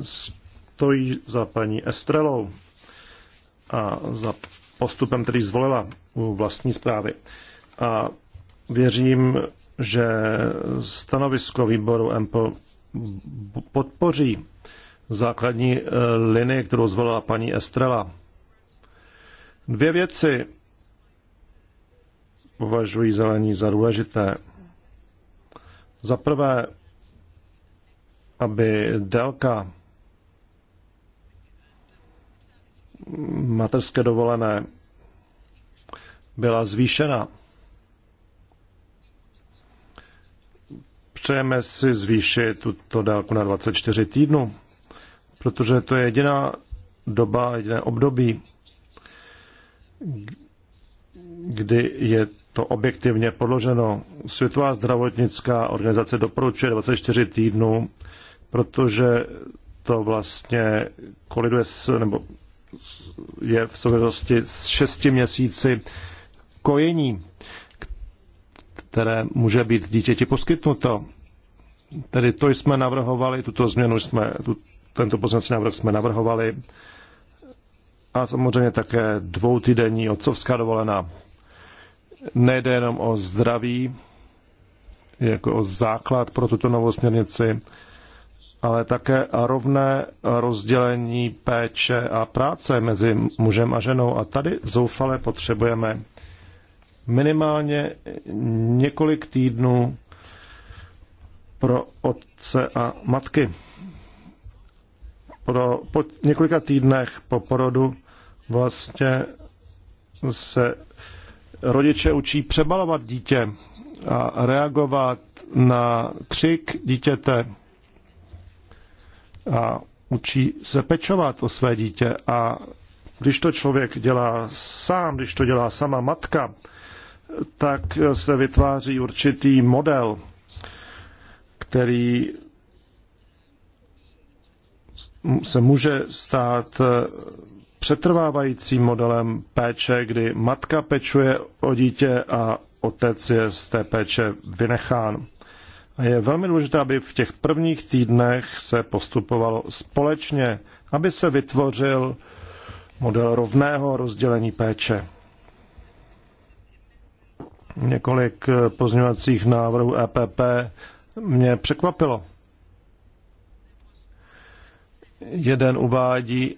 stojí za paní Estrelou a za postupem, který zvolila u vlastní zprávy. A věřím, že stanovisko výboru EMPL podpoří základní eh, linii, kterou zvolila paní Estrela. Dvě věci považují zelení za důležité. Za prvé, aby délka materské dovolené byla zvýšena přejeme si zvýšit tuto délku na 24 týdnů, protože to je jediná doba, jediné období, kdy je to objektivně podloženo. Světová zdravotnická organizace doporučuje 24 týdnů, protože to vlastně koliduje s, nebo je v souvislosti s 6 měsíci kojení které může být dítěti poskytnuto. Tedy to jsme navrhovali, tuto změnu jsme, tu, tento poznací návrh jsme navrhovali a samozřejmě také dvoutýdenní otcovská dovolená. Nejde jenom o zdraví, jako o základ pro tuto novou směrnici, ale také rovné rozdělení péče a práce mezi mužem a ženou. A tady zoufale potřebujeme minimálně několik týdnů pro otce a matky. Pro, po několika týdnech po porodu vlastně se rodiče učí přebalovat dítě a reagovat na křik dítěte a učí se pečovat o své dítě a když to člověk dělá sám, když to dělá sama matka, tak se vytváří určitý model, který se může stát přetrvávajícím modelem péče, kdy matka pečuje o dítě a otec je z té péče vynechán. A je velmi důležité, aby v těch prvních týdnech se postupovalo společně, aby se vytvořil model rovného rozdělení péče. Několik eh, pozměňovacích návrhů EPP mě překvapilo. Jeden uvádí,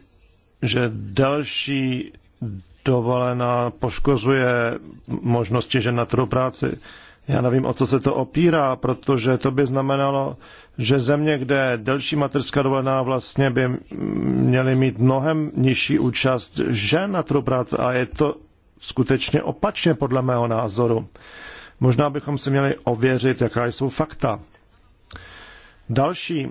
že další dovolená poškozuje možnosti žen na trhu práci. Já nevím, o co se to opírá, protože to by znamenalo, že země, kde delší materská dovolená vlastně by měly mít mnohem nižší účast žen na trhu práce a je to skutečně opačně podle mého názoru. Možná bychom si měli ověřit, jaká jsou fakta. Další,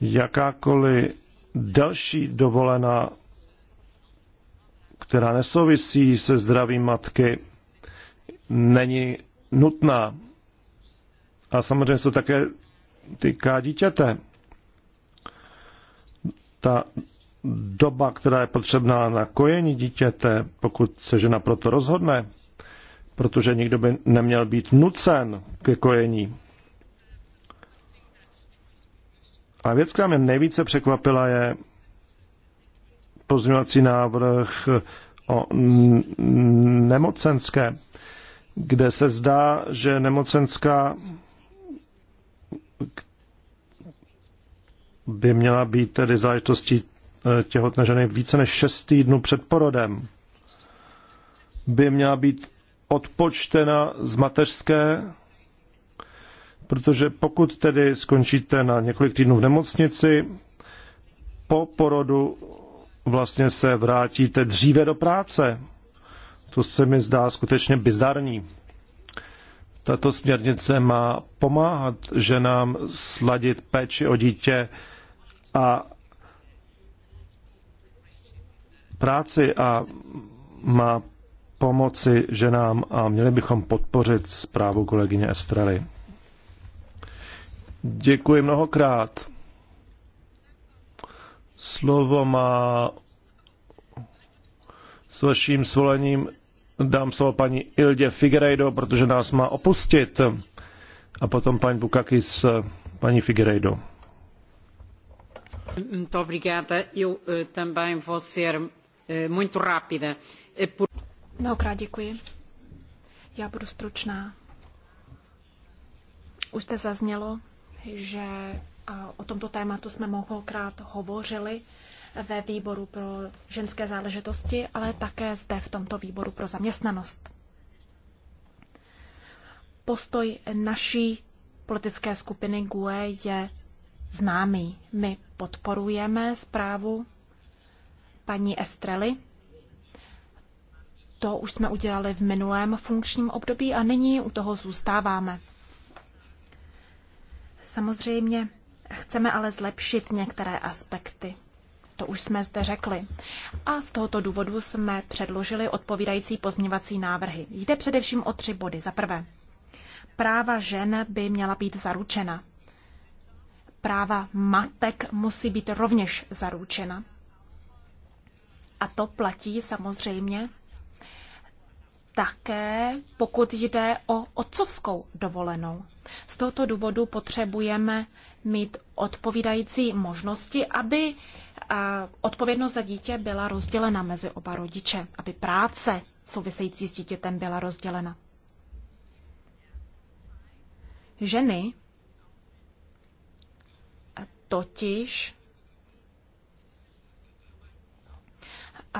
jakákoliv další dovolená, která nesouvisí se zdravím matky, není nutná. A samozřejmě se také týká dítěte. Ta doba, která je potřebná na kojení dítěte, pokud se žena proto rozhodne, protože nikdo by neměl být nucen ke kojení. A věc, která mě nejvíce překvapila, je pozměňovací návrh o nemocenské, kde se zdá, že nemocenská by měla být tedy záležitostí těhotné ženy více než 6 týdnů před porodem by měla být odpočtena z mateřské, protože pokud tedy skončíte na několik týdnů v nemocnici, po porodu vlastně se vrátíte dříve do práce. To se mi zdá skutečně bizarní. Tato směrnice má pomáhat ženám sladit péči o dítě a práci a má pomoci ženám a měli bychom podpořit zprávu kolegyně Estrely. Děkuji mnohokrát. Slovo má s vaším svolením dám slovo paní Ildě Figueiredo, protože nás má opustit. A potom paní Bukakis, paní Figueiredo. Eh, eh, Já budu stručná. Už jste zaznělo, že o tomto tématu jsme mnohokrát hovořili ve výboru pro ženské záležitosti, ale také zde v tomto výboru pro zaměstnanost. Postoj naší politické skupiny GUE je známý. My podporujeme zprávu paní Estrely. To už jsme udělali v minulém funkčním období a nyní u toho zůstáváme. Samozřejmě chceme ale zlepšit některé aspekty. To už jsme zde řekli. A z tohoto důvodu jsme předložili odpovídající pozměvací návrhy. Jde především o tři body. Za prvé, práva žen by měla být zaručena. Práva matek musí být rovněž zaručena. A to platí samozřejmě také, pokud jde o otcovskou dovolenou. Z tohoto důvodu potřebujeme mít odpovídající možnosti, aby odpovědnost za dítě byla rozdělena mezi oba rodiče, aby práce související s dítětem byla rozdělena. Ženy totiž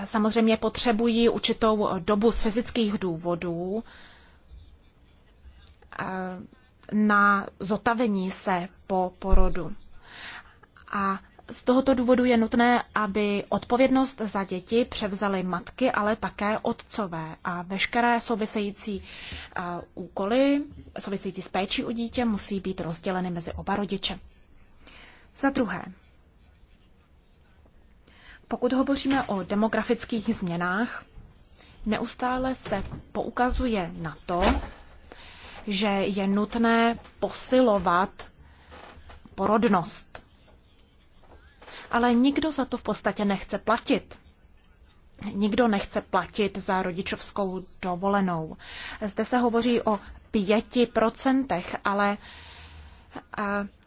samozřejmě potřebují určitou dobu z fyzických důvodů na zotavení se po porodu. A z tohoto důvodu je nutné, aby odpovědnost za děti převzaly matky, ale také otcové. A veškeré související úkoly, související s péčí o dítě, musí být rozděleny mezi oba rodiče. Za druhé, pokud hovoříme o demografických změnách, neustále se poukazuje na to, že je nutné posilovat porodnost. Ale nikdo za to v podstatě nechce platit. Nikdo nechce platit za rodičovskou dovolenou. Zde se hovoří o pěti procentech, ale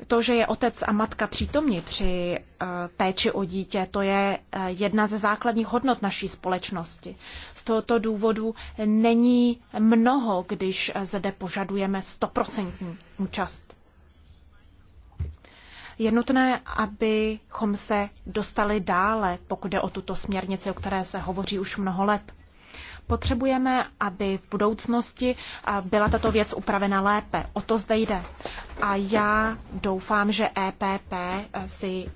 to, že je otec a matka přítomní při eh, péči o dítě, to je eh, jedna ze základních hodnot naší společnosti. Z tohoto důvodu není mnoho, když eh, zde požadujeme stoprocentní účast. Je nutné, abychom se dostali dále, pokud jde o tuto směrnici, o které se hovoří už mnoho let. Potřebujeme, aby v budoucnosti byla tato věc upravena lépe. O to zde jde. A já doufám, že EPP si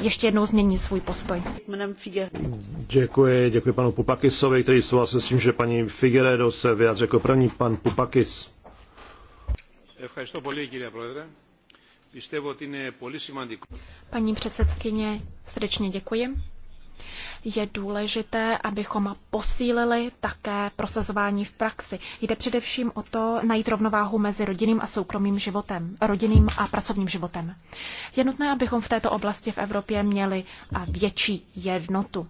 ještě jednou změní svůj postoj. Děkuji, děkuji panu Pupakisovi, který souhlasil s tím, že paní Figueredo se vyjádří jako první pan Pupakis. Paní předsedkyně, srdečně děkuji. Je důležité, abychom posílili také prosazování v praxi. Jde především o to najít rovnováhu mezi rodinným a soukromým životem, rodinným a pracovním životem. Je nutné, abychom v této oblasti v Evropě měli větší jednotu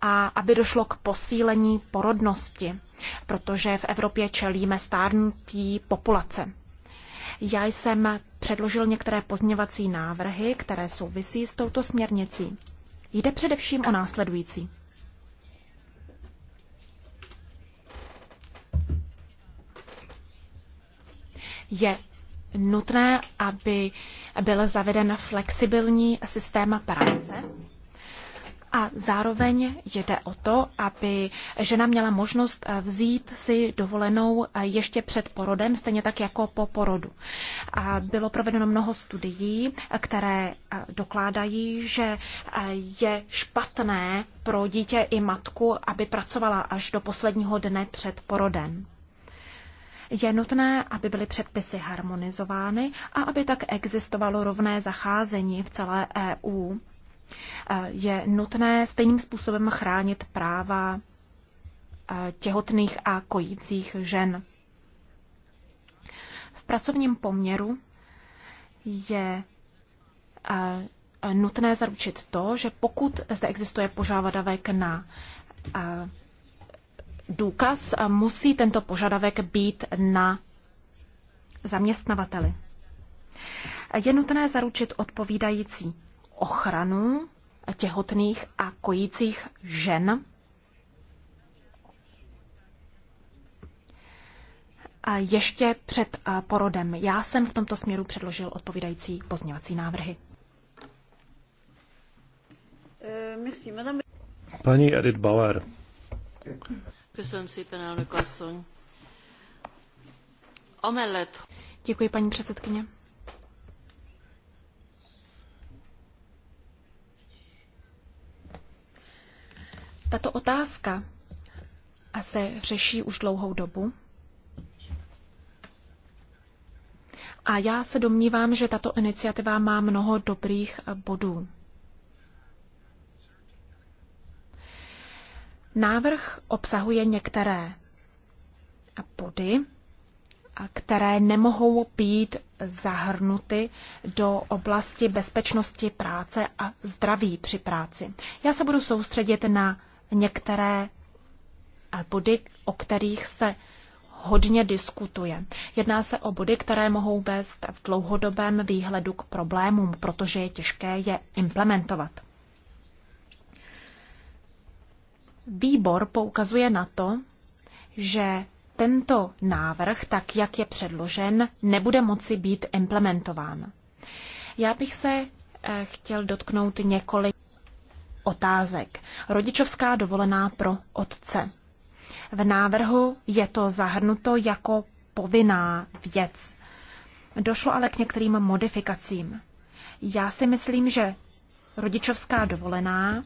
a aby došlo k posílení porodnosti, protože v Evropě čelíme stárnutí populace. Já jsem předložil některé pozměvací návrhy, které souvisí s touto směrnicí. Jde především o následující. Je nutné, aby byl zaveden flexibilní systém práce a zároveň jde o to, aby žena měla možnost eh, vzít si dovolenou eh, ještě před porodem, stejně tak jako po porodu. A bylo provedeno mnoho studií, eh, které dokládají, že je špatné pro dítě i matku, aby pracovala až do posledního dne před porodem. Je nutné, aby byly předpisy harmonizovány a aby tak existovalo rovné zacházení v celé EU je nutné stejným způsobem chránit práva těhotných a kojících žen. V pracovním poměru je nutné zaručit to, že pokud zde existuje požadavek na důkaz, musí tento požadavek být na zaměstnavateli. Je nutné zaručit odpovídající ochranu těhotných a kojících žen. A ještě před porodem. Já jsem v tomto směru předložil odpovídající pozměňovací návrhy. Paní Edith Bauer. Děkuji, paní předsedkyně. Tato otázka a se řeší už dlouhou dobu. A já se domnívám, že tato iniciativa má mnoho dobrých bodů. Návrh obsahuje některé body, které nemohou být zahrnuty do oblasti bezpečnosti práce a zdraví při práci. Já se budu soustředit na některé body, o kterých se hodně diskutuje. Jedná se o body, které mohou vést v dlouhodobém výhledu k problémům, protože je těžké je implementovat. Výbor poukazuje na to, že tento návrh, tak jak je předložen, nebude moci být implementován. Já bych se eh, chtěl dotknout několik otázek. Rodičovská dovolená pro otce. V návrhu je to zahrnuto jako povinná věc. Došlo ale k některým modifikacím. Já si myslím, že rodičovská dovolená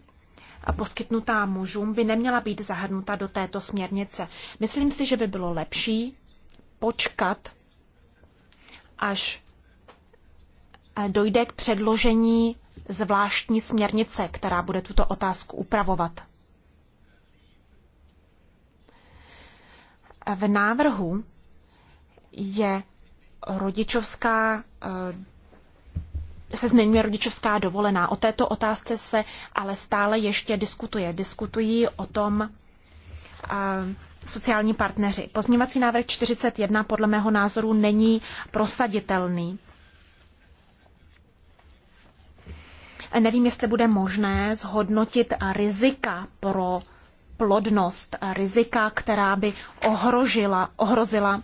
a poskytnutá mužům by neměla být zahrnuta do této směrnice. Myslím si, že by bylo lepší počkat, až dojde k předložení zvláštní směrnice, která bude tuto otázku upravovat. V návrhu je rodičovská eh, se zmiňuje rodičovská dovolená. O této otázce se ale stále ještě diskutuje. Diskutují o tom eh, sociální partneři. Pozměňovací návrh 41 podle mého názoru není prosaditelný. Nevím, jestli bude možné zhodnotit rizika pro plodnost, rizika, která by ohrožila, ohrozila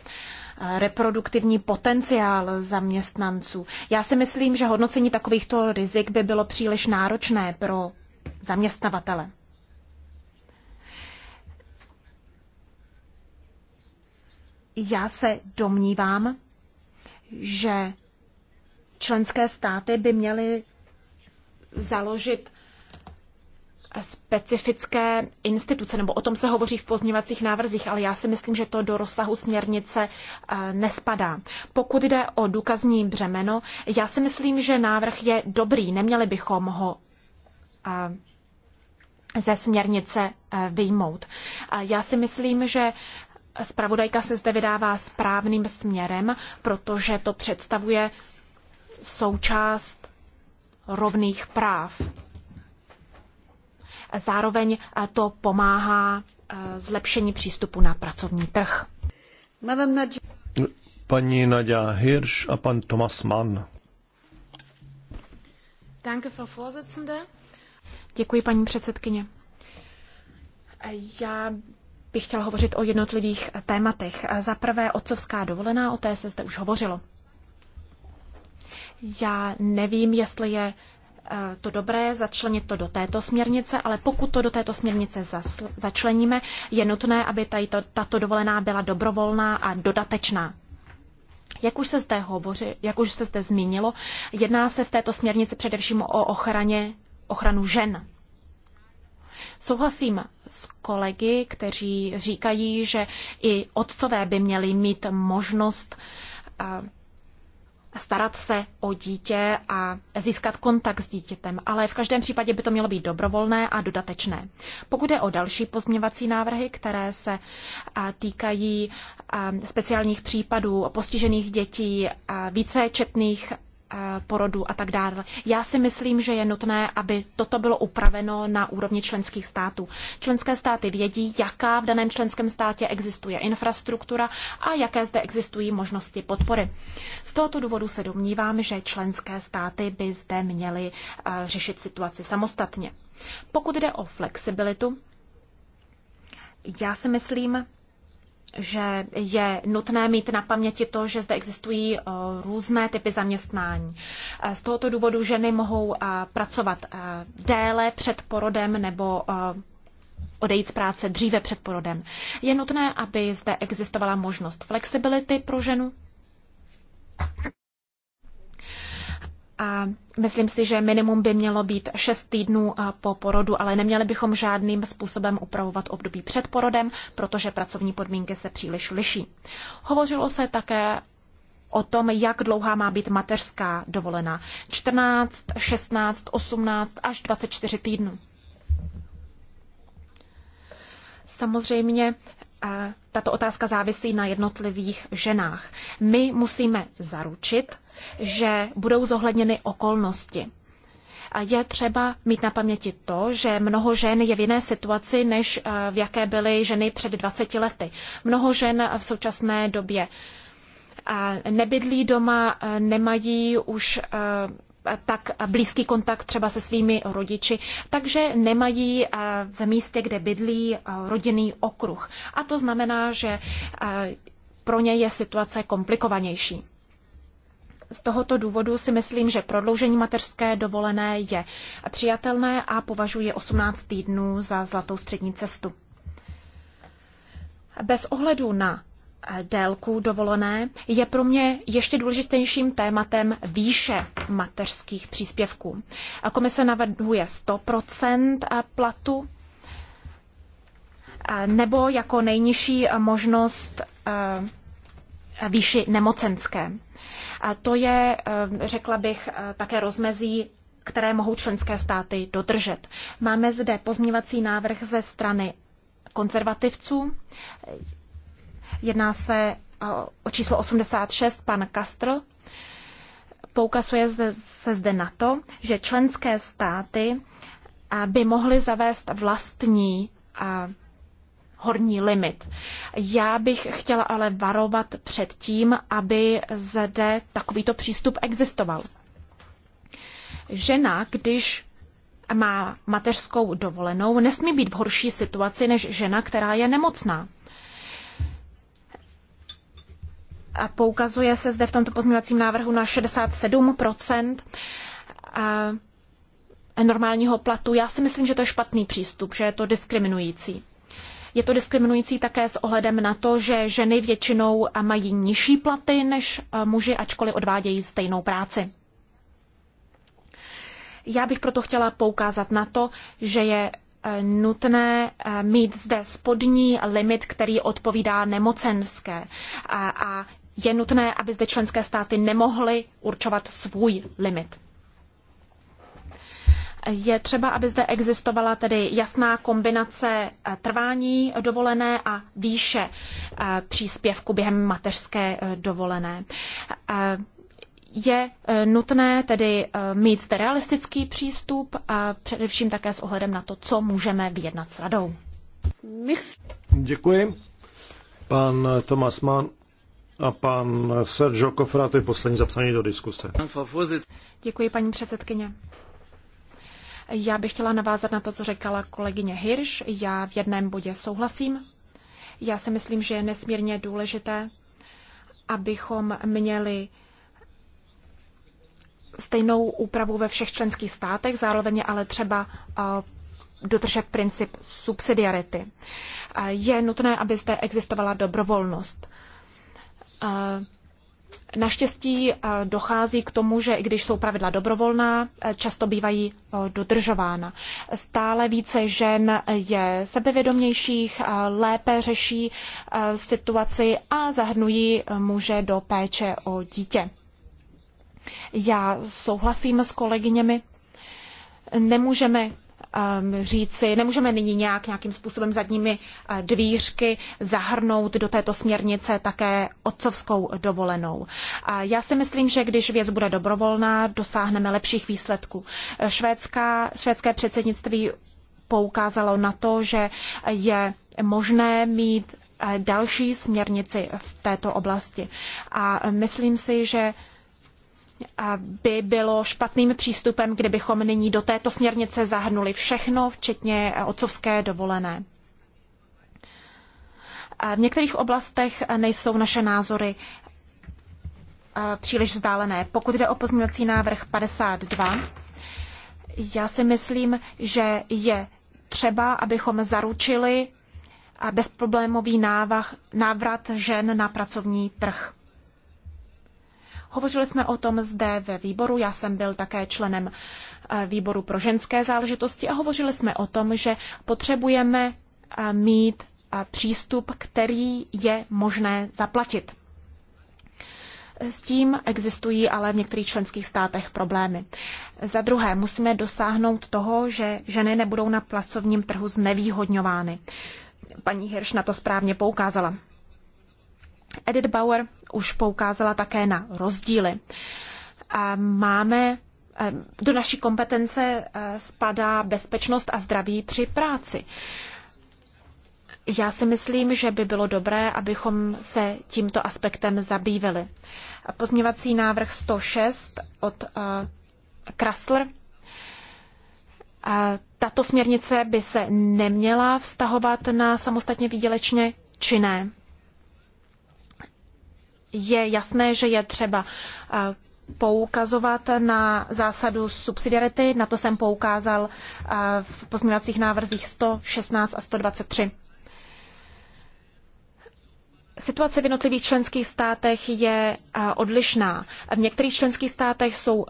eh, reproduktivní potenciál zaměstnanců. Já si myslím, že hodnocení takovýchto rizik by bylo příliš náročné pro zaměstnavatele. Já se domnívám, že členské státy by měly založit specifické instituce, nebo o tom se hovoří v pozměňovacích návrzích, ale já si myslím, že to do rozsahu směrnice eh, nespadá. Pokud jde o důkazní břemeno, já si myslím, že návrh je dobrý, neměli bychom ho eh, ze směrnice eh, vyjmout. Já si myslím, že Spravodajka se zde vydává správným směrem, protože to představuje součást rovných práv. Zároveň to pomáhá eh, zlepšení přístupu na pracovní trh. Paní Nadia Hirsch a pan Thomas Mann. Děkuji, paní předsedkyně. Já bych chtěla hovořit o jednotlivých tématech. Za prvé otcovská dovolená, o té se zde už hovořilo. Já nevím, jestli je eh, to dobré začlenit to do této směrnice, ale pokud to do této směrnice začleníme, je nutné, aby to, tato dovolená byla dobrovolná a dodatečná. Jak už se zde hovoří, jak už se zde zmínilo, jedná se v této směrnici především o ochraně, ochranu žen. Souhlasím s kolegy, kteří říkají, že i otcové by měli mít možnost eh, starat se o dítě a získat kontakt s dítětem, ale v každém případě by to mělo být dobrovolné a dodatečné. Pokud je o další pozměvací návrhy, které se týkají speciálních případů postižených dětí, vícečetných Eh, porodu a tak dále. Já si myslím, že je nutné, aby toto bylo upraveno na úrovni členských států. Členské státy vědí, jaká v daném členském státě existuje infrastruktura a jaké zde existují možnosti podpory. Z tohoto důvodu se domnívám, že členské státy by zde měly eh, řešit situaci samostatně. Pokud jde o flexibilitu, já si myslím, že je nutné mít na paměti to, že zde existují eh, různé typy zaměstnání. Eh, z tohoto důvodu ženy mohou eh, pracovat déle před porodem nebo odejít z práce dříve před porodem. Je nutné, aby zde existovala možnost flexibility pro ženu a myslím si, že minimum by mělo být 6 týdnů po porodu, ale neměli bychom žádným způsobem upravovat období před porodem, protože pracovní podmínky se příliš liší. Hovořilo se také o tom, jak dlouhá má být mateřská dovolená. 14, 16, 18 až 24 týdnů. Samozřejmě tato otázka závisí na jednotlivých ženách. My musíme zaručit, že budou zohledněny okolnosti. A je třeba mít na paměti to, že mnoho žen je v jiné situaci, než eh, v jaké byly ženy před 20 lety. Mnoho žen v současné době eh, nebydlí doma, eh, nemají už tak blízký kontakt třeba se svými rodiči, takže nemají v místě, kde bydlí, rodinný okruh. A to znamená, že pro ně je situace komplikovanější z tohoto důvodu si myslím, že prodloužení mateřské dovolené je přijatelné a považuji 18 týdnů za zlatou střední cestu. Bez ohledu na eh, délku dovolené je pro mě ještě důležitějším tématem výše mateřských příspěvků. A komise navrhuje 100% eh, platu eh, nebo jako nejnižší možnost výši nemocenské to je, eh, řekla bych, eh, také rozmezí které mohou členské státy dodržet. Máme zde pozměvací návrh ze strany konzervativců. Jedná se eh, o číslo 86, pan Castro. Poukazuje se zde na to, že členské státy by mohly zavést vlastní horní limit. Já bych chtěla ale varovat před tím, aby zde takovýto přístup existoval. Žena, když má mateřskou dovolenou, nesmí být v horší situaci než žena, která je nemocná. A poukazuje se zde v tomto pozměňovacím návrhu na 67 normálního platu. Já si myslím, že to je špatný přístup, že je to diskriminující. Je to diskriminující také s ohledem na to, že ženy většinou mají nižší platy než eh, muži, ačkoliv odvádějí stejnou práci. Já bych proto chtěla poukázat na to, že je eh, nutné eh, mít zde spodní limit, který odpovídá nemocenské. A je nutné, aby zde členské státy nemohly určovat svůj limit. Je třeba, aby zde existovala tedy jasná kombinace eh, trvání dovolené a výše eh, příspěvku během mateřské eh, dovolené. Je nutné tedy mít zde realistický přístup a především také s ohledem na to, co můžeme vyjednat s radou. Děkuji. Pan Tomas Mann a pan Sergio Kofraty, poslední zapsaný do diskuse. Děkuji, paní předsedkyně. Já bych chtěla navázat na to, co řekla kolegyně Hirsch. Já v jedném bodě souhlasím. Já si myslím, že je nesmírně důležité, abychom měli stejnou úpravu ve všech členských státech, zároveň ale třeba eh, dodržet princip subsidiarity. Eh, je nutné, aby zde existovala dobrovolnost. Eh, Naštěstí eh, dochází k tomu, že i když jsou pravidla dobrovolná, eh, často bývají eh, dodržována. Stále více žen je sebevědomějších, lépe řeší situaci a zahrnují muže do péče o dítě. Já souhlasím s kolegyněmi. Nemůžeme Um, říci, nemůžeme nyní nějak, nějakým způsobem zadními uh, dvířky zahrnout do této směrnice také otcovskou dovolenou. Uh, já si myslím, že když věc bude dobrovolná, dosáhneme lepších výsledků. Švédská, švédské předsednictví poukázalo na to, že je možné mít uh, další směrnici v této oblasti. A myslím si, že by bylo špatným přístupem, kdybychom nyní do této směrnice zahrnuli všechno, včetně otcovské dovolené. V některých oblastech nejsou naše názory příliš vzdálené. Pokud jde o pozměňovací návrh 52, já si myslím, že je třeba, abychom zaručili bezproblémový návrat žen na pracovní trh. Hovořili jsme o tom zde ve výboru, já jsem byl také členem eh, výboru pro ženské záležitosti a hovořili jsme o tom, že potřebujeme eh, mít eh, přístup, který je možné zaplatit. S tím existují ale v některých členských státech problémy. Za druhé, musíme dosáhnout toho, že ženy nebudou na pracovním trhu znevýhodňovány. Paní Hirš na to správně poukázala. Edith Bauer už poukázala také na rozdíly. Máme eh, do naší kompetence eh, spadá bezpečnost a zdraví při práci. Já si myslím, že by bylo dobré, abychom se tímto aspektem zabývali. Pozměvací návrh 106 od uh, eh, Krasler. tato směrnice by se neměla vztahovat na samostatně výdělečně činné je jasné, že je třeba eh, poukazovat na zásadu subsidiarity. Na to jsem poukázal eh, v pozměňovacích návrzích 116 a 123. Situace v jednotlivých členských státech je eh, odlišná. V některých členských státech jsou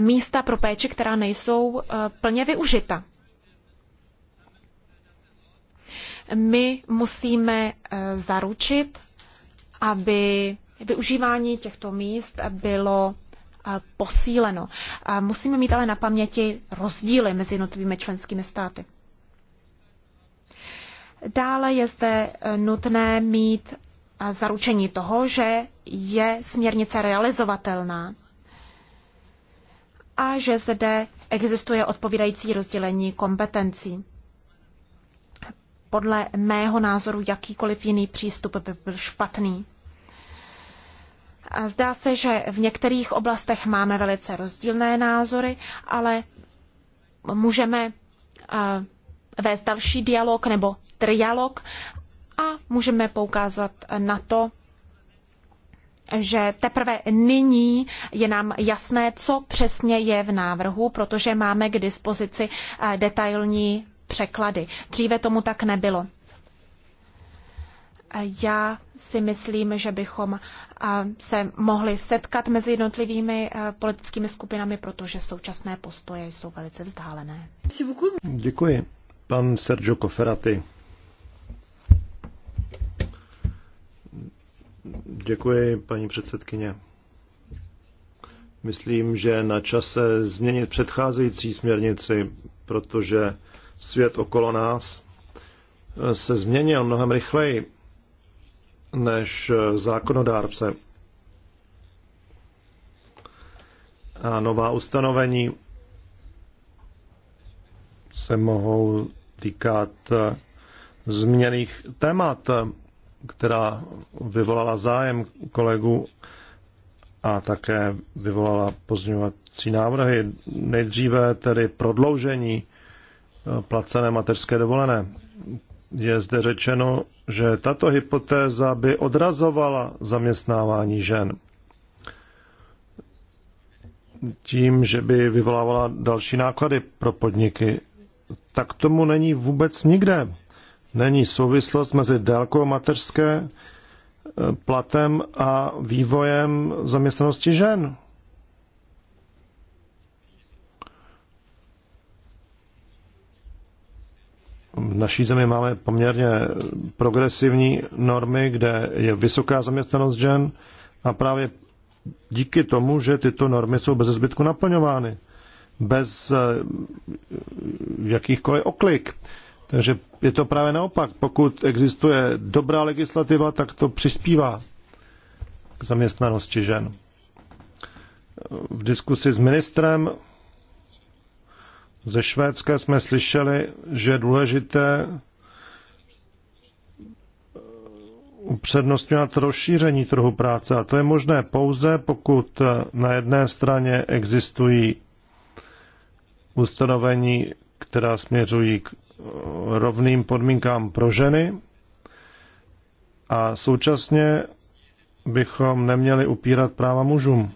místa pro péči, která nejsou plně využita. My musíme zaručit aby využívání těchto míst bylo eh, posíleno. Musíme mít ale na paměti rozdíly mezi jednotlivými členskými státy. Dále je zde eh, nutné mít eh, zaručení toho, že je směrnice realizovatelná a že zde existuje odpovídající rozdělení kompetencí. Podle mého názoru jakýkoliv jiný přístup by byl špatný. Zdá se, že v některých oblastech máme velice rozdílné názory, ale můžeme eh, vést další dialog nebo trialog a můžeme poukázat na to, že teprve nyní je nám jasné, co přesně je v návrhu, protože máme k dispozici eh, detailní překlady. Dříve tomu tak nebylo. Já si myslím, že bychom se mohli setkat mezi jednotlivými politickými skupinami, protože současné postoje jsou velice vzdálené. Děkuji. Pan Sergio Koferati. Děkuji, paní předsedkyně. Myslím, že na čase změnit předcházející směrnici, protože svět okolo nás se změnil mnohem rychleji než eh, zákonodárce. A nová ustanovení se mohou týkat eh, změných témat, eh, která vyvolala zájem kolegů a také vyvolala pozměňovací návrhy. Nejdříve tedy prodloužení placené mateřské dovolené je zde řečeno, že tato hypotéza by odrazovala zaměstnávání žen tím, že by vyvolávala další náklady pro podniky. Tak tomu není vůbec nikde. Není souvislost mezi délkou mateřské, eh, platem a vývojem zaměstnanosti žen. V naší zemi máme poměrně progresivní normy, kde je vysoká zaměstnanost žen a právě díky tomu, že tyto normy jsou bez zbytku naplňovány, bez eh, jakýchkoliv oklik. Takže je to právě naopak. Pokud existuje dobrá legislativa, tak to přispívá k zaměstnanosti žen. V diskusi s ministrem ze Švédska jsme slyšeli, že je důležité upřednostňovat rozšíření trhu práce. A to je možné pouze, pokud na jedné straně existují ustanovení, která směřují k rovným podmínkám pro ženy a současně bychom neměli upírat práva mužům.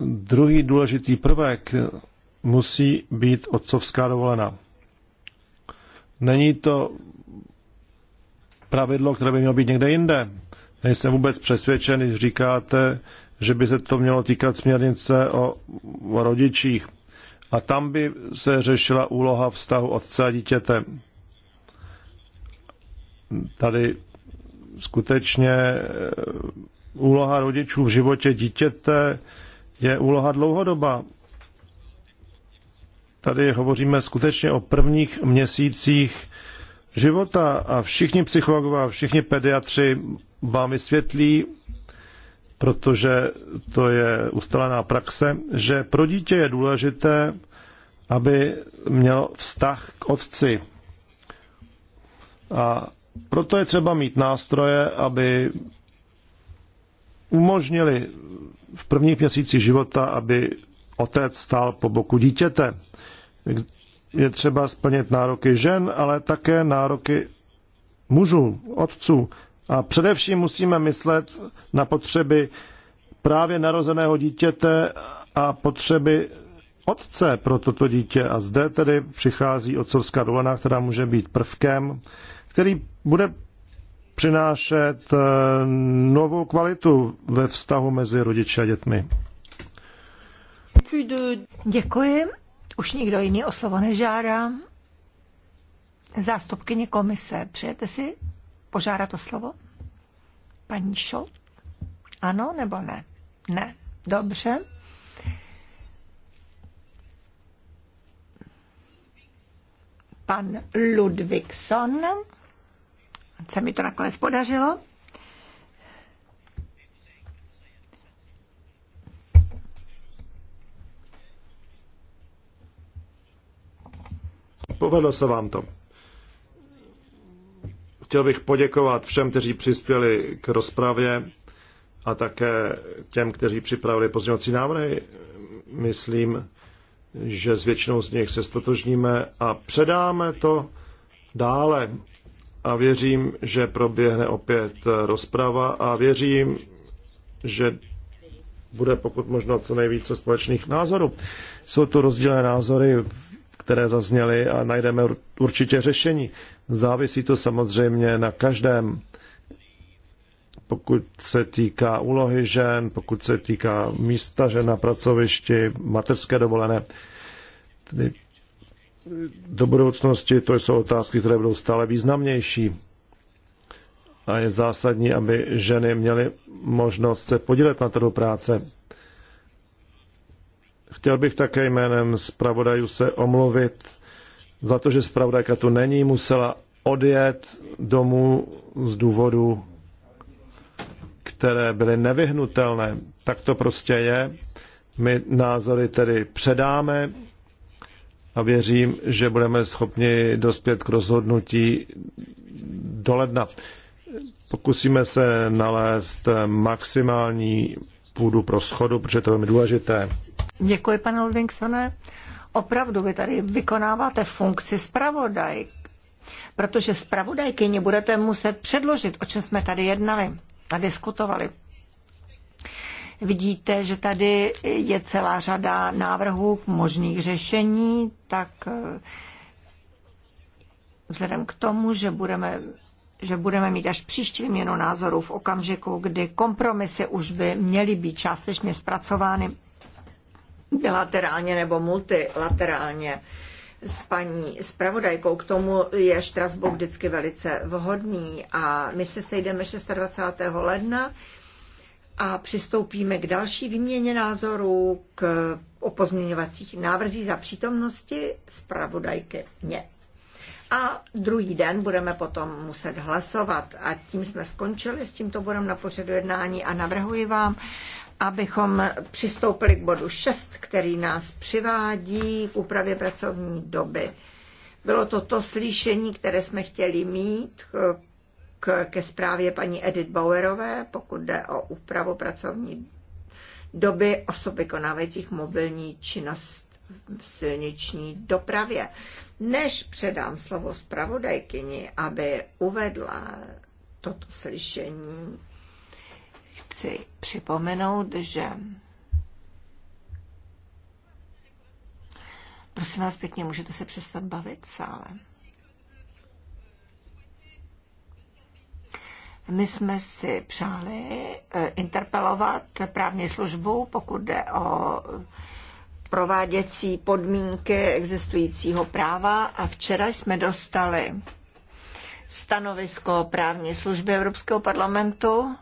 Druhý důležitý prvek musí být otcovská dovolená. Není to pravidlo, které by mělo být někde jinde. Nejsem vůbec přesvědčen, když říkáte, že by se to mělo týkat směrnice o, o rodičích. A tam by se řešila úloha vztahu otce a dítěte. Tady skutečně eh, úloha rodičů v životě dítěte je úloha dlouhodobá Tady hovoříme skutečně o prvních měsících života a všichni psychologové a všichni pediatři vám vysvětlí, protože to je ustalená praxe, že pro dítě je důležité, aby měl vztah k otci. A proto je třeba mít nástroje, aby umožnili v prvních měsících života, aby otec stál po boku dítěte. Je třeba splnit nároky žen, ale také nároky mužů, otců. A především musíme myslet na potřeby právě narozeného dítěte a potřeby otce pro toto dítě. A zde tedy přichází otcovská dovolená, která může být prvkem, který bude přinášet eh, novou kvalitu ve vztahu mezi rodiči a dětmi. Děkuji. Už nikdo jiný o slovo nežádá. Zástupkyně komise, přejete si požádat o slovo? Paní Šolt? Ano nebo ne? Ne. Dobře. Pan Ludvíkson. Se mi to nakonec podařilo. Povedlo se vám to. Chtěl bych poděkovat všem, kteří přispěli k rozpravě a také těm, kteří připravili pozměňovací návrhy. Myslím, že s většinou z nich se stotožníme a předáme to dále. A věřím, že proběhne opět rozprava a věřím, že bude pokud možno co nejvíce společných názorů. Jsou tu rozdílné názory které zazněly a najdeme určitě řešení. Závisí to samozřejmě na každém, pokud se týká úlohy žen, pokud se týká místa žen na pracovišti, mateřské dovolené. Tedy do budoucnosti to jsou otázky, které budou stále významnější. A je zásadní, aby ženy měly možnost se podílet na trhu práce Chtěl bych také jménem zpravodajů se omluvit za to, že zpravodajka tu není, musela odjet domů z důvodu, které byly nevyhnutelné. Tak to prostě je. My názory tedy předáme a věřím, že budeme schopni dospět k rozhodnutí do ledna. Pokusíme se nalézt maximální půdu pro schodu, protože to je velmi důležité. Děkuji, pane Ludvingsone. Opravdu vy tady vykonáváte funkci zpravodaj, protože zpravodajkyně budete muset předložit, o čem jsme tady jednali a diskutovali. Vidíte, že tady je celá řada návrhů možných řešení, tak eh, vzhledem k tomu, že budeme že budeme mít až příští výměnu názorů v okamžiku, kdy kompromisy už by měly být částečně zpracovány bilaterálně nebo multilaterálně s paní zpravodajkou. K tomu je Štrasburg vždycky velice vhodný a my se sejdeme 26. ledna a přistoupíme k další výměně názorů k opozměňovacích pozměňovacích návrzích za přítomnosti zpravodajky mě a druhý den budeme potom muset hlasovat. A tím jsme skončili s tímto bodem na pořadu jednání a navrhuji vám, abychom přistoupili k bodu 6, který nás přivádí k úpravě pracovní doby. Bylo to to slyšení, které jsme chtěli mít k, ke zprávě paní Edith Bauerové, pokud jde o úpravu pracovní doby osob vykonávajících mobilní činnost v silniční dopravě. Než předám slovo zpravodajkyni, aby uvedla toto slyšení, chci připomenout, že Prosím vás pěkně, můžete se přestat bavit v sále. My jsme si přáli eh, interpelovat právní službu, pokud jde o prováděcí podmínky existujícího práva a včera jsme dostali stanovisko právní služby Evropského parlamentu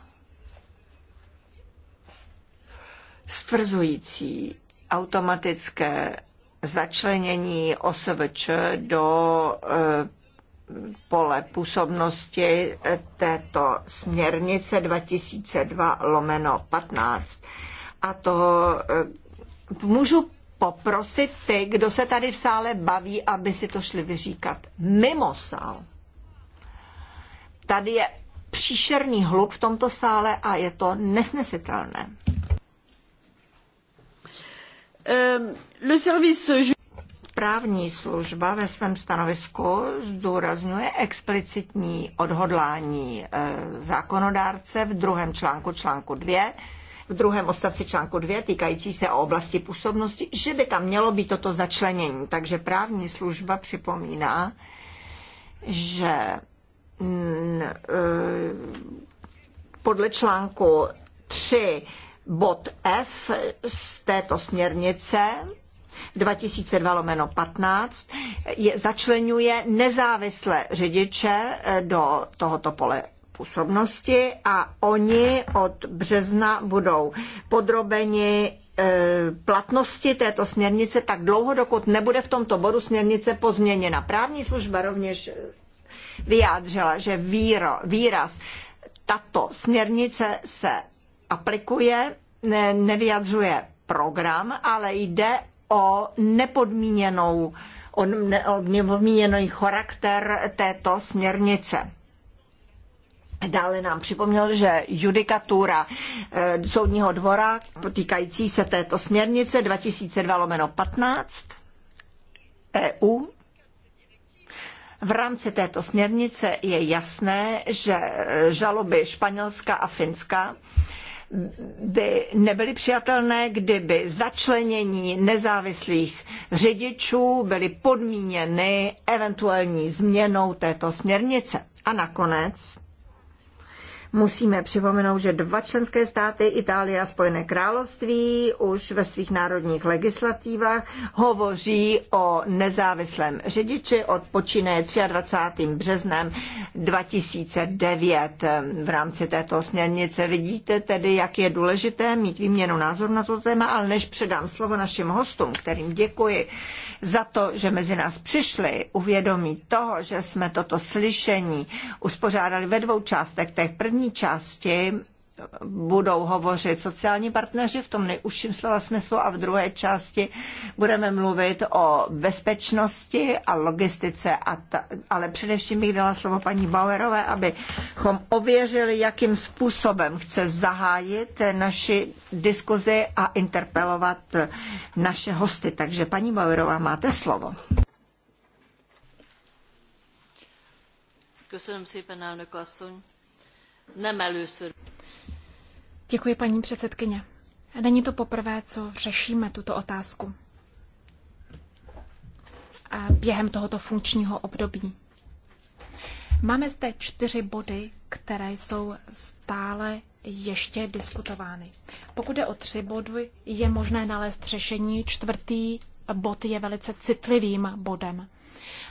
stvrzující automatické začlenění OSVČ do eh, pole působnosti této směrnice 2002 lomeno 15. A to eh, můžu poprosit ty, kdo se tady v sále baví, aby si to šli vyříkat mimo sál. Tady je příšerný hluk v tomto sále a je to nesnesitelné. Ehm, le service Právní služba ve svém stanovisku zdůrazňuje explicitní odhodlání eh, zákonodárce v druhém článku článku 2 v druhém odstavci článku 2 týkající se o oblasti působnosti, že by tam mělo být toto začlenění. Takže právní služba připomíná, že mm, eh, podle článku 3 bod F z této směrnice 2002 15 je, začlenuje nezávisle řidiče eh, do tohoto pole působnosti a oni od března budou podrobeni e, platnosti této směrnice tak dlouho, dokud nebude v tomto bodu směrnice pozměněna. Právní služba rovněž e, vyjádřila, že víro, výraz tato směrnice se aplikuje, ne, nevyjadřuje program, ale jde o nepodmíněnou, o, ne, o nepodmíněný charakter této směrnice. Dále nám připomněl, že judikatura eh, soudního dvora potýkající se této směrnice 2002-15 EU v rámci této směrnice je jasné, že eh, žaloby Španělska a Finska by nebyly přijatelné, kdyby začlenění nezávislých řidičů byly podmíněny eventuální změnou této směrnice. A nakonec Musíme připomenout, že dva členské státy, Itálie a Spojené království, už ve svých národních legislativách hovoří o nezávislém řidiči od počínaje 23. březnem 2009. V rámci této směrnice vidíte tedy, jak je důležité mít výměnu názor na to téma, ale než předám slovo našim hostům, kterým děkuji, za to, že mezi nás přišli, uvědomí toho, že jsme toto slyšení uspořádali ve dvou částech. Té první části budou hovořit sociální partneři v tom nejužším slova smyslu a v druhé části budeme mluvit o bezpečnosti a logistice, a ta, ale především bych dala slovo paní Bauerové, abychom ověřili, jakým způsobem chce zahájit naši diskuzi a interpelovat naše hosty. Takže paní Bauerová, máte slovo. Děkuji, pane elnök asszony. Nem először. Děkuji, paní předsedkyně. Není to poprvé, co řešíme tuto otázku a eh, během tohoto funkčního období. Máme zde čtyři body, které jsou stále ještě diskutovány. Pokud je o tři body, je možné nalézt řešení. Čtvrtý bod je velice citlivým bodem.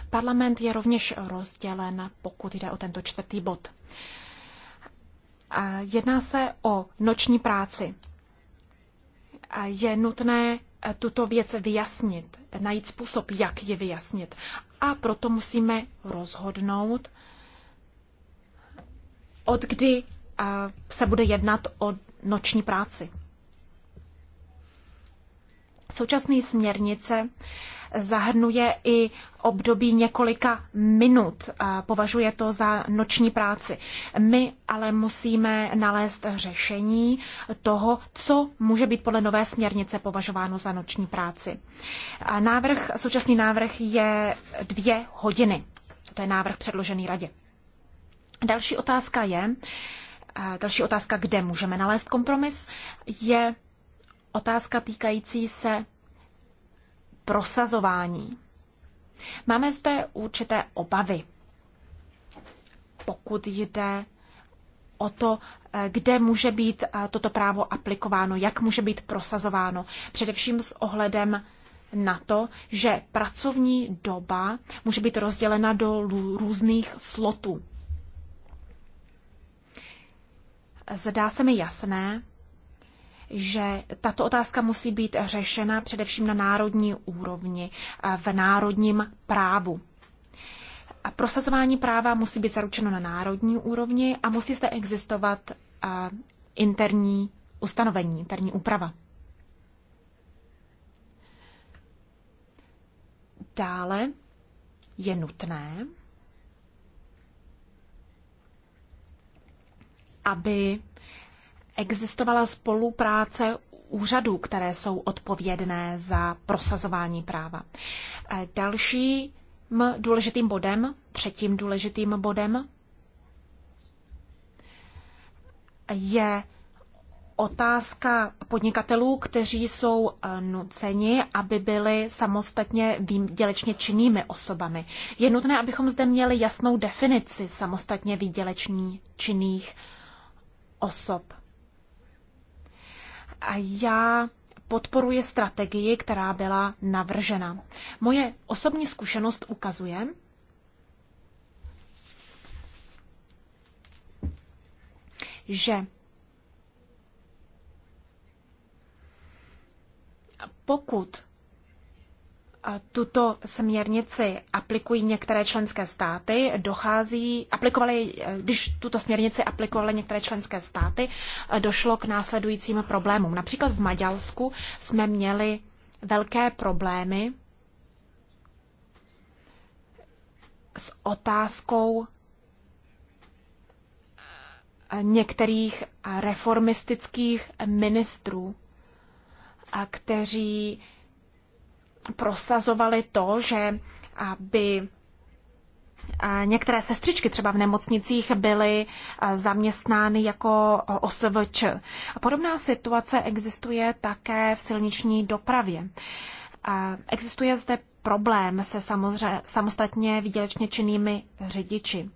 Parlament je rovněž rozdělen, pokud jde o tento čtvrtý bod. Jedná se o noční práci. Je nutné eh, tuto věc vyjasnit, najít způsob, jak ji vyjasnit. A proto musíme rozhodnout, od kdy eh, se bude jednat o noční práci. Současné směrnice zahrnuje i období několika minut. Považuje to za noční práci. My ale musíme nalézt řešení toho, co může být podle nové směrnice považováno za noční práci. Návrh, současný návrh je dvě hodiny. To je návrh předložený radě. Další otázka je, další otázka, kde můžeme nalézt kompromis, je otázka týkající se prosazování. Máme zde určité obavy, pokud jde o to, eh, kde může být eh, toto právo aplikováno, jak může být prosazováno, především s ohledem na to, že pracovní doba může být rozdělena do různých slotů. Zdá se mi jasné, že tato otázka musí být řešena především na národní úrovni, eh, v národním právu. A prosazování práva musí být zaručeno na národní úrovni a musí zde existovat eh, interní ustanovení, interní úprava. Dále je nutné, aby existovala spolupráce úřadů, které jsou odpovědné za prosazování práva. Eh, dalším důležitým bodem, třetím důležitým bodem je otázka podnikatelů, kteří jsou eh, nuceni, aby byli samostatně výdělečně činnými osobami. Je nutné, abychom zde měli jasnou definici samostatně výdělečně činných osob já podporuji strategii, která byla navržena. Moje osobní zkušenost ukazuje, že pokud tuto směrnici aplikují některé členské státy, dochází, aplikovali, když tuto směrnici aplikovaly některé členské státy, došlo k následujícím problémům. Například v Maďalsku jsme měli velké problémy s otázkou některých reformistických ministrů, kteří prosazovali to, že aby některé sestřičky třeba v nemocnicích byly zaměstnány jako OSVČ. Podobná situace existuje také v silniční dopravě. Existuje zde problém se samozřejmě, samostatně výdělečně činnými řidiči.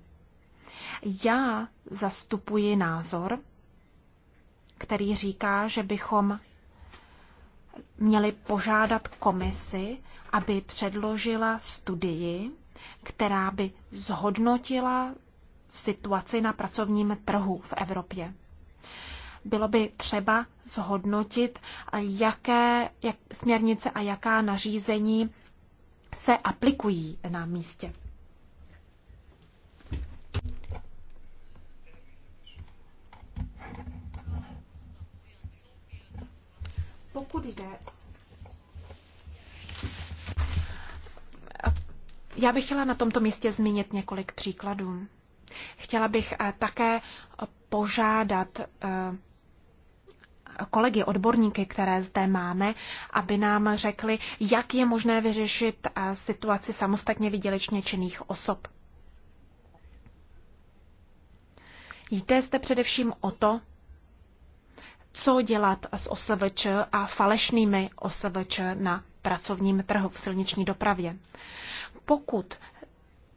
Já zastupuji názor, který říká, že bychom měli požádat komisi, aby předložila studii, která by zhodnotila situaci na pracovním trhu v Evropě. Bylo by třeba zhodnotit, jaké jak, směrnice a jaká nařízení se aplikují na místě. Pokud jde Já bych chtěla na tomto místě zmínit několik příkladů. Chtěla bych eh, také požádat eh, kolegy, odborníky, které zde máme, aby nám řekli, jak je možné vyřešit eh, situaci samostatně vydělečně činných osob. Jde zde především o to, co dělat s OSVČ a falešnými OSVČ na pracovním trhu v silniční dopravě. Pokud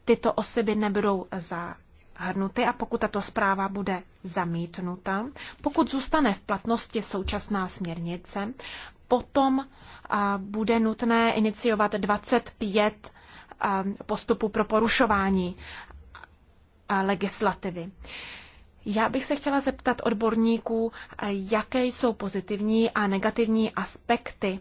tyto osoby nebudou zahrnuty a pokud tato zpráva bude zamítnuta, pokud zůstane v platnosti současná směrnice, potom bude nutné iniciovat 25 postupů pro porušování legislativy. Já bych se chtěla zeptat odborníků, eh, jaké jsou pozitivní a negativní aspekty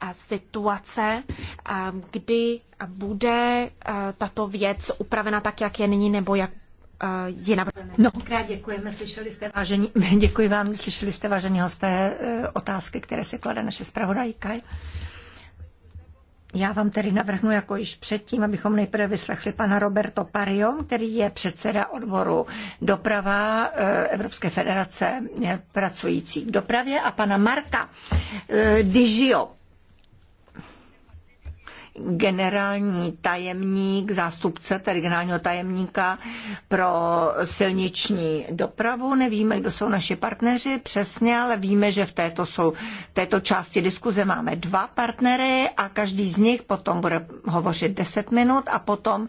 a eh, situace, eh, kdy bude tato věc upravena tak, jak je nyní, nebo jak je navržené. No, děkujeme, slyšeli jste vážení, děkuji vám, slyšeli jste vážení hosté otázky, které si klade naše zpravodajka. Já vám tedy navrhnu, jako již předtím, abychom nejprve vyslechli pana Roberto Pario, který je předseda odboru doprava eh, Evropské federace eh, pracujících v dopravě a pana Marka eh, Digio, generální tajemník, zástupce tedy generálního tajemníka pro silniční dopravu. Nevíme, kdo jsou naši partneři přesně, ale víme, že v této, jsou, této části diskuze máme dva partnery a každý z nich potom bude hovořit 10 minut a potom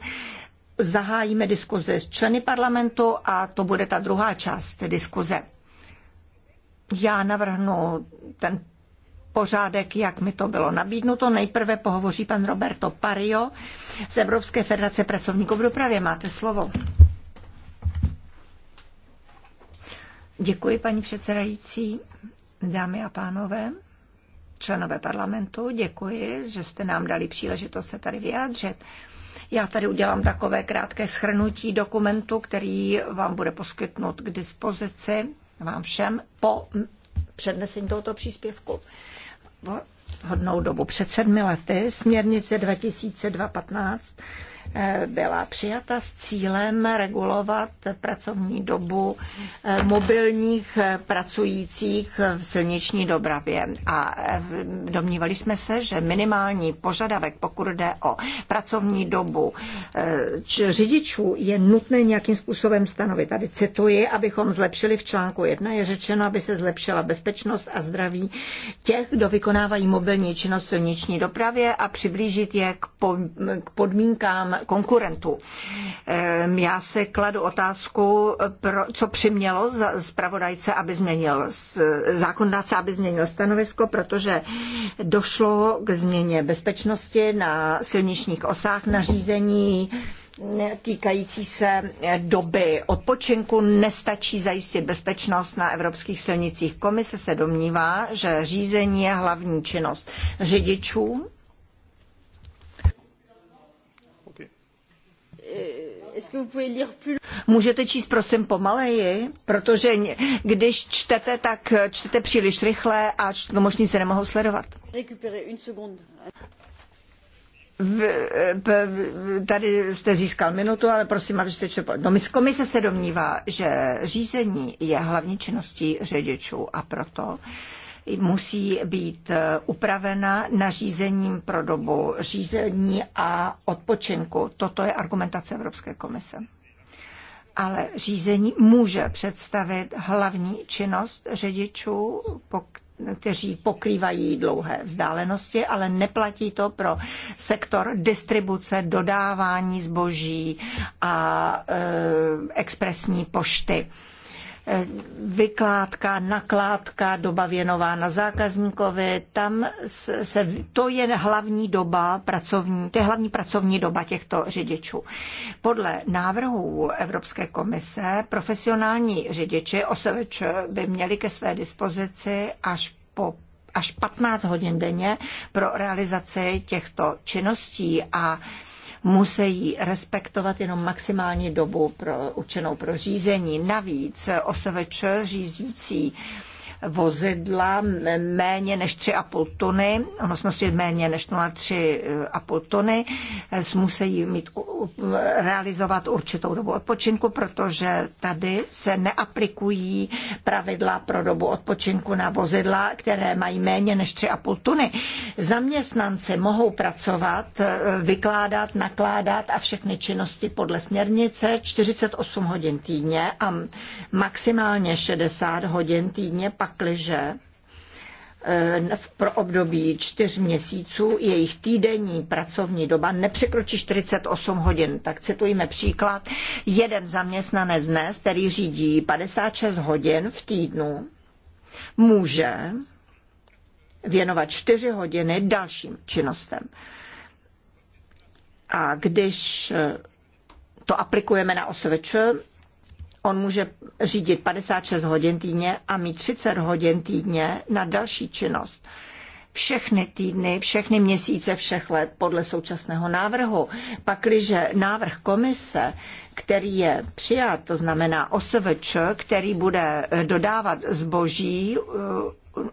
zahájíme diskuze s členy parlamentu a to bude ta druhá část diskuze. Já navrhnu ten pořádek, jak mi to bylo nabídnuto. Nejprve pohovoří pan Roberto Pario z Evropské federace pracovníků v dopravě. Máte slovo. Děkuji, paní předsedající, dámy a pánové, členové parlamentu, děkuji, že jste nám dali příležitost se tady vyjádřit. Já tady udělám takové krátké schrnutí dokumentu, který vám bude poskytnut k dispozici vám všem po přednesení tohoto příspěvku hodnou dobu. Před sedmi lety směrnice 2015 Eh, byla přijata s cílem regulovat pracovní dobu eh, mobilních eh, pracujících v silniční dopravě. A domnívali jsme se, že minimální požadavek, pokud jde o pracovní dobu řidičů, je nutné nějakým způsobem stanovit. Tady cituji, abychom zlepšili v článku 1, je řečeno, aby se zlepšila bezpečnost a zdraví těch, kdo vykonávají mobilní činnost v silniční dopravě a přiblížit je k podmínkám konkurentů. Ehm, já se kladu otázku, co přimělo zpravodajce, aby změnil zákonodáce, aby změnil stanovisko, protože došlo k změně bezpečnosti na silničních osách nařízení týkající se doby odpočinku nestačí zajistit bezpečnost na evropských silnicích. Komise se domnívá, že řízení je hlavní činnost řidičů Eh, Můžete číst prosím pomaleji, protože když čtete, tak eh, čtete příliš rychle a tlumočníci no, nemohou sledovat. V, eh, p, tady jste získal minutu, ale prosím, abyste čepal. No, komise se domnívá, že řízení je hlavní činností řidičů a proto uh, musí být e, upravena nařízením pro dobu řízení a odpočinku. Toto je argumentace Evropské komise. Ale řízení může představit hlavní činnost řidičů, kteří pokrývají dlouhé vzdálenosti, ale neplatí to pro sektor distribuce, dodávání zboží a e, expresní pošty. E, vykládka, nakládka, doba věnována zákazníkovi, tam se, to je hlavní doba pracovní, to je hlavní pracovní doba těchto řidičů. Podle návrhů Evropské komise profesionální řidiči OSVČ by měli ke své dispozici až po až 15 hodin denně pro realizaci těchto činností a musí respektovat jenom maximální dobu pro, určenou pro řízení. Navíc OSVČ řízící vozidla méně než 3,5 tuny, nosnosti méně než 0,3,5 tuny, musí mít, realizovat určitou dobu odpočinku, protože tady se neaplikují pravidla pro dobu odpočinku na vozidla, které mají méně než 3,5 tuny. Zaměstnanci mohou pracovat, e, vykládat, nakládat a všechny činnosti podle směrnice 48 hodin týdně a maximálně 60 hodin týdně, pak pakliže eh, pro období čtyř měsíců jejich týdenní pracovní doba nepřekročí 48 hodin. Tak citujeme příklad. Jeden zaměstnanec dnes, který řídí 56 hodin v týdnu, může věnovat 4 hodiny dalším činnostem. A když eh, to aplikujeme na OSVČ, On může řídit 56 hodin týdně a mít 30 hodin týdně na další činnost. Všechny týdny, všechny měsíce, všech let podle současného návrhu. Pakliže návrh komise, který je přijat, to znamená OSVČ, který bude eh, dodávat zboží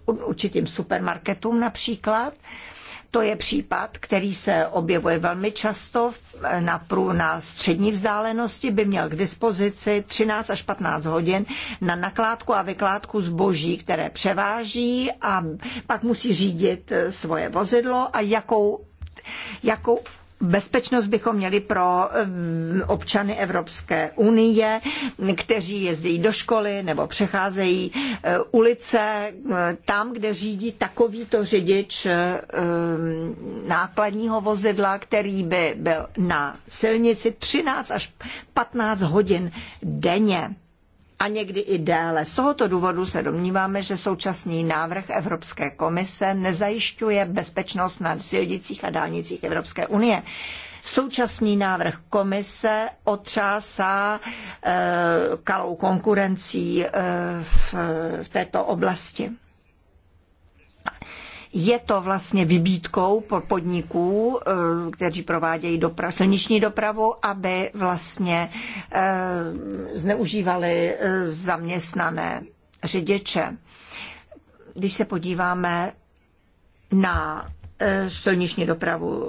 eh, určitým supermarketům například, to je případ, který se objevuje velmi často na, prů, na střední vzdálenosti, by měl k dispozici 13 až 15 hodin na nakládku a vykládku zboží, které převáží a pak musí řídit eh, svoje vozidlo a jakou jakou bezpečnost bychom měli pro mm, občany Evropské unie, kteří jezdí do školy nebo přecházejí e, ulice, e, tam, kde řídí takovýto řidič e, mm, nákladního vozidla, který by byl na silnici 13 až 15 hodin denně a někdy i déle. Z tohoto důvodu se domníváme, že současný návrh Evropské komise nezajišťuje bezpečnost na silnicích a dálnicích Evropské unie. Současný návrh komise otřásá e, kalou konkurencí e, v, v této oblasti je to vlastně vybídkou podniků, eh, kteří provádějí dopra- silniční dopravu, aby vlastně eh, zneužívali eh, zaměstnané řidiče. Když se podíváme na silniční dopravu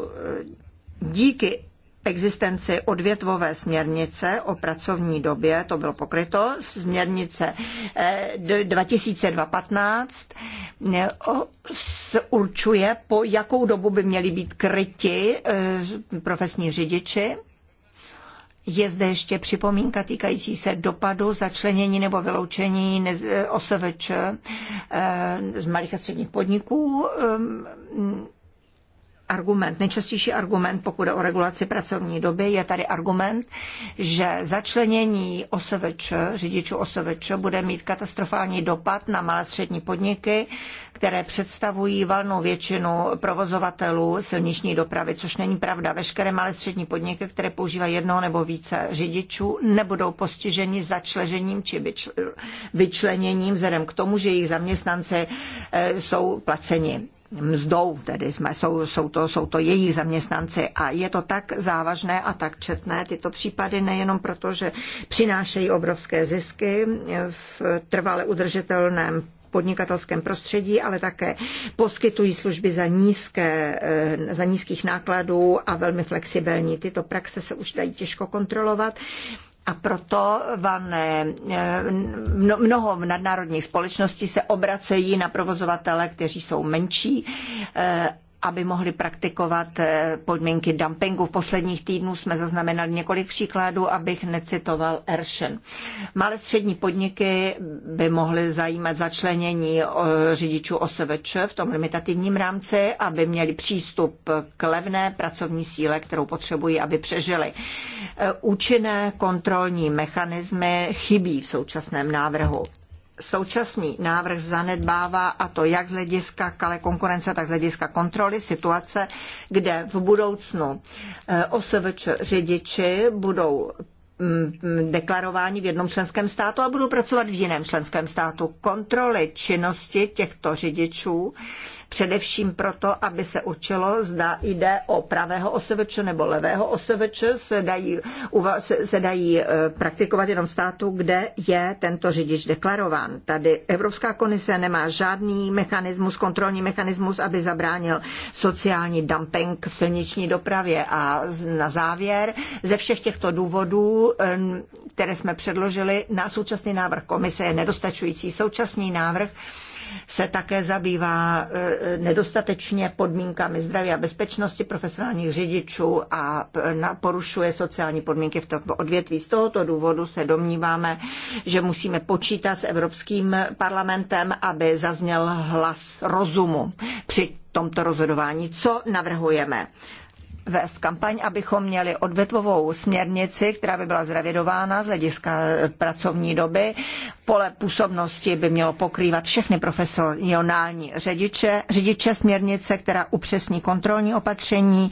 díky existenci odvětvové směrnice o pracovní době, to bylo pokryto, směrnice 2015 eh, určuje, po jakou dobu by měli být kryti eh, profesní řidiči je zde ještě připomínka týkající se dopadu začlenění nebo vyloučení eh, osoveč z malých a středních podniků. Ehm, argument, nejčastější argument, pokud je o regulaci pracovní doby, je tady argument, že začlenění OSVČ, řidičů OSVČ, bude mít katastrofální dopad na malé střední podniky, které představují valnou většinu provozovatelů silniční dopravy, což není pravda. Veškeré malé střední podniky, které používají jednoho nebo více řidičů, nebudou postiženi začležením či vyčleněním vzhledem k tomu, že jejich zaměstnanci eh, jsou placeni mzdou, tedy jsme, jsou, jsou, to, jsou to jejich zaměstnanci. A je to tak závažné a tak četné tyto případy, nejenom proto, že přinášejí obrovské zisky v trvale udržitelném podnikatelském prostředí, ale také poskytují služby za, nízké, za nízkých nákladů a velmi flexibilní. Tyto praxe se už dají těžko kontrolovat a proto vané, eh, mnoho nadnárodních společností se obracejí na provozovatele, kteří jsou menší eh, aby mohli praktikovat eh, podmínky dumpingu. V posledních týdnů jsme zaznamenali několik příkladů, abych necitoval Eršen. Malé střední podniky by mohly zajímat začlenění eh, řidičů OSVČ v tom limitativním rámci, aby měli přístup k levné pracovní síle, kterou potřebují, aby přežili. Eh, účinné kontrolní mechanismy chybí v současném návrhu současný návrh zanedbává, a to jak z hlediska kale konkurence, tak z hlediska kontroly situace, kde v budoucnu eh, OSVČ řidiči budou mm, mm, deklarování v jednom členském státu a budou pracovat v jiném členském státu. Kontroly činnosti těchto řidičů především proto, aby se určilo, zda jde o pravého osoveče nebo levého osoveče, se dají, se dají e, praktikovat jenom státu, kde je tento řidič deklarován. Tady Evropská komise nemá žádný mechanismus, kontrolní mechanismus, aby zabránil sociální dumping v silniční dopravě. A na závěr, ze všech těchto důvodů, e, které jsme předložili na současný návrh komise, je nedostačující současný návrh, se také zabývá e, nedostatečně podmínkami zdraví a bezpečnosti profesionálních řidičů a porušuje sociální podmínky v tomto odvětví. Z tohoto důvodu se domníváme, že musíme počítat s Evropským parlamentem, aby zazněl hlas rozumu při tomto rozhodování. Co navrhujeme? vést kampaň, abychom měli odvetovou směrnici, která by byla zrevidována z hlediska eh, pracovní doby. Pole působnosti by mělo pokrývat všechny profesionální řidiče, řidiče směrnice, která upřesní kontrolní opatření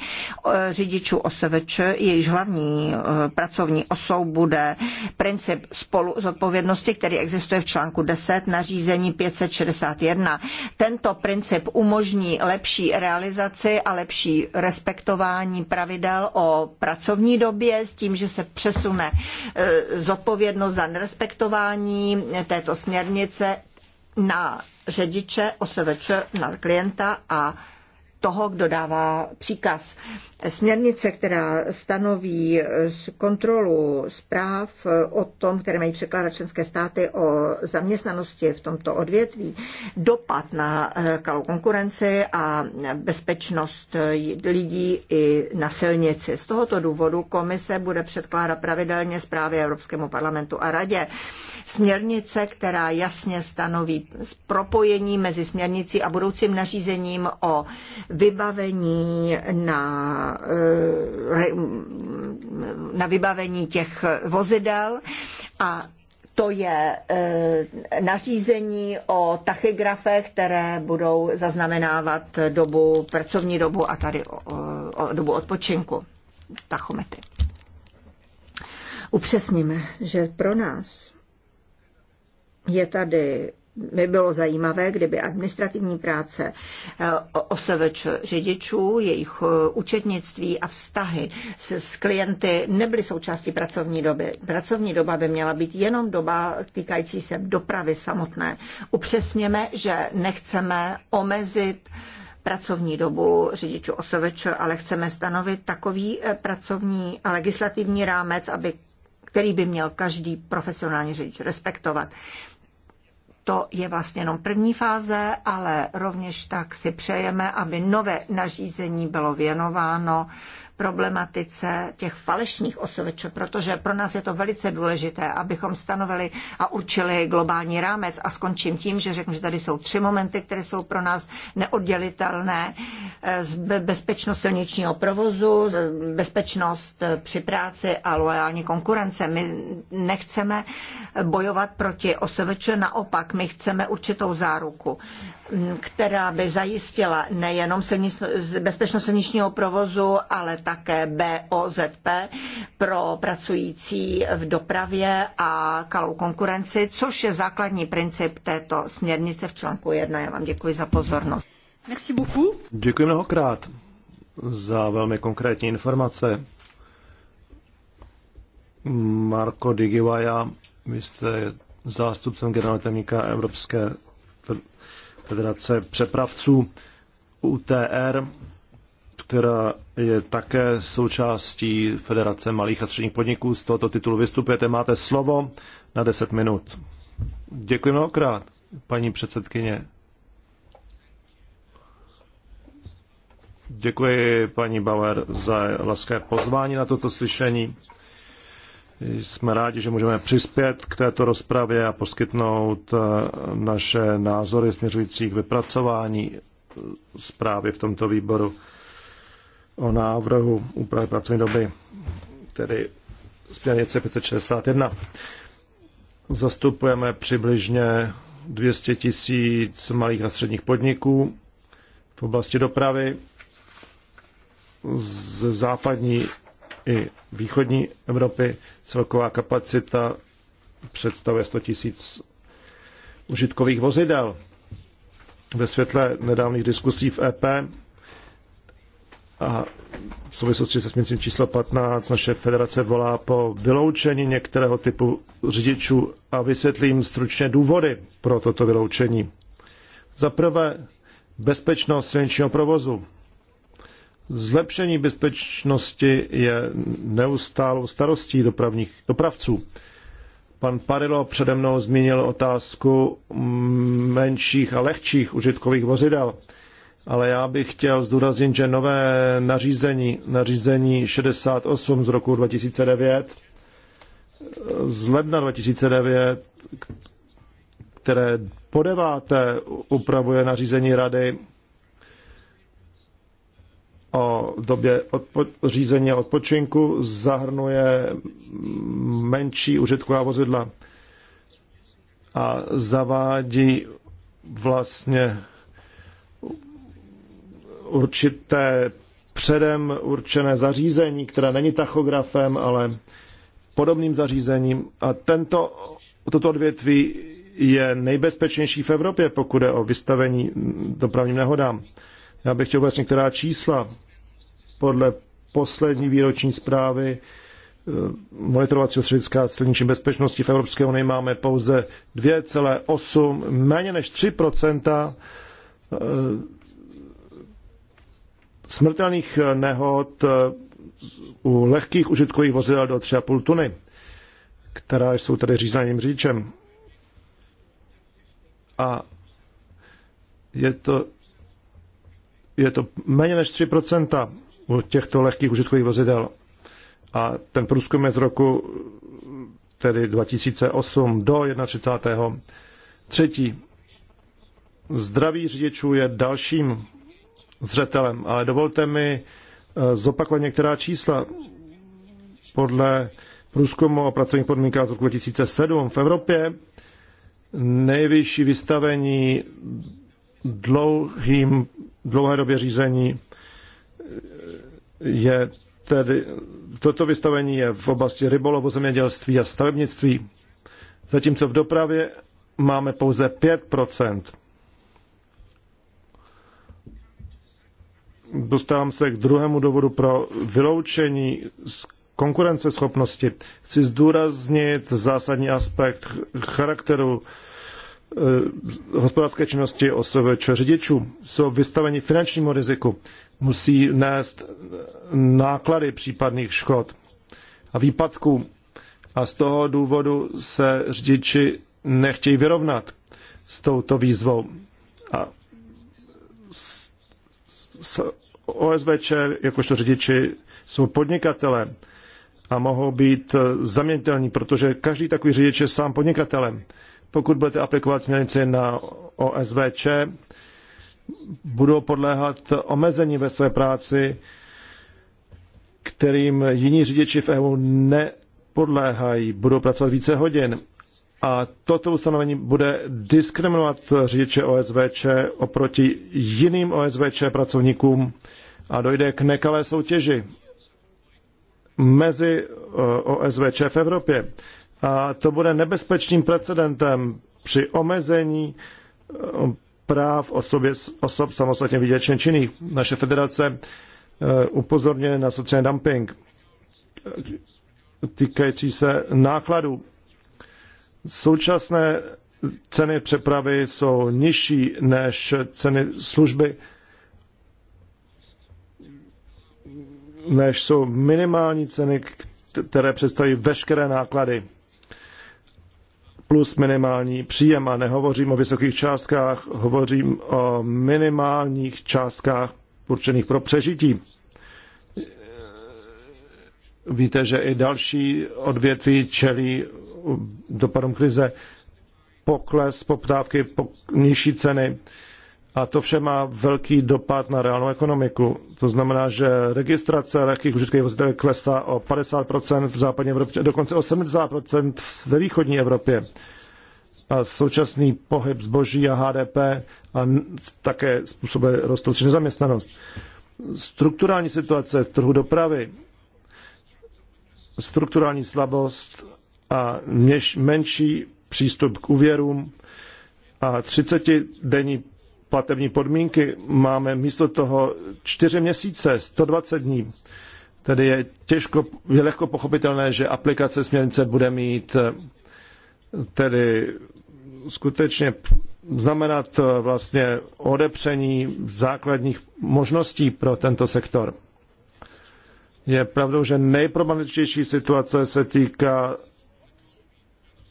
eh, řidičů OSVČ, jejíž hlavní eh, pracovní osou bude princip spolu zodpovědnosti, který existuje v článku 10 nařízení 561. Tento princip umožní lepší realizaci a lepší respektování dodržování pravidel o pracovní době s tím, že se přesune e, zodpovědnost za nerespektování této směrnice na řidiče, osvč na klienta a toho, kdo dává příkaz. Směrnice, která stanoví kontrolu zpráv o tom, které mají překládat členské státy o zaměstnanosti v tomto odvětví, dopad na eh, kalou konkurenci a bezpečnost lidí i na silnici. Z tohoto důvodu komise bude předkládat pravidelně zprávy Evropskému parlamentu a radě. Směrnice, která jasně stanoví propojení mezi směrnicí a budoucím nařízením o vybavení, na, eh, na vybavení těch vozidel a to je eh, nařízení o tachygrafech, které budou zaznamenávat dobu, pracovní dobu a tady o, o, dobu odpočinku, tachometry. Upřesníme, že pro nás je tady by bylo zajímavé, kdyby administrativní práce eh, OSVČ řidičů, jejich eh, účetnictví a vztahy s, s klienty nebyly součástí pracovní doby. Pracovní doba by měla být jenom doba týkající se dopravy samotné. Upřesněme, že nechceme omezit pracovní dobu řidičů OSVČ, ale chceme stanovit takový eh, pracovní a legislativní rámec, aby který by měl každý profesionální řidič respektovat. To je vlastně jenom první fáze, ale rovněž tak si přejeme, aby nové nařízení bylo věnováno problematice těch falešních osoveč, protože pro nás je to velice důležité, abychom stanovili a určili globální rámec a skončím tím, že řeknu, že tady jsou tři momenty, které jsou pro nás neoddělitelné. Bezpečnost silničního provozu, bezpečnost při práci a loajální konkurence. My nechceme bojovat proti osoveče, naopak my chceme určitou záruku která by zajistila nejenom bezpečnost silničního provozu, ale také BOZP pro pracující v dopravě a kalou konkurenci, což je základní princip této směrnice v článku 1. Já vám děkuji za pozornost. Merci beaucoup. Děkuji mnohokrát za velmi konkrétní informace. Marko Digivaja, vy jste zástupcem generálního Evropské Federace přepravců UTR, která je také součástí Federace malých a středních podniků. Z tohoto titulu vystupujete, máte slovo na 10 minut. Děkuji mnohokrát, paní předsedkyně. Děkuji paní Bauer za laské pozvání na toto slyšení. Jsme rádi, že můžeme přispět k této rozpravě a poskytnout eh, naše názory směřující k vypracování eh, zprávy v tomto výboru o návrhu úpravy pracovní doby, tedy směrnice 561. Zastupujeme přibližně 200 tisíc malých a středních podniků v oblasti dopravy. Z západní i východní Evropy. Celková kapacita představuje 100 tisíc užitkových vozidel. Ve světle nedávných diskusí v EP a v souvislosti se směrnicí číslo 15 naše federace volá po vyloučení některého typu řidičů a vysvětlím stručně důvody pro toto vyloučení. Za prvé, bezpečnost silničního provozu. Zlepšení bezpečnosti je neustálou starostí dopravních, dopravců. Pan Parilo přede mnou zmínil otázku menších a lehčích užitkových vozidel, ale já bych chtěl zdůraznit, že nové nařízení, nařízení 68 z roku 2009, z ledna 2009, které po deváté upravuje nařízení Rady o době odpo- řízení a odpočinku zahrnuje menší užitková vozidla a zavádí vlastně určité předem určené zařízení, které není tachografem, ale podobným zařízením. A tento, toto odvětví je nejbezpečnější v Evropě, pokud je o vystavení dopravním nehodám. Já bych chtěl uvést některá čísla. Podle poslední výroční zprávy eh, monitorovacího střediska silniční bezpečnosti v Evropské unii máme pouze 2,8, méně než 3 eh, smrtelných nehod eh, u lehkých užitkových vozidel do 3,5 tuny, která jsou tady řízeným říčem. A je to je to méně než 3% u těchto lehkých užitkových vozidel. A ten průzkum je z roku tedy 2008 do 31. Třetí, zdraví řidičů je dalším zřetelem, ale dovolte mi eh, zopakovat některá čísla. Podle průzkumu o pracovních podmínkách z roku 2007 v Evropě nejvyšší vystavení dlouhým, dlouhé době řízení eh, je tedy, toto vystavení je v oblasti rybolovu, zemědělství a stavebnictví, zatímco v dopravě máme pouze 5 Dostávám se k druhému důvodu pro vyloučení z konkurenceschopnosti. Chci zdůraznit zásadní aspekt charakteru Eh, hospodářské činnosti OSVČ řidičů jsou vystaveni finančnímu riziku, musí nést náklady případných škod a výpadků a z toho důvodu se řidiči nechtějí vyrovnat s touto výzvou. A s, s OSVČ, jakožto řidiči, jsou podnikatele a mohou být eh, zaměnitelní, protože každý takový řidič je sám podnikatelem pokud budete aplikovat směrnici na OSVČ, budou podléhat omezení ve své práci, kterým jiní řidiči v EU nepodléhají, budou pracovat více hodin. A toto ustanovení bude diskriminovat řidiče OSVČ oproti jiným OSVČ pracovníkům a dojde k nekalé soutěži mezi eh, OSVČ v Evropě. A to bude nebezpečným precedentem při omezení eh, práv osobě, osob samostatně výdělečně činných. Naše federace eh, upozorňuje na sociální dumping eh, týkající se nákladů. Současné ceny přepravy jsou nižší než ceny služby, než jsou minimální ceny, které představují veškeré náklady plus minimální příjem a nehovořím o vysokých částkách, hovořím o minimálních částkách určených pro přežití. Víte, že i další odvětví čelí dopadům krize pokles poptávky, pok, nižší ceny. A to vše má velký dopad na reálnou ekonomiku. To znamená, že registrace lehkých užitkových vozidel klesá o 50% v západní Evropě, dokonce o 70% ve východní Evropě. A současný pohyb zboží a HDP a také způsobuje rostoucí nezaměstnanost. Strukturální situace v trhu dopravy, strukturální slabost a menší přístup k úvěrům a 30-denní platební podmínky, máme místo toho čtyři měsíce, 120 dní. Tedy je, těžko, je lehko pochopitelné, že aplikace směrnice bude mít eh, tedy skutečně znamenat eh, vlastně odepření základních možností pro tento sektor. Je pravdou, že nejproblematičtější situace se týká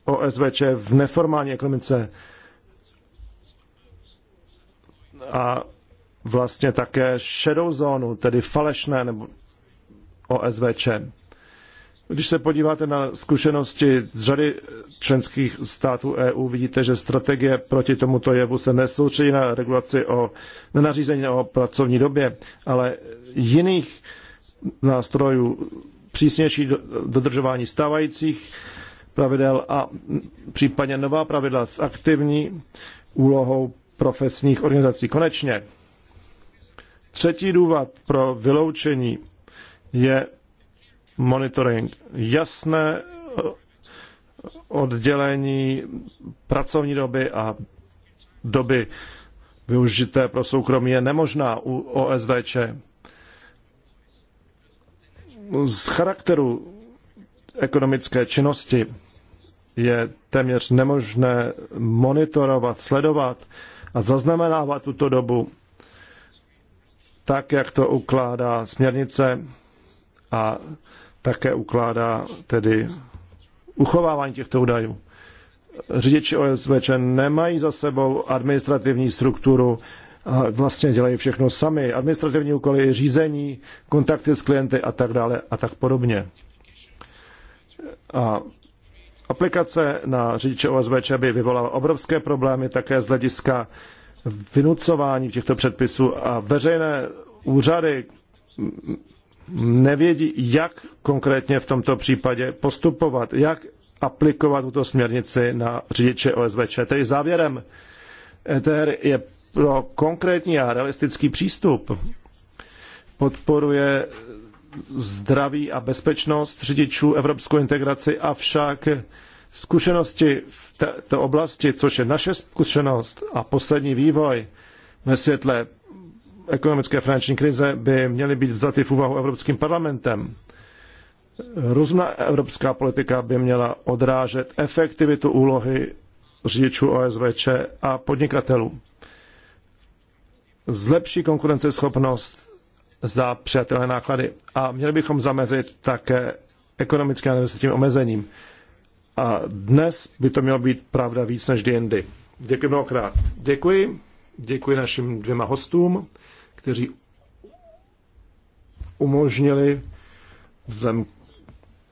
OSVČ v neformální ekonomice a vlastně také šedou zónu, tedy falešné nebo OSVČ. Když se podíváte na zkušenosti z řady členských států EU, vidíte, že strategie proti tomuto jevu se nesoučí na regulaci o na nařízení o pracovní době, ale jiných nástrojů, přísnější dodržování stávajících pravidel a případně nová pravidla s aktivní úlohou profesních organizací. Konečně, třetí důvod pro vyloučení je monitoring. Jasné eh, oddělení pracovní doby a doby využité pro soukromí je nemožná u OSVČ. Z charakteru ekonomické činnosti je téměř nemožné monitorovat, sledovat a zaznamenávat tuto dobu tak, jak to ukládá směrnice a také ukládá tedy uchovávání těchto údajů. Řidiči OSVČ nemají za sebou administrativní strukturu, a vlastně dělají všechno sami. Administrativní úkoly, řízení, kontakty s klienty a tak dále a tak podobně. A Aplikace na řidiče OSVČ by vyvolala obrovské problémy také z hlediska vynucování těchto předpisů a veřejné úřady nevědí, jak konkrétně v tomto případě postupovat, jak aplikovat tuto směrnici na řidiče OSVČ. Tedy závěrem, ETR je pro konkrétní a realistický přístup. Podporuje zdraví a bezpečnost řidičů, evropskou integraci, avšak zkušenosti v této oblasti, což je naše zkušenost a poslední vývoj ve světle ekonomické a finanční krize, by měly být vzaty v úvahu Evropským parlamentem. Různá evropská politika by měla odrážet efektivitu úlohy řidičů OSVČ a podnikatelů. Zlepší konkurenceschopnost za přijatelné náklady. A měli bychom zamezit také ekonomickým a investičním omezením. A dnes by to mělo být pravda víc než jindy. Děkuji mnohokrát. Děkuji. Děkuji našim dvěma hostům, kteří umožnili vzhledem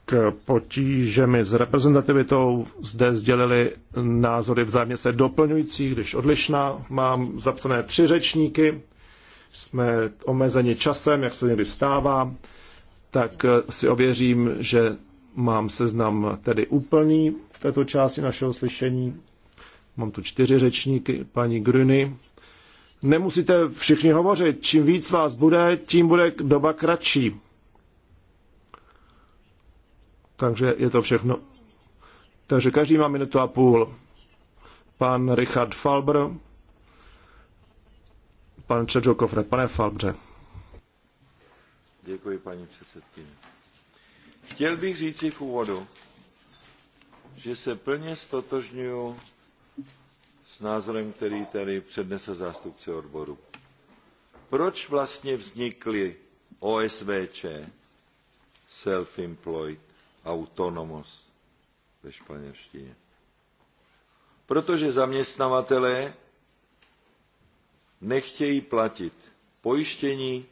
k potížemi s reprezentativitou. Zde sdělili názory vzájemně se doplňující, když odlišná. Mám zapsané tři řečníky jsme omezeni časem, jak se někdy stává, tak eh, si ověřím, že mám seznam tedy úplný v této části našeho slyšení. Mám tu čtyři řečníky, paní Gruny. Nemusíte všichni hovořit, čím víc vás bude, tím bude doba kratší. Takže je to všechno. Takže každý má minutu a půl. Pan Richard Falber, Pan Čedžo Kofre, pane Falbře. Děkuji, paní předsedkyně. Chtěl bych říci v úvodu, že se plně stotožňuji s názorem, který tady přednesl zástupce odboru. Proč vlastně vznikly OSVČ, Self-Employed, Autonomous ve španělštině? Protože zaměstnavatelé nechtějí platit pojištění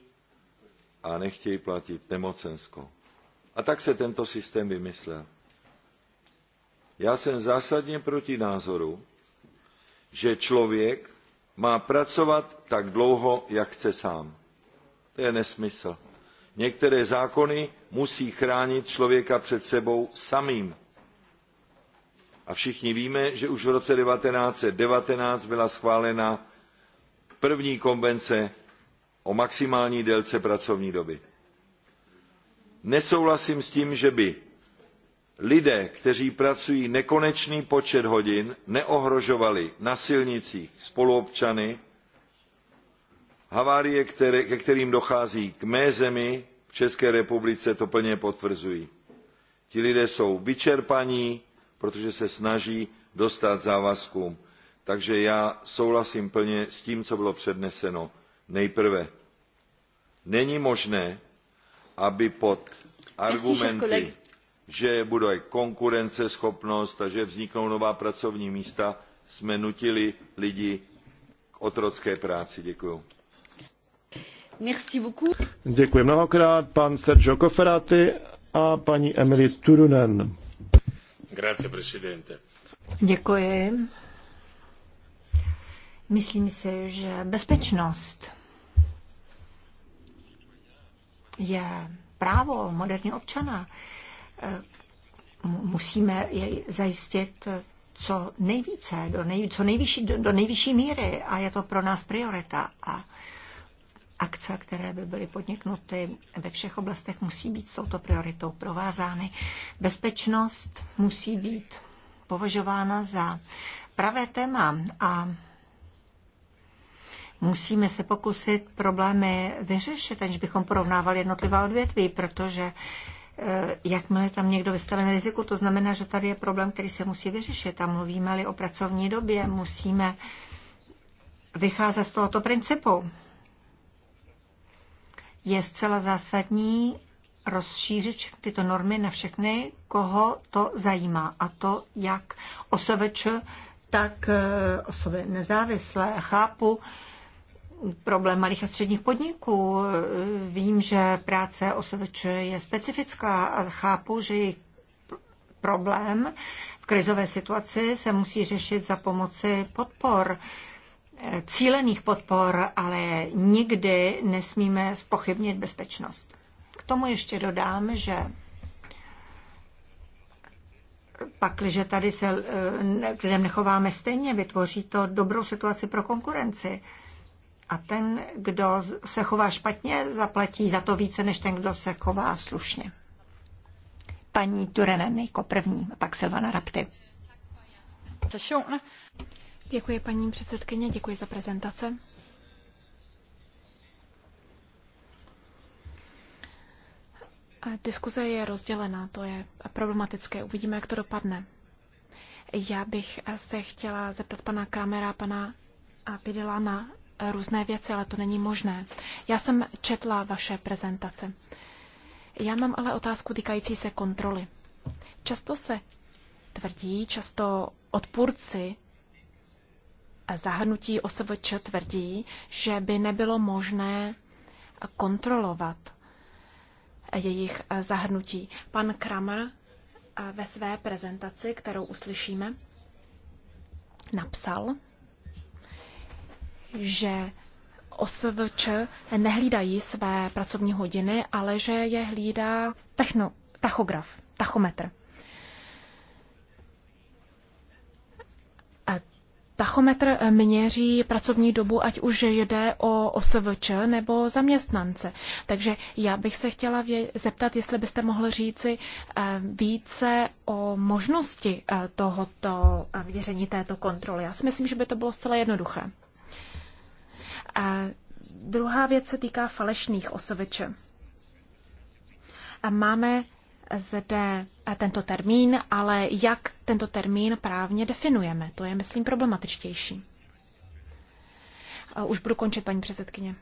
a nechtějí platit nemocensko. A tak se tento systém vymyslel. Já jsem zásadně proti názoru, že člověk má pracovat tak dlouho, jak chce sám. To je nesmysl. Některé zákony musí chránit člověka před sebou samým. A všichni víme, že už v roce 1919 byla schválena první konvence o maximální délce pracovní doby. Nesouhlasím s tím, že by lidé, kteří pracují nekonečný počet hodin, neohrožovali na silnicích spoluobčany, havárie, které, ke kterým dochází k mé zemi, v České republice, to plně potvrzují. Ti lidé jsou vyčerpaní, protože se snaží dostat závazkům takže já souhlasím plně s tím co bylo předneseno nejprve není možné aby pod argumenty že bude konkurenceschopnost a že vzniknou nová pracovní místa jsme nutili lidi k otrocké práci. Děkuji. Děkuji mnohokrát pan Sergio Cofferati a paní Emily Turunen. Grazie, presidente. Děkuji. Myslím si, že bezpečnost je právo moderního občana. Eh, musíme jej zajistit eh, co nejvíce, do, nej, co nejvyšší, do, do nejvyšší míry a je to pro nás priorita. A akce, které by byly podniknuty ve všech oblastech, musí být s touto prioritou provázány. Bezpečnost musí být považována za pravé téma a musíme se pokusit problémy vyřešit, aniž bychom porovnávali jednotlivá odvětví, protože eh, jakmile tam někdo vystaven riziku, to znamená, že tady je problém, který se musí vyřešit. A mluvíme-li o pracovní době, musíme vycházet z tohoto principu. Je zcela zásadní rozšířit tyto normy na všechny, koho to zajímá. A to jak osoveč, tak eh, osoby nezávislé. Chápu, problém malých a středních podniků. Vím, že práce OSVČ je specifická a chápu, že jejich problém v krizové situaci se musí řešit za pomoci podpor cílených podpor, ale nikdy nesmíme spochybnit bezpečnost. K tomu ještě dodám, že pakliže tady se eh, lidem nechováme stejně, vytvoří to dobrou situaci pro konkurenci. A ten, kdo se chová špatně, zaplatí za to více, než ten, kdo se chová slušně. Paní Turenen jako první, a pak Silvana Rapty. Děkuji paní předsedkyně, děkuji za prezentace. A diskuze je rozdělená, to je problematické. Uvidíme, jak to dopadne. Já bych se chtěla zeptat pana Kramera, pana Pidelana různé věci, ale to není možné. Já jsem četla vaše prezentace. Já mám ale otázku týkající se kontroly. Často se tvrdí, často odpůrci zahrnutí OSVČ tvrdí, že by nebylo možné kontrolovat jejich zahrnutí. Pan Kramer ve své prezentaci, kterou uslyšíme, napsal, že OSVČ nehlídají své pracovní hodiny, ale že je hlídá techno, tachograf, tachometr. Tachometr měří pracovní dobu, ať už jde o OSVČ nebo zaměstnance. Takže já bych se chtěla zeptat, jestli byste mohl říci eh, více o možnosti eh, tohoto měření eh, této kontroly. Já si myslím, že by to bylo zcela jednoduché. Druhá věc se týká falešných A Máme zde eh, tento termín, ale jak tento termín právně definujeme, to je, myslím, problematičtější. Eh, už budu končit, paní předsedkyně.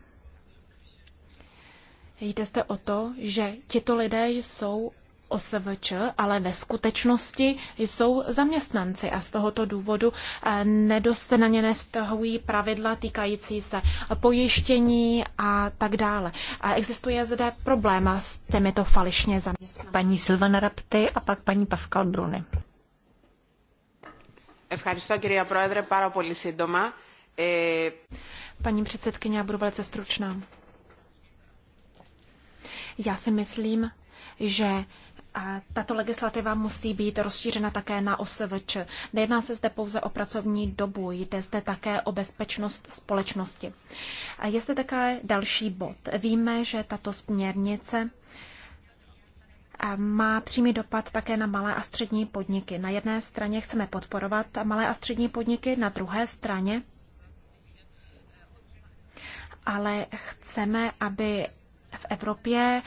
Jde zde o to, že tito lidé jsou OSVČ, ale ve skutečnosti jsou zaměstnanci a z tohoto důvodu eh, nedost na ně nevztahují pravidla týkající se pojištění a tak dále. A existuje zde problém s těmito falešně zaměstnanci. Paní Silvana Rapty a pak paní Pascal Brune. Eh, paní předsedkyně, já budu velice stručná. Já si myslím, že tato legislativa musí být rozšířena také na OSVČ. Nejedná se zde pouze o pracovní dobu, jde zde také o bezpečnost společnosti. Je zde také další bod. Víme, že tato směrnice má přímý dopad také na malé a střední podniky. Na jedné straně chceme podporovat malé a střední podniky, na druhé straně ale chceme, aby v Evropě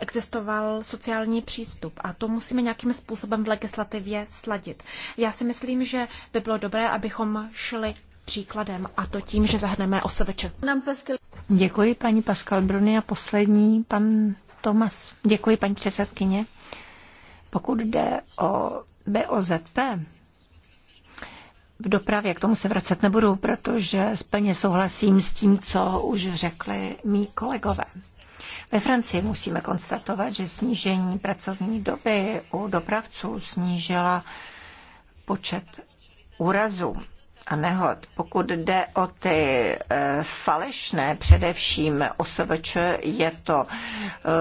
existoval sociální přístup a to musíme nějakým způsobem v legislativě sladit. Já si myslím, že by bylo dobré, abychom šli příkladem a to tím, že zahrneme osoveče. Děkuji paní Pascal Bruny a poslední pan Tomas. Děkuji paní předsedkyně. Pokud jde o BOZP, v dopravě, k tomu se vracet nebudu, protože plně souhlasím s tím, co už řekli mý kolegové. Ve Francii musíme konstatovat, že snížení pracovní doby u dopravců snížila počet úrazů a nehod. Pokud jde o ty e, falešné, především OSVČ, je to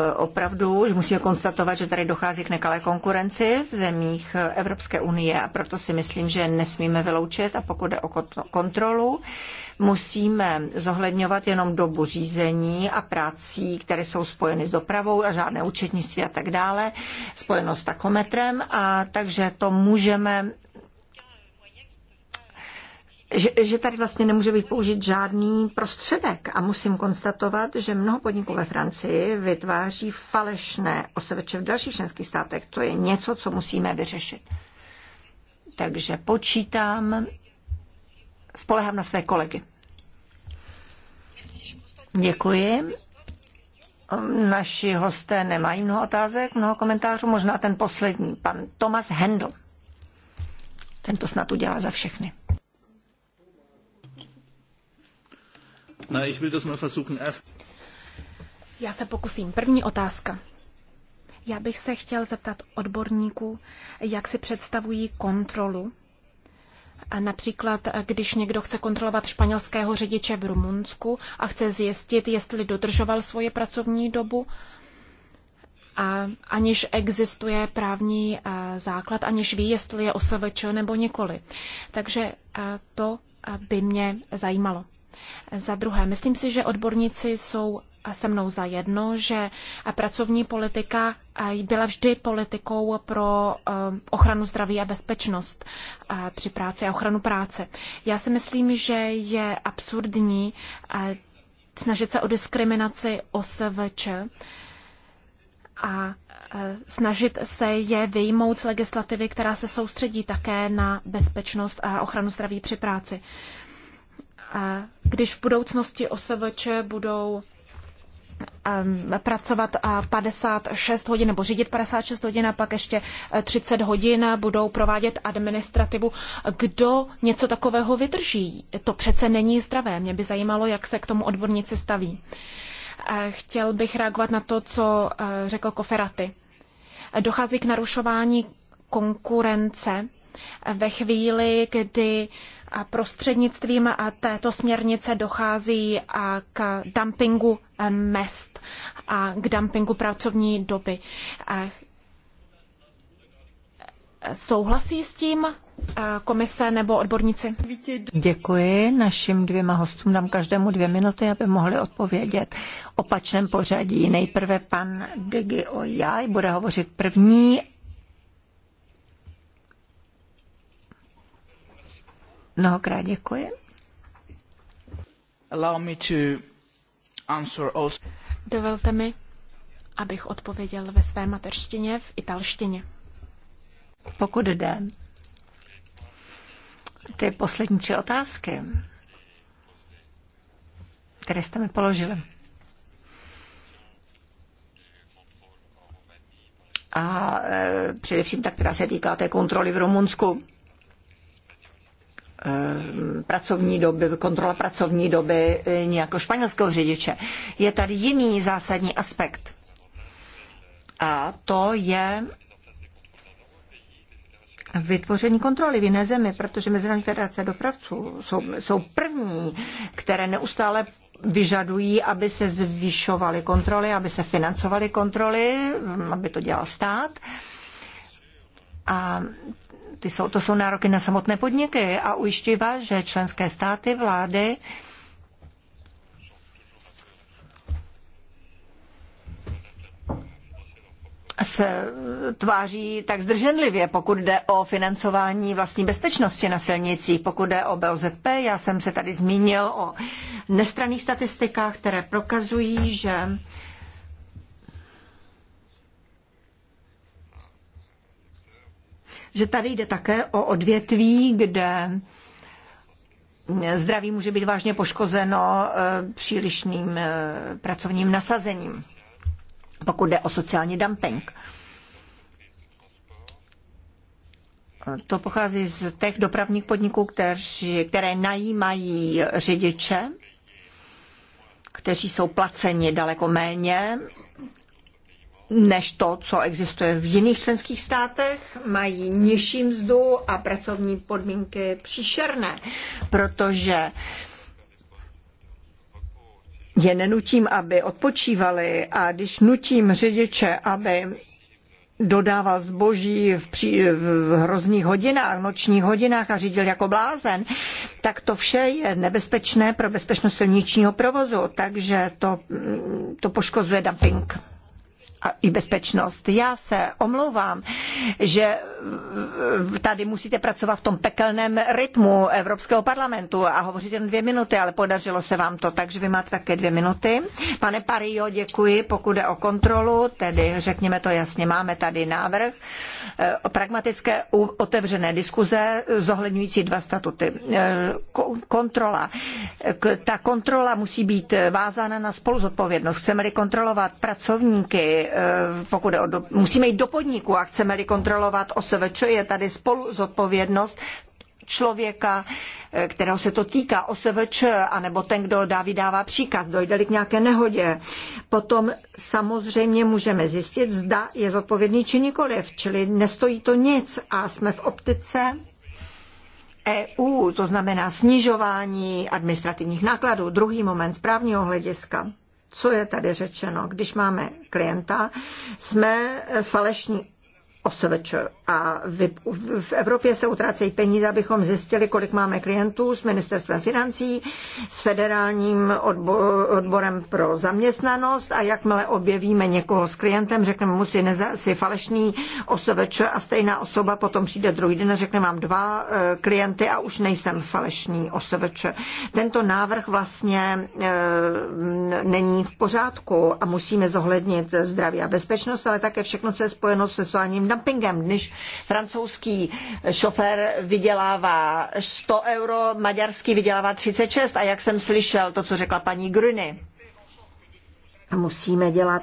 e, opravdu, že musíme konstatovat, že tady dochází k nekalé konkurenci v zemích e, Evropské unie a proto si myslím, že nesmíme vyloučit a pokud jde o kontrolu, musíme zohledňovat jenom dobu řízení a prací, které jsou spojeny s dopravou a žádné účetnictví a tak dále, spojeno s takometrem a takže to můžeme že, že tady vlastně nemůže být použit žádný prostředek. A musím konstatovat, že mnoho podniků ve Francii vytváří falešné osvědče v dalších členských státech. To je něco, co musíme vyřešit. Takže počítám, spolehám na své kolegy. Děkuji. Naši hosté nemají mnoho otázek, mnoho komentářů, možná ten poslední, pan Thomas Hendl. Ten to snad udělá za všechny. Na, ich will das mal versuchen erst. Já se pokusím. První otázka. Já bych se chtěl zeptat odborníků, jak si představují kontrolu. A například, když někdo chce kontrolovat španělského řidiče v Rumunsku a chce zjistit, jestli dodržoval svoje pracovní dobu, a aniž existuje právní základ, aniž ví, jestli je osvč nebo nikoli. Takže to by mě zajímalo. Za druhé, myslím si, že odborníci jsou se mnou za jedno, že pracovní politika byla vždy politikou pro eh, ochranu zdraví a bezpečnost eh, při práci a ochranu práce. Já si myslím, že je absurdní eh, snažit se o diskriminaci OSVČ a snažit se je vyjmout z legislativy, která se soustředí také na bezpečnost a ochranu zdraví při práci když v budoucnosti OSVČ budou pracovat 56 hodin nebo řídit 56 hodin a pak ještě 30 e, hodin budou provádět administrativu. Kdo něco takového vydrží? To přece není zdravé. Mě by zajímalo, jak se k tomu odborníci staví. E, chtěl bych reagovat na to, co e, řekl Koferaty. Dochází k narušování konkurence ve chvíli, kdy a prostřednictvím této směrnice dochází k dumpingu eh, mest a k dumpingu pracovní doby. Eh, souhlasí s tím eh, komise nebo odborníci? Děkuji. Našim dvěma hostům dám každému dvě minuty, aby mohli odpovědět opačném pořadí. Nejprve pan Digi Ojaj bude hovořit první Mnohokrát děkuji. Allow me to answer also. Dovolte mi, abych odpověděl ve své mateřštině v italštině. Pokud jde ty poslední tři otázky, které jste mi položili. A e, především ta, která se týká té kontroly v Rumunsku. Eh, pracovní doby, kontrola pracovní doby nějakého španělského řidiče. Je tady jiný zásadní aspekt. A to je vytvoření kontroly v jiné zemi, protože Mezinárodní federace dopravců jsou, jsou první, které neustále vyžadují, aby se zvyšovaly kontroly, aby se financovaly kontroly, aby to dělal stát. Uh, a ty jsou, to jsou nároky na samotné podniky a ujišťuji vás, že členské státy, vlády se tváří tak zdrženlivě, pokud jde o financování vlastní bezpečnosti na silnicích, pokud jde o BOZP. Já jsem se tady zmínil o nestraných statistikách, které prokazují, že že tady jde také o odvětví, kde zdraví může být vážně poškozeno eh, přílišným eh, pracovním nasazením, pokud jde o sociální dumping. To pochází z těch dopravních podniků, které najímají řidiče, kteří jsou placeni daleko méně než to, co existuje v jiných členských státech, mají nižší mzdu a pracovní podmínky příšerné, protože je nenutím, aby odpočívali a když nutím řidiče, aby dodával zboží v, pří, v hrozných hodinách, nočních hodinách a řídil jako blázen, tak to vše je nebezpečné pro bezpečnost silničního provozu, takže to, to poškozuje dumping i bezpečnost. Já se omlouvám, že tady musíte pracovat v tom pekelném rytmu Evropského parlamentu a hovoříte jen dvě minuty, ale podařilo se vám to, takže vy máte také dvě minuty. Pane Pario, děkuji, pokud jde o kontrolu, tedy řekněme to jasně, máme tady návrh o eh, pragmatické otevřené diskuze zohledňující dva statuty. Eh, kontrola. Ta kontrola musí být vázána na spoluzodpovědnost. Chceme-li kontrolovat pracovníky, eh, pokud jde o do... musíme jít do podniku a chceme-li kontrolovat osoby, OSVČ je tady spolu zodpovědnost člověka, eh, kterého se to týká, OSVČ, anebo ten, kdo dá, vydává příkaz, dojde k nějaké nehodě. Potom samozřejmě můžeme zjistit, zda je zodpovědný či nikoliv, čili nestojí to nic a jsme v optice EU, to znamená snižování administrativních nákladů. Druhý moment z právního hlediska. Co je tady řečeno? Když máme klienta, jsme falešní OSVČ. A v, v Evropě se utrácejí peníze, abychom zjistili, kolik máme klientů s ministerstvem financí, s federálním odbo, odborem pro zaměstnanost a jakmile objevíme někoho s klientem, řekneme mu si, neza, si falešný OSVČ a stejná osoba potom přijde druhý den a řekne mám dva e, klienty a už nejsem falešný OSVČ. Tento návrh vlastně e, není v pořádku a musíme zohlednit zdraví a bezpečnost, ale také všechno, co je spojeno s sociálním dumpingem. Když francouzský šofér vydělává 100 euro, maďarský vydělává 36 a jak jsem slyšel to, co řekla paní Gruny, musíme dělat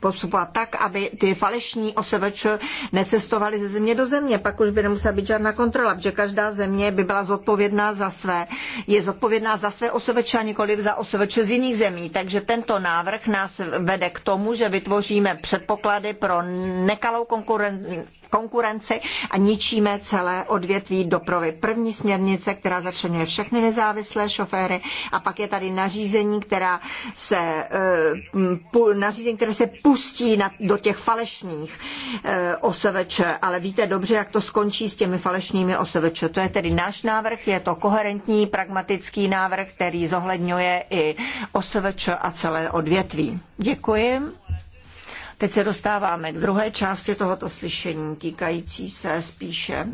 postupovat tak, aby ty falešní OSVČ necestovaly ze země do země. Pak už by nemusela být žádná kontrola, protože každá země by byla zodpovědná za své, je zodpovědná za své OSVČ a nikoliv za OSVČ z jiných zemí. Takže tento návrh nás vede k tomu, že vytvoříme předpoklady pro nekalou konkurenci konkurenci a ničíme celé odvětví dopravy. První směrnice, která začlenuje všechny nezávislé šoféry a pak je tady nařízení, která se, eh, nařízení, které se pustí na, do těch falešných eh, OSVČ, ale víte dobře, jak to skončí s těmi falešnými OSVČ. To je tedy náš návrh, je to koherentní, pragmatický návrh, který zohledňuje i OSVČ a celé odvětví. Děkuji. Teď se dostáváme k druhé části tohoto slyšení, týkající se spíše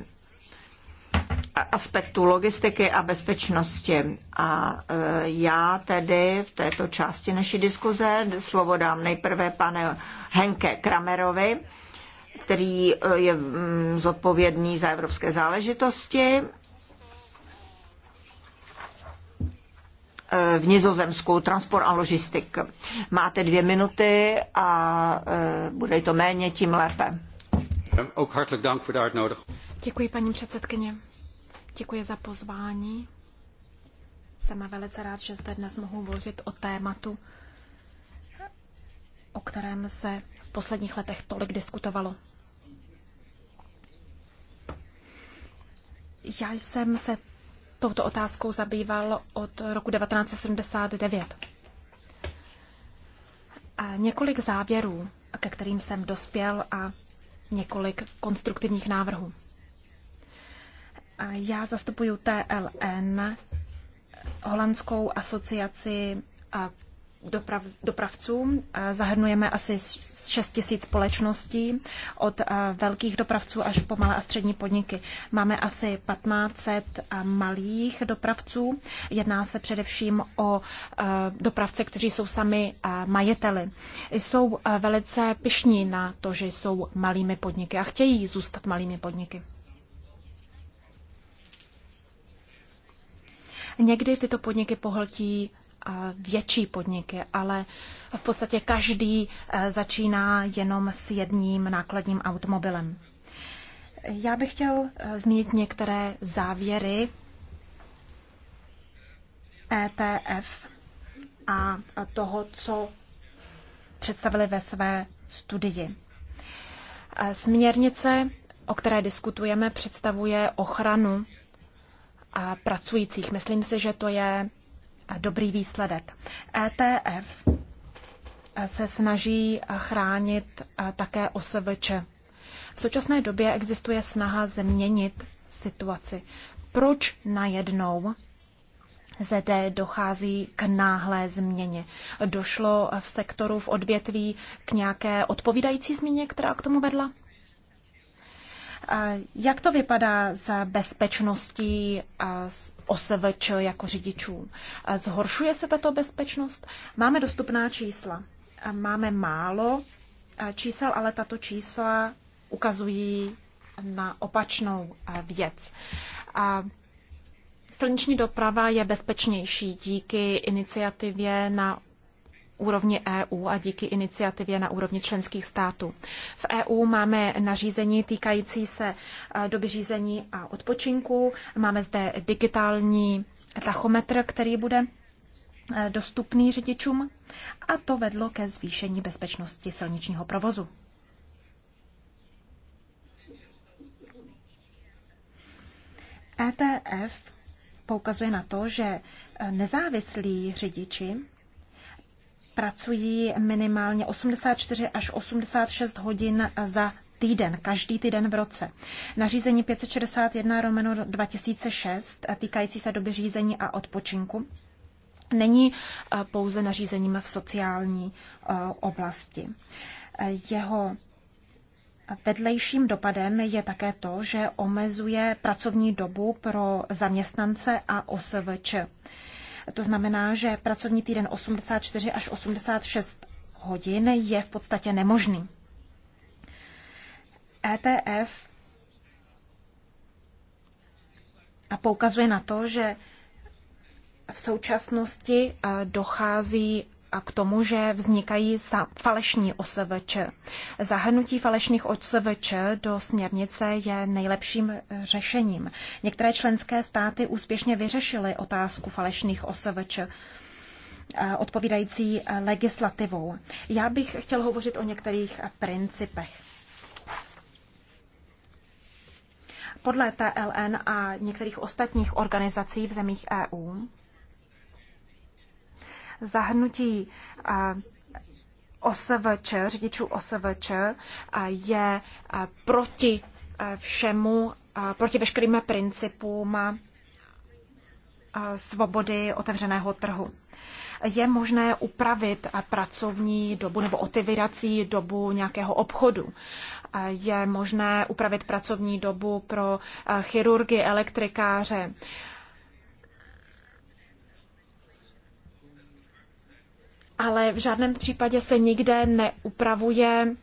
aspektu logistiky a bezpečnosti. A e, já tedy v této části naší diskuze slovo dám nejprve pane Henke Kramerovi, který e, je mm, zodpovědný za evropské záležitosti v Nizozemsku, transport a Logistik. Máte dvě minuty a e, bude to méně, tím lépe. Děkuji, paní předsedkyně. Děkuji za pozvání. Jsem velice rád, že zde dnes mohu hovořit o tématu, o kterém se v posledních letech tolik diskutovalo. Já jsem se touto otázkou zabýval od roku 1979. A několik závěrů, ke kterým jsem dospěl a několik konstruktivních návrhů. A já zastupuju TLN, Holandskou asociaci doprav, dopravcům. Zahrnujeme asi 6 tisíc společností od velkých dopravců až po malé a střední podniky. Máme asi 1500 malých dopravců. Jedná se především o dopravce, kteří jsou sami majiteli. Jsou velice pišní na to, že jsou malými podniky a chtějí zůstat malými podniky. Někdy tyto podniky pohltí větší podniky, ale v podstatě každý eh, začíná jenom s jedním nákladním automobilem. Já bych chtěl eh, zmínit některé závěry ETF a toho, co představili ve své studii. Eh, směrnice, o které diskutujeme, představuje ochranu pracujících. Myslím si, že to je dobrý výsledek. ETF se snaží chránit také OSVČ. V současné době existuje snaha změnit situaci. Proč najednou ZD dochází k náhlé změně. Došlo v sektoru, v odvětví k nějaké odpovídající změně, která k tomu vedla? Jak to vypadá za bezpečností OSVČ jako řidičů? Zhoršuje se tato bezpečnost? Máme dostupná čísla. Máme málo čísel, ale tato čísla ukazují na opačnou věc. Silniční doprava je bezpečnější díky iniciativě na úrovni EU a díky iniciativě na úrovni členských států. V EU máme nařízení týkající se eh, doby řízení a odpočinku. Máme zde digitální tachometr, který bude eh, dostupný řidičům a to vedlo ke zvýšení bezpečnosti silničního provozu. ETF poukazuje na to, že eh, nezávislí řidiči pracují minimálně 84 až 86 hodin za týden, každý týden v roce. Nařízení 561 romeno 2006 týkající se doby řízení a odpočinku není eh, pouze nařízením v sociální eh, oblasti. Eh, jeho Vedlejším dopadem je také to, že omezuje pracovní dobu pro zaměstnance a OSVČ. To znamená, že pracovní týden 84 až 86 hodin je v podstatě nemožný. ETF a poukazuje na to, že v současnosti eh, dochází a k tomu, že vznikají falešní OSVČ. Zahrnutí falešných OSVČ do směrnice je nejlepším eh, řešením. Některé členské státy úspěšně vyřešily otázku falešných OSVČ eh, odpovídající eh, legislativou. Já bych chtěl hovořit o některých principech. Podle TLN a některých ostatních organizací v zemích EU zahrnutí OSVČ, řidičů OSVČ je proti všemu, proti veškerým principům svobody otevřeného trhu. Je možné upravit pracovní dobu nebo otevírací dobu nějakého obchodu. Je možné upravit pracovní dobu pro chirurgy, elektrikáře, ale v žádném případě se nikde neupravuje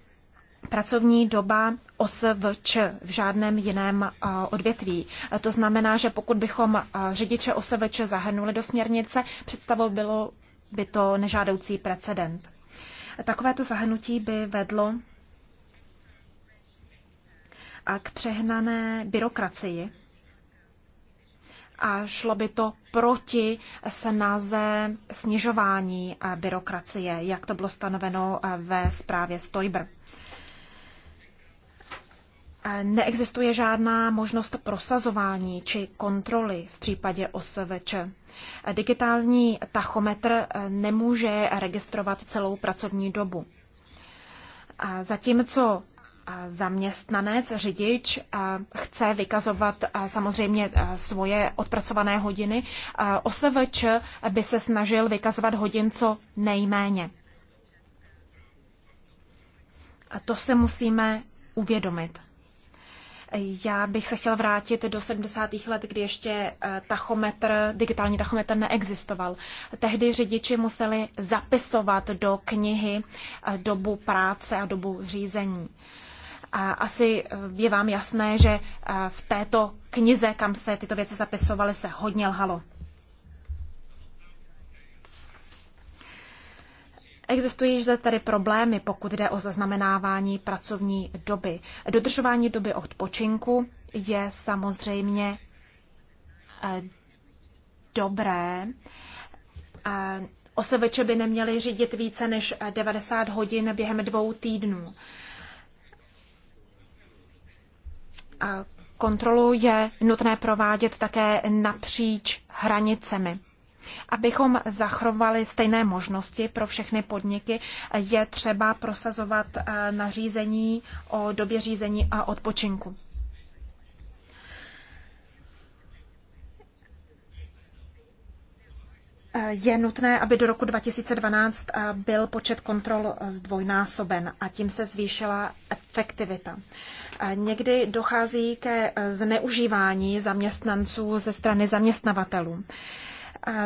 pracovní doba OSVČ v žádném jiném odvětví. To znamená, že pokud bychom řidiče OSVČ zahrnuli do směrnice, představovalo by to nežádoucí precedent. Takovéto zahrnutí by vedlo a k přehnané byrokracii a šlo by to proti snaze snižování eh, byrokracie, jak to bylo stanoveno eh, ve zprávě Stojbr. Eh, neexistuje žádná možnost prosazování či kontroly v případě OSVČ. Digitální tachometr nemůže registrovat celou pracovní dobu. Zatímco zaměstnanec, řidič chce vykazovat samozřejmě svoje odpracované hodiny, OSVČ by se snažil vykazovat hodin co nejméně. A to se musíme uvědomit. Já bych se chtěl vrátit do 70. let, kdy ještě e, tachometr, digitální tachometr neexistoval. Tehdy řidiči museli zapisovat do knihy e, dobu práce a dobu řízení. Asi eh, je vám jasné, že eh, v této knize, kam se tyto věci zapisovaly, se hodně lhalo. Existují zde tedy problémy, pokud jde o zaznamenávání pracovní doby. Dodržování doby odpočinku je samozřejmě eh, dobré. Osebeče by neměly řídit více než 90 hodin během dvou týdnů. kontrolu je nutné provádět také napříč hranicemi. Abychom zachrovali stejné možnosti pro všechny podniky, je třeba prosazovat eh, nařízení o době řízení a odpočinku. je nutné, aby do roku 2012 eh, byl počet kontrol eh, zdvojnásoben a tím se zvýšila efektivita. Eh, někdy dochází ke zneužívání zaměstnanců ze strany zaměstnavatelů.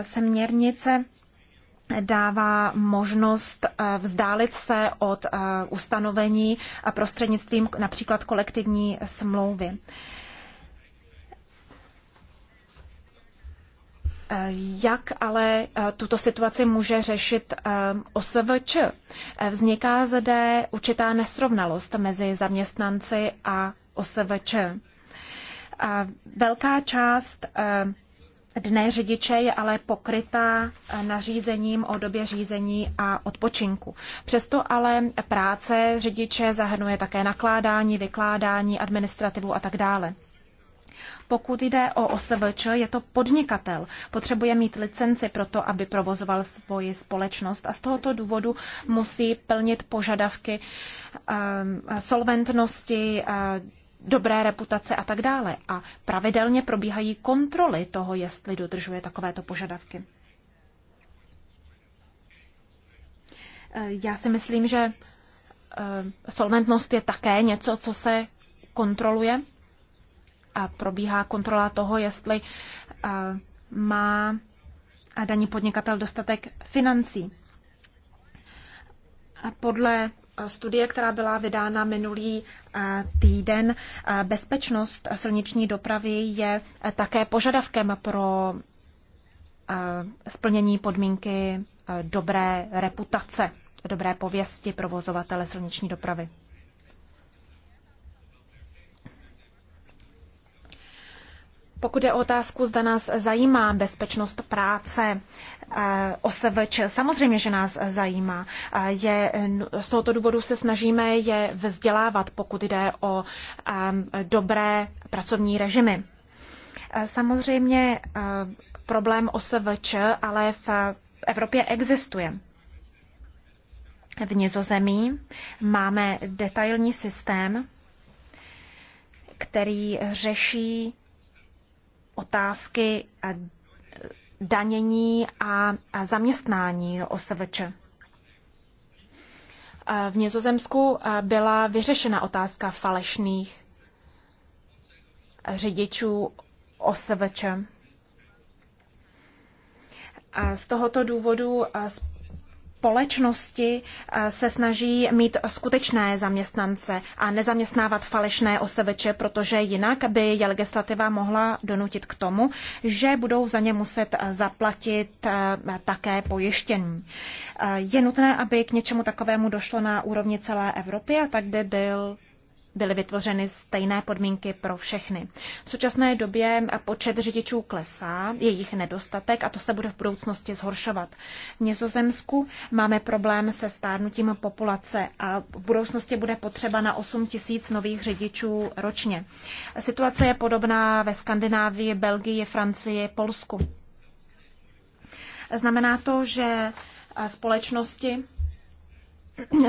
Směrnice dává možnost vzdálit se od ustanovení prostřednictvím například kolektivní smlouvy. Eh, jak ale eh, tuto situaci může řešit eh, OSVČ? Vzniká zde určitá nesrovnalost mezi zaměstnanci a OSVČ. Velká část dne řidiče je ale pokrytá nařízením o době řízení a odpočinku. Přesto ale práce řidiče zahrnuje také nakládání, vykládání, administrativu a tak dále. Pokud jde o OSVČ, je to podnikatel. Potřebuje mít licenci pro to, aby provozoval svoji společnost a z tohoto důvodu musí plnit požadavky ehm, solventnosti, eh, dobré reputace a tak dále. A pravidelně probíhají kontroly toho, jestli dodržuje takovéto požadavky. Eh, já si myslím, že eh, solventnost je také něco, co se kontroluje. A probíhá kontrola toho, jestli eh, má daní podnikatel dostatek financí. Podle eh, studie, která byla vydána minulý eh, týden, bezpečnost silniční dopravy je také požadavkem pro splnění podmínky dobré reputace, dobré pověsti provozovatele silniční dopravy. Pokud je o otázku, zda nás zajímá bezpečnost práce, eh, OSVČ, samozřejmě, že nás zajímá. Eh, je, z tohoto důvodu se snažíme je vzdělávat, pokud jde o ehm, dobré pracovní režimy. Eh, samozřejmě problém OSVČ ale v Evropě existuje. V Nizozemí máme detailní systém, který řeší otázky eh, danění a zaměstnání OSVČ. Eh, v Nizozemsku eh, byla vyřešena otázka falešných řidičů OSVČ. Z tohoto důvodu společnosti eh, se snaží mít skutečné zaměstnance a nezaměstnávat falešné osobeče, protože jinak by je legislativa mohla donutit k tomu, že budou za ně muset eh, zaplatit eh, také pojištění. Je nutné, aby k něčemu takovému došlo na úrovni celé Evropy a tak by byl byly vytvořeny stejné podmínky pro všechny. V současné době počet řidičů klesá, je jich nedostatek a to se bude v budoucnosti zhoršovat. V Nizozemsku máme problém se stárnutím populace a v budoucnosti bude potřeba na 8 tisíc nových řidičů ročně. Situace je podobná ve Skandinávii, Belgii, Francii, Polsku. Znamená to, že společnosti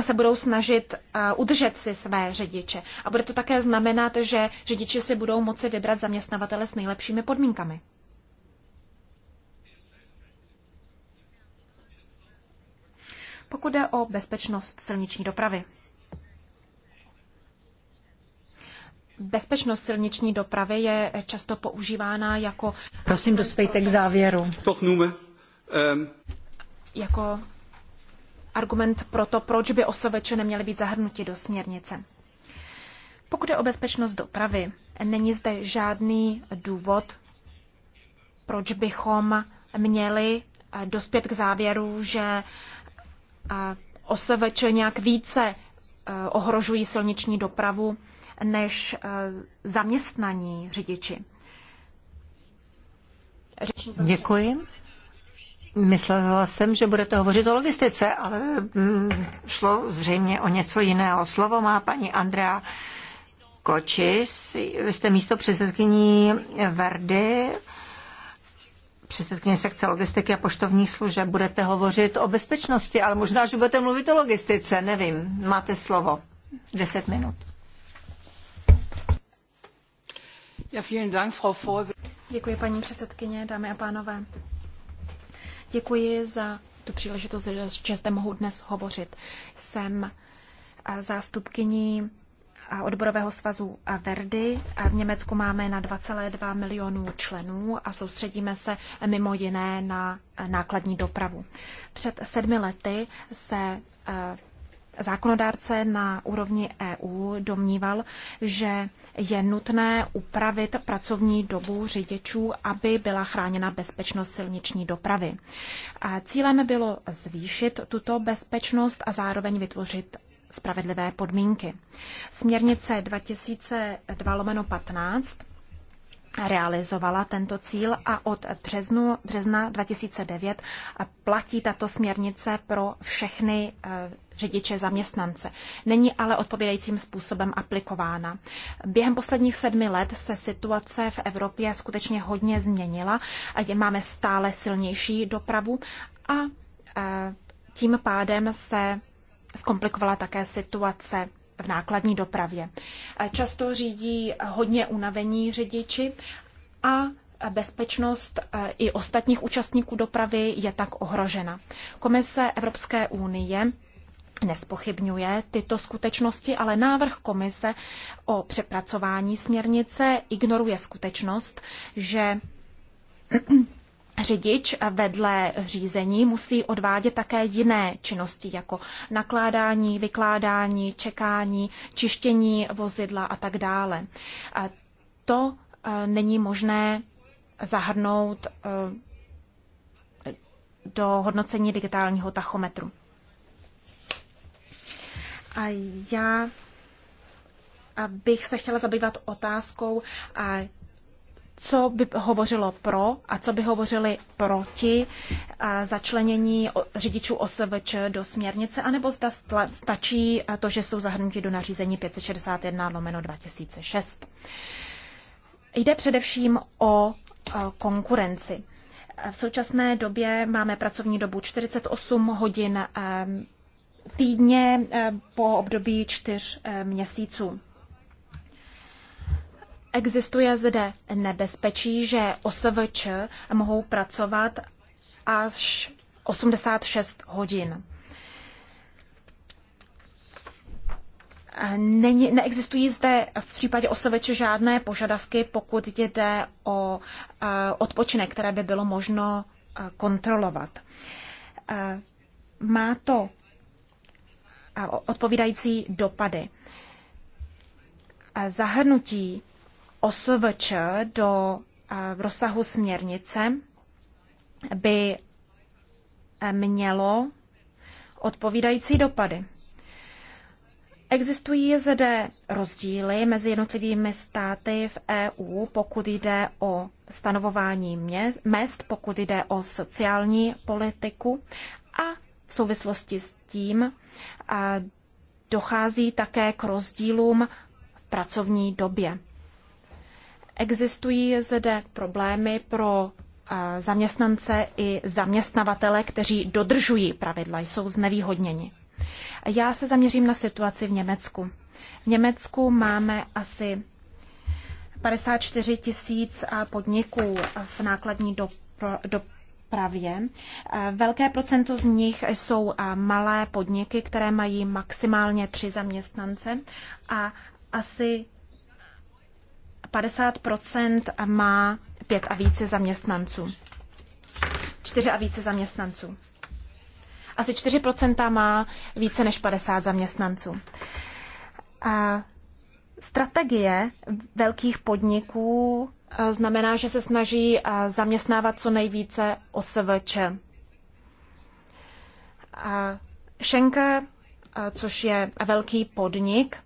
se budou snažit eh, udržet si své řidiče. A bude to také znamenat, že řidiči si budou moci vybrat zaměstnavatele s nejlepšími podmínkami. Pokud jde o bezpečnost silniční dopravy. Bezpečnost silniční dopravy je často používána jako... Prosím, dospějte k závěru. Jako argument pro to, proč by osoveče neměly být zahrnuti do směrnice. Pokud je o bezpečnost dopravy, není zde žádný důvod, proč bychom měli eh, dospět k závěru, že eh, OSVČ nějak více eh, ohrožují silniční dopravu než zaměstnaní řidiči. Řečník, Děkuji. Myslela jsem, že budete hovořit o logistice, ale mm, šlo zřejmě o něco jiného. Slovo má paní Andrea Kočis. Vy jste místo předsedkyní Verdy, předsedkyně sekce logistiky a poštovních služeb. Budete hovořit o bezpečnosti, ale možná, že budete mluvit o logistice, nevím. Máte slovo. Deset minut. Ja, vielen Dank, Frau Děkuji, paní předsedkyně, dámy a pánové. Děkuji za tu příležitost, že zde mohu dnes hovořit. Jsem eh, zástupkyní eh, odborového svazu Verdi. Eh, v Německu máme na 2,2 milionů členů a soustředíme se mimo jiné na nákladní dopravu. Před sedmi lety se zákonodárce na úrovni EU domníval, že je nutné upravit pracovní dobu řidičů, aby byla chráněna bezpečnost silniční dopravy. A cílem bylo zvýšit tuto bezpečnost a zároveň vytvořit spravedlivé podmínky. Směrnice 2002 15 realizovala tento cíl a od březnu, března 2009 platí tato směrnice pro všechny eh, řidiče zaměstnance. Není ale odpovědajícím způsobem aplikována. Během posledních sedmi let se situace v Evropě skutečně hodně změnila. Máme stále silnější dopravu a eh, tím pádem se zkomplikovala také situace v nákladní dopravě. Eh, často řídí hodně unavení řidiči a bezpečnost eh, i ostatních účastníků dopravy je tak ohrožena. Komise Evropské unie nespochybňuje tyto skutečnosti, ale návrh komise o přepracování směrnice ignoruje skutečnost, že Řidič vedle řízení musí odvádět také jiné činnosti, jako nakládání, vykládání, čekání, čištění vozidla a tak dále. To e, není možné zahrnout e, do hodnocení digitálního tachometru. A já bych se chtěla zabývat otázkou, co by hovořilo pro a co by hovořili proti začlenění řidičů OSVČ do směrnice, anebo zda stačí to, že jsou zahrnuti do nařízení 561 lomeno 2006. Jde především o konkurenci. V současné době máme pracovní dobu 48 hodin týdně po období čtyř e, měsíců. Existuje zde nebezpečí, že OSVČ mohou pracovat až 86 hodin. Není, neexistují zde v případě OSVČ žádné požadavky, pokud jde o eh, odpočinek, které by bylo možno eh, kontrolovat. Eh, má to odpovídající dopady. Zahrnutí OSVČ do eh, v rozsahu směrnice by eh, mělo odpovídající dopady. Existují zde rozdíly mezi jednotlivými státy v EU, pokud jde o stanovování mest, pokud jde o sociální politiku a v souvislosti s tím eh, dochází také k rozdílům v pracovní době. Existují zde problémy pro eh, zaměstnance i zaměstnavatele, kteří dodržují pravidla, jsou znevýhodněni. Já se zaměřím na situaci v Německu. V Německu máme asi 54 tisíc eh, podniků v nákladní dopravě. Eh, velké procento z nich jsou malé podniky, které mají maximálně tři zaměstnance a asi 50 má pět a více zaměstnanců. Čtyři a více zaměstnanců. Asi 4 má více než 50 zaměstnanců. A strategie velkých podniků eh, znamená, že se snaží eh, zaměstnávat co nejvíce OSVČ. A Schenker, eh, což je velký podnik,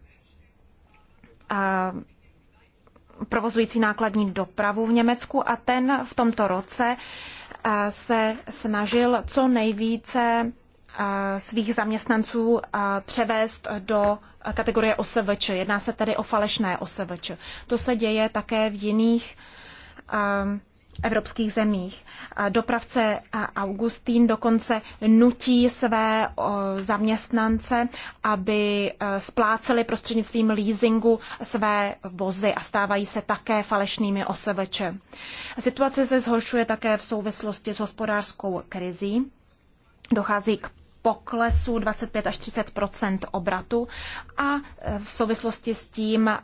provozující nákladní dopravu v Německu a ten v tomto roce eh, se snažil co nejvíce eh, svých zaměstnanců eh, převést do kategorie OSVČ. Jedná se tedy o falešné OSVČ. To se děje také v jiných evropských zemích. Dopravce Augustín dokonce nutí své zaměstnance, aby e, spláceli prostřednictvím leasingu své vozy a stávají se také falešnými oseveče. Situace se zhoršuje také v souvislosti s hospodářskou krizí. Dochází k poklesu 25 až 30 obratu a e, v souvislosti s tím e,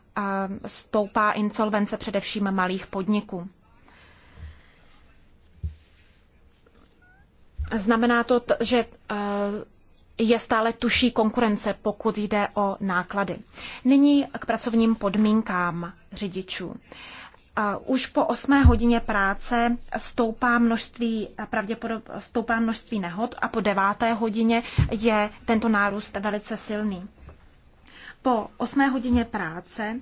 stoupá insolvence především malých podniků. Znamená to, že eh, je stále tuší konkurence, pokud jde o náklady. Nyní k pracovním podmínkám řidičů. Eh, už po osmé hodině práce stoupá množství, eh, pravděpodob, stoupá množství nehod a po deváté hodině je tento nárůst velice silný. Po osmé hodině práce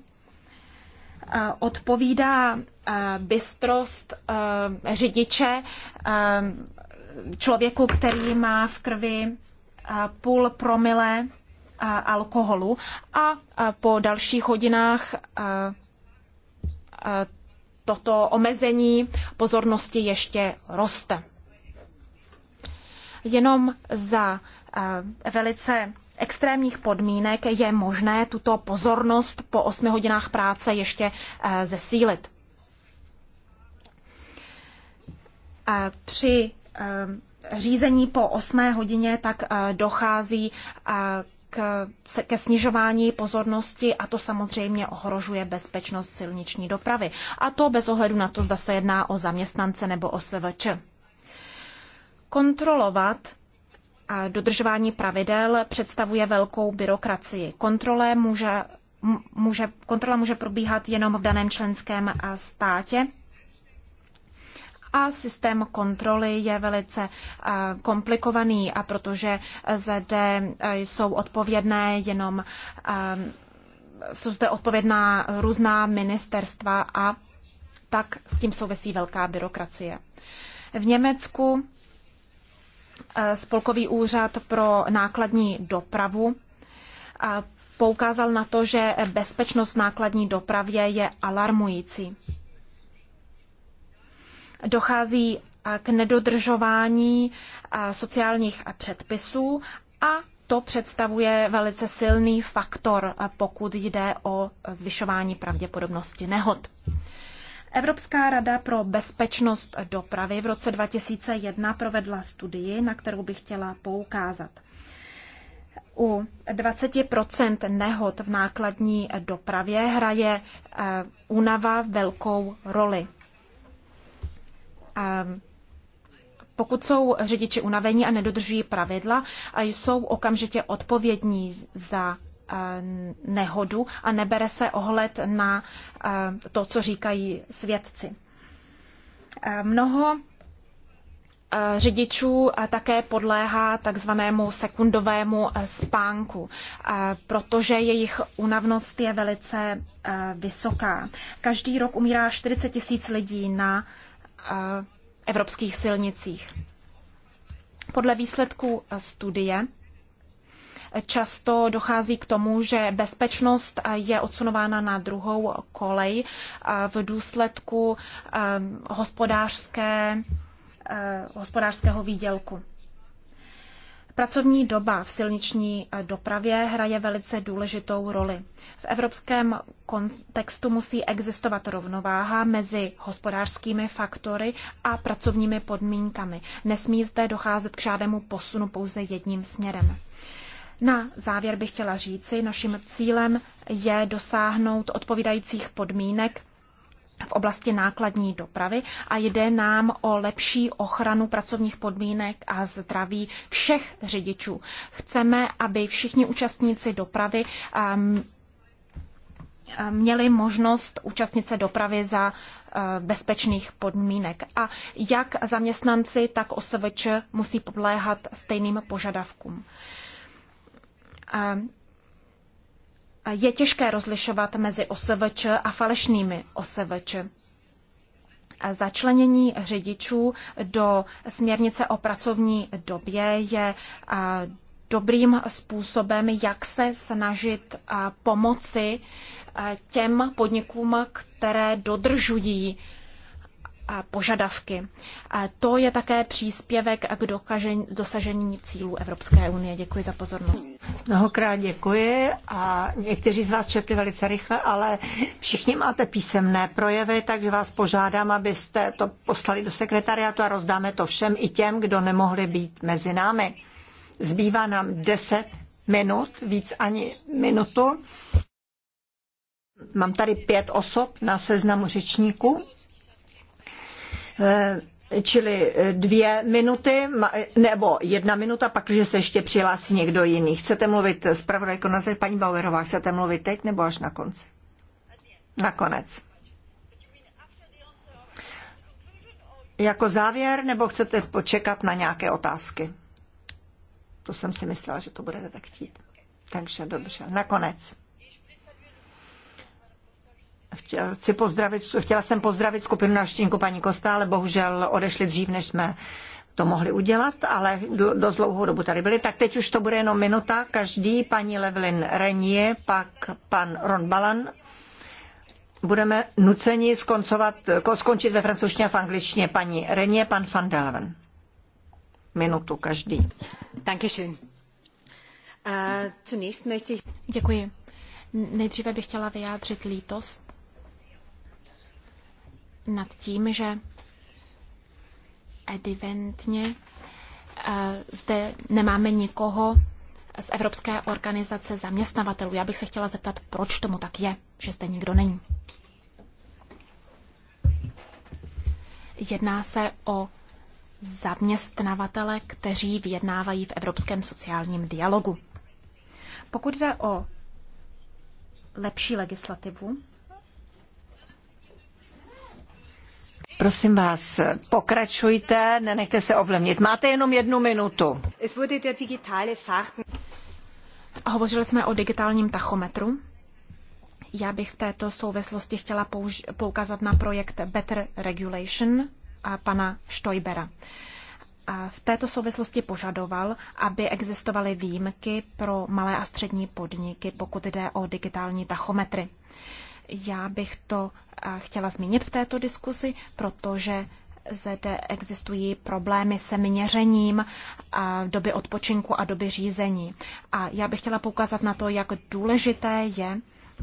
odpovídá bystrost řidiče člověku, který má v krvi půl promile alkoholu a po dalších hodinách toto omezení pozornosti ještě roste. Jenom za velice extrémních podmínek je možné tuto pozornost po osmi hodinách práce ještě zesílit. Při Eh, řízení po 8 hodině, tak eh, dochází eh, k, ke snižování pozornosti a to samozřejmě ohrožuje bezpečnost silniční dopravy. A to bez ohledu na to, zda se jedná o zaměstnance nebo o SVČ. Kontrolovat a dodržování pravidel představuje velkou byrokracii. Kontrole může, může, kontrola může probíhat jenom v daném členském státě a systém kontroly je velice eh, komplikovaný, a protože zde eh, jsou odpovědné jenom eh, jsou zde odpovědná různá ministerstva a tak s tím souvisí velká byrokracie. V Německu Spolkový úřad pro nákladní dopravu poukázal na to, že bezpečnost nákladní dopravě je alarmující dochází k nedodržování sociálních předpisů a to představuje velice silný faktor, pokud jde o zvyšování pravděpodobnosti nehod. Evropská rada pro bezpečnost dopravy v roce 2001 provedla studii, na kterou bych chtěla poukázat. U 20 nehod v nákladní dopravě hraje únava velkou roli pokud jsou řidiči unavení a nedodržují pravidla, jsou okamžitě odpovědní za e, nehodu a nebere se ohled na e, to, co říkají svědci. E, mnoho řidičů také podléhá takzvanému sekundovému spánku, protože jejich unavnost je velice vysoká. Každý rok umírá 40 tisíc lidí na evropských silnicích. Podle výsledků studie často dochází k tomu, že bezpečnost je odsunována na druhou kolej v důsledku eh, hospodářské, eh, hospodářského výdělku. Pracovní doba v silniční eh, dopravě hraje velice důležitou roli. V evropském kontextu musí existovat rovnováha mezi hospodářskými faktory a pracovními podmínkami. Nesmí zde docházet k žádnému posunu pouze jedním směrem. Na závěr bych chtěla říci, naším cílem je dosáhnout odpovídajících podmínek v oblasti nákladní dopravy a jde nám o lepší ochranu pracovních podmínek a zdraví všech řidičů. Chceme, aby všichni účastníci dopravy um, um, měli možnost účastnit se dopravy za uh, bezpečných podmínek. A jak zaměstnanci, tak OSVČ musí podléhat stejným požadavkům um, je těžké rozlišovat mezi OSVČ a falešnými OSVČ. Začlenění řidičů do směrnice o pracovní době je dobrým způsobem, jak se snažit pomoci těm podnikům, které dodržují požadavky. To je také příspěvek k dokažení, dosažení cílů Evropské unie. Děkuji za pozornost. Mnohokrát děkuji a někteří z vás četli velice rychle, ale všichni máte písemné projevy, takže vás požádám, abyste to poslali do sekretariátu a rozdáme to všem i těm, kdo nemohli být mezi námi. Zbývá nám 10 minut, víc ani minutu. Mám tady pět osob na seznamu řečníků. Eh, čili eh, dvě minuty eh, nebo jedna minuta, pak, když se ještě přihlásí někdo jiný. Chcete mluvit s pravodajkou na zeď, paní Bauerová, chcete mluvit teď nebo až na konci? Nakonec. Jako závěr nebo chcete počekat na nějaké otázky? To jsem si myslela, že to budete tak chtít. Takže dobře, nakonec. Chtěla, chci pozdravit, chtěla jsem pozdravit skupinu návštěvníků paní Kosta, ale bohužel odešli dřív, než jsme to mohli udělat, ale dost dlouhou dobu tady byli. Tak teď už to bude jenom minuta. Každý, paní Levlin Renie, pak pan Ron Balan. Budeme nuceni skoncovat, skončit ve francouzštině a v angličtině. Paní Renie, pan van Delven. Minutu každý. Äh, Děkuji. Nejdříve bych chtěla vyjádřit lítost nad tím, že evidentně eh, zde nemáme nikoho z Evropské organizace zaměstnavatelů. Já bych se chtěla zeptat, proč tomu tak je, že zde nikdo není. Jedná se o zaměstnavatele, kteří vyjednávají v Evropském sociálním dialogu. Pokud jde o lepší legislativu, Prosím vás, pokračujte, nenechte se ovlivnit. Máte jenom jednu minutu. Hovořili jsme o digitálním tachometru. Já bych v této souvislosti chtěla poukázat na projekt Better Regulation a pana Stoibera. A v této souvislosti požadoval, aby existovaly výjimky pro malé a střední podniky, pokud jde o digitální tachometry. Já bych to eh, chtěla zmínit v této diskusi, protože zde existují problémy se měřením eh, doby odpočinku a doby řízení. A já bych chtěla poukázat na to, jak důležité je,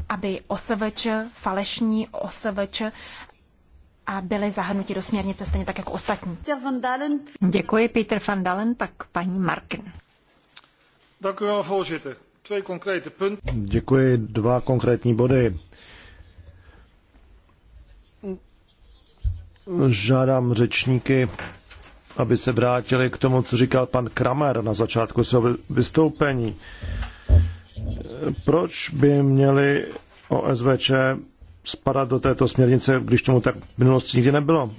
aby OSVČ, falešní OSVČ, a eh, byly zahrnuti do směrnice stejně tak jako ostatní. Děkuji, Peter van Dalen, pak paní Marken. Děkuji, dva konkrétní body. žádám řečníky, aby se vrátili k tomu, co říkal pan Kramer na začátku svého vystoupení. Proč by měli OSVČ spadat do této směrnice, když tomu tak v minulosti nikdy nebylo?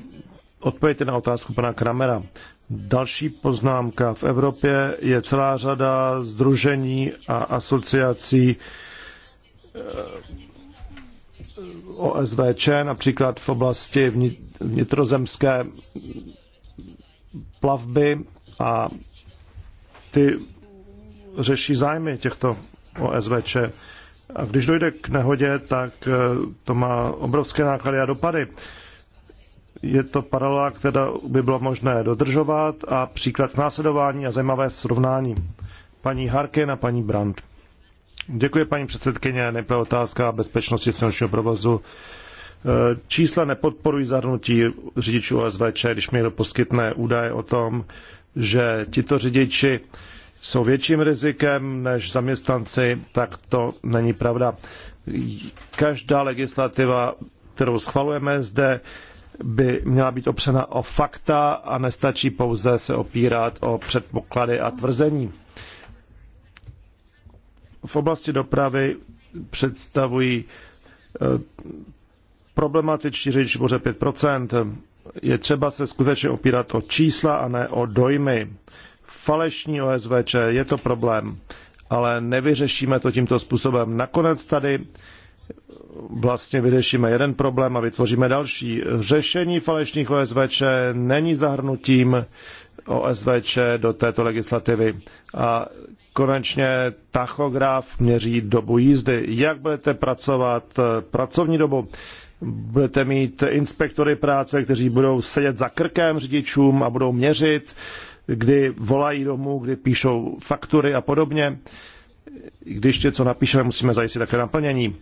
Odpověďte na otázku pana Kramera. Další poznámka. V Evropě je celá řada združení a asociací OSVČ, například v oblasti vnitrozemské plavby a ty řeší zájmy těchto OSVČ. A když dojde k nehodě, tak eh, to má obrovské náklady a dopady. Je to paralela, která by bylo možné dodržovat a příklad následování a zajímavé srovnání. Paní Harkin a paní Brandt. Děkuji, paní předsedkyně. Nejprve otázka bezpečnosti silničního provozu. E, čísla nepodporují zahrnutí řidičů OSVČ, když mi někdo poskytne údaje o tom, že tito řidiči jsou větším rizikem než zaměstnanci, tak to není pravda. Každá legislativa, kterou schvalujeme zde, by měla být opřena o fakta a nestačí pouze se opírat o předpoklady a tvrzení v oblasti dopravy představují eh, problematičtí řidiči pouze 5 Je třeba se skutečně opírat o čísla a ne o dojmy. Falešní OSVČ je to problém, ale nevyřešíme to tímto způsobem. Nakonec tady vlastně vyřešíme jeden problém a vytvoříme další. Řešení falešných OSVČ není zahrnutím OSVČ do této legislativy. A konečně tachograf měří dobu jízdy. Jak budete pracovat eh, pracovní dobu? Budete mít inspektory práce, kteří budou sedět za krkem řidičům a budou měřit, kdy volají domů, kdy píšou faktury a podobně. Když něco napíšeme, musíme zajistit také naplnění.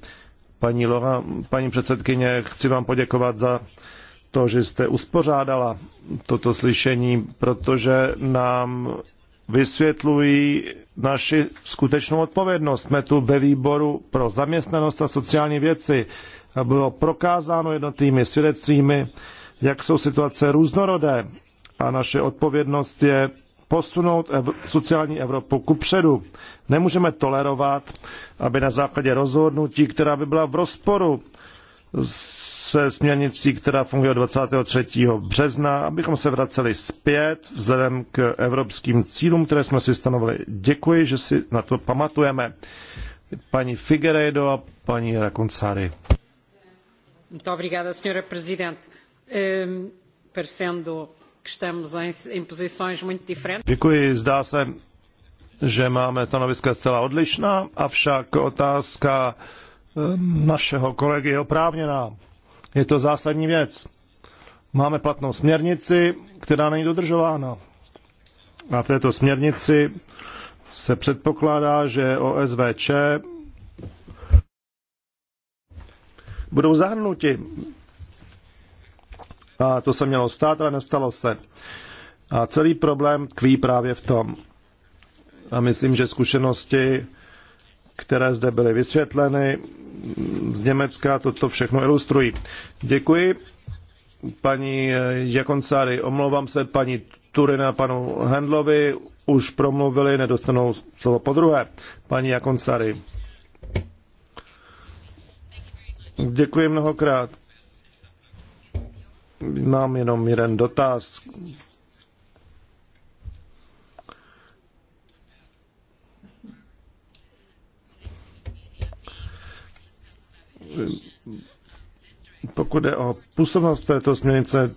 Paní Loha, paní předsedkyně, chci vám poděkovat za to, že jste uspořádala toto slyšení, protože nám vysvětlují naši skutečnou odpovědnost. Jsme tu ve výboru pro zaměstnanost a sociální věci a bylo prokázáno jednotými svědectvími, jak jsou situace různorodé a naše odpovědnost je posunout ev- sociální Evropu kupředu. Nemůžeme tolerovat, aby na základě rozhodnutí, která by byla v rozporu se směrnicí, která funguje od 23. března, abychom se vraceli zpět vzhledem k evropským cílům, které jsme si stanovili. Děkuji, že si na to pamatujeme. Paní Figueredo a paní Rakoncáry. Muito obrigada, senhora presidente. Um, que estamos em, posições muito diferentes. Děkuji, zdá se, že máme stanoviska zcela odlišná, avšak otázka našeho kolegy je oprávněná. Je to zásadní věc. Máme platnou směrnici, která není dodržována. A v této směrnici se předpokládá, že OSVČ budou zahrnuti. A to se mělo stát, ale nestalo se. A celý problém tkví právě v tom. A myslím, že zkušenosti které zde byly vysvětleny z Německa, toto všechno ilustrují. Děkuji paní Jakoncáry, omlouvám se paní Turina panu Hendlovi, už promluvili, nedostanou slovo po druhé. Paní Jakoncáry. Děkuji mnohokrát. Mám jenom jeden dotaz pokud je o působnost této směrnice,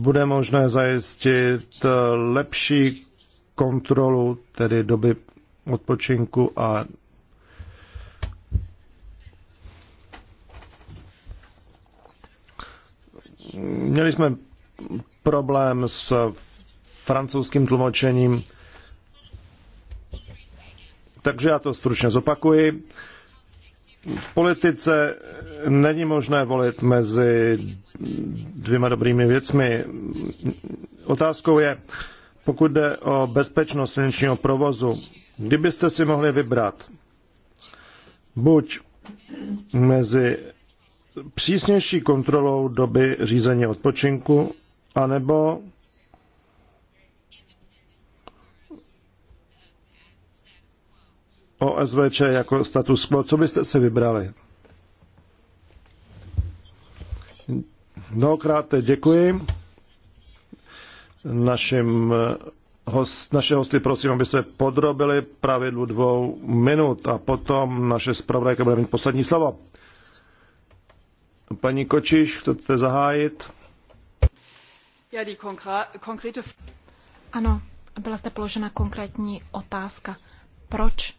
bude možné zajistit lepší kontrolu, tedy doby odpočinku a Měli jsme problém s francouzským tlumočením, takže já to stručně zopakuji v politice není možné volit mezi dvěma dobrými věcmi. Otázkou je, pokud jde o bezpečnost silničního provozu, kdybyste si mohli vybrat buď mezi přísnější kontrolou doby řízení odpočinku, anebo OSVČ jako status quo. Co byste si vybrali? Mnohokrát děkuji. Našim host, naše hosty prosím, aby se podrobili pravidlu dvou minut a potom naše zpravodajka bude mít poslední slovo. Paní Kočiš, chcete zahájit? Ja, die konkrete... Ano, byla zde položena konkrétní otázka. Proč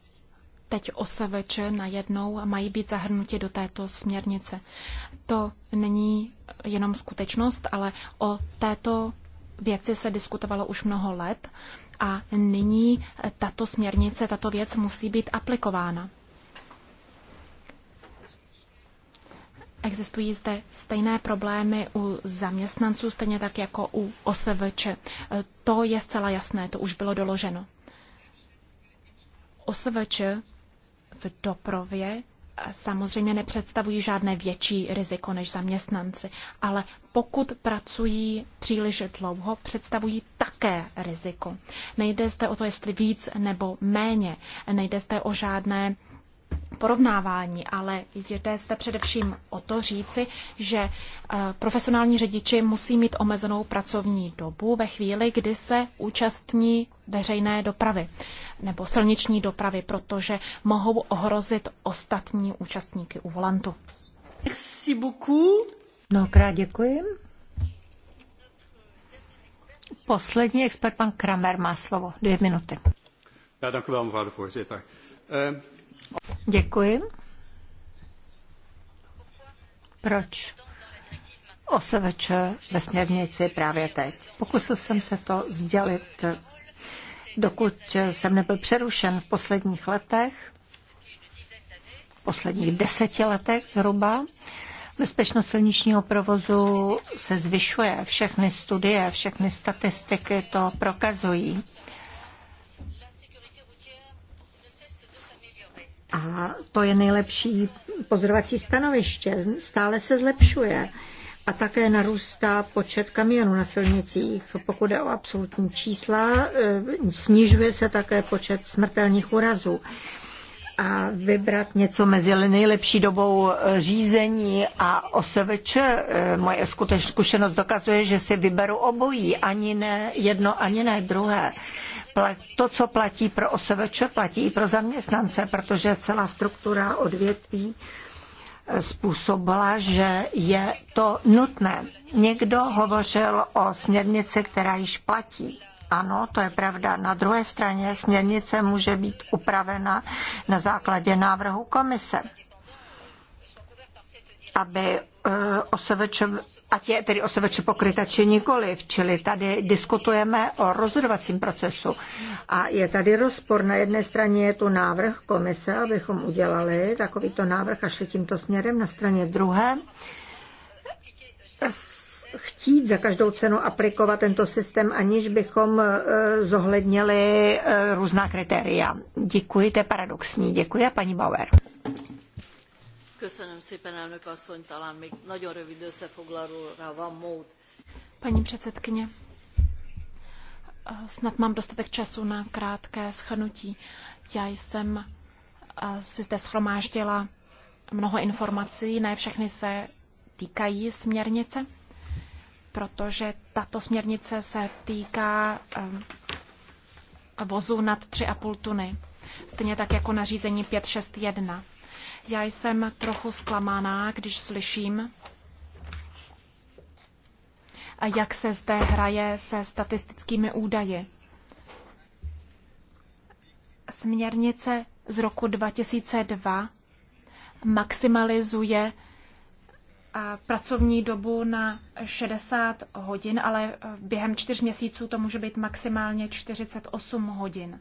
teď OSVČ najednou mají být zahrnuti do této směrnice. To není jenom skutečnost, ale o této věci se diskutovalo už mnoho let a nyní tato směrnice, tato věc musí být aplikována. Existují zde stejné problémy u zaměstnanců, stejně tak jako u OSVČ. To je zcela jasné, to už bylo doloženo. OSVČ v doprově samozřejmě nepředstavují žádné větší riziko než zaměstnanci, ale pokud pracují příliš dlouho, představují také riziko. Nejde zde o to, jestli víc nebo méně, nejde zde o žádné porovnávání, ale jde zde především o to říci, že e, profesionální řidiči musí mít omezenou pracovní dobu ve chvíli, kdy se účastní veřejné dopravy nebo silniční dopravy, protože mohou ohrozit ostatní účastníky u volantu. Merci beaucoup. Mnohokrát děkuji. Poslední expert, pan Kramer, má slovo. Dvě minuty. Ja, dank vám, wel, ehm, mevrouw Děkuji. Proč? O Děkuji. Proč? ve směrnici právě teď. Pokusil jsem se to sdělit dokud jsem nebyl přerušen v posledních letech, v posledních deseti letech zhruba, Bezpečnost silničního provozu se zvyšuje. Všechny studie, všechny statistiky to prokazují. A to je nejlepší pozorovací stanoviště. Stále se zlepšuje a také narůstá počet kamionů na silnicích. Pokud je o absolutní čísla, eh, snižuje se také počet smrtelných úrazů a vybrat něco mezi nejlepší dobou eh, řízení a OSVČ. Eh, moje zkušenost dokazuje, že si vyberu obojí, ani ne jedno, ani ne druhé. To, co platí pro OSVČ, platí i pro zaměstnance, protože celá struktura odvětví způsobila, že je to nutné. Někdo hovořil o směrnici, která již platí. Ano, to je pravda. Na druhé straně směrnice může být upravena na základě návrhu komise, aby eh, osvědčil ať je tedy osobeč pokryta či nikoliv. Čili tady diskutujeme o rozhodovacím procesu. A je tady rozpor. Na jedné straně je tu návrh komise, abychom udělali takovýto návrh a šli tímto směrem. Na straně druhé chtít za každou cenu aplikovat tento systém, aniž bychom e, zohlednili e, různá kritéria. Děkuji, to je paradoxní. Děkuji a paní Bauer. Köszönöm szépen, elnök asszony, talán még nagyon rövid összefoglalóra van mód. Paní předsedkyně, snad mám dostatek času na krátké schrnutí. Já jsem si zde schromáždila mnoho informací, ne všechny se týkají směrnice, protože tato směrnice se týká vozu nad 3,5 tuny, stejně tak jako nařízení 561. Já jsem trochu zklamaná, když slyším, jak se zde hraje se statistickými údaji. Směrnice z roku 2002 maximalizuje pracovní dobu na 60 hodin, ale během čtyř měsíců to může být maximálně 48 hodin.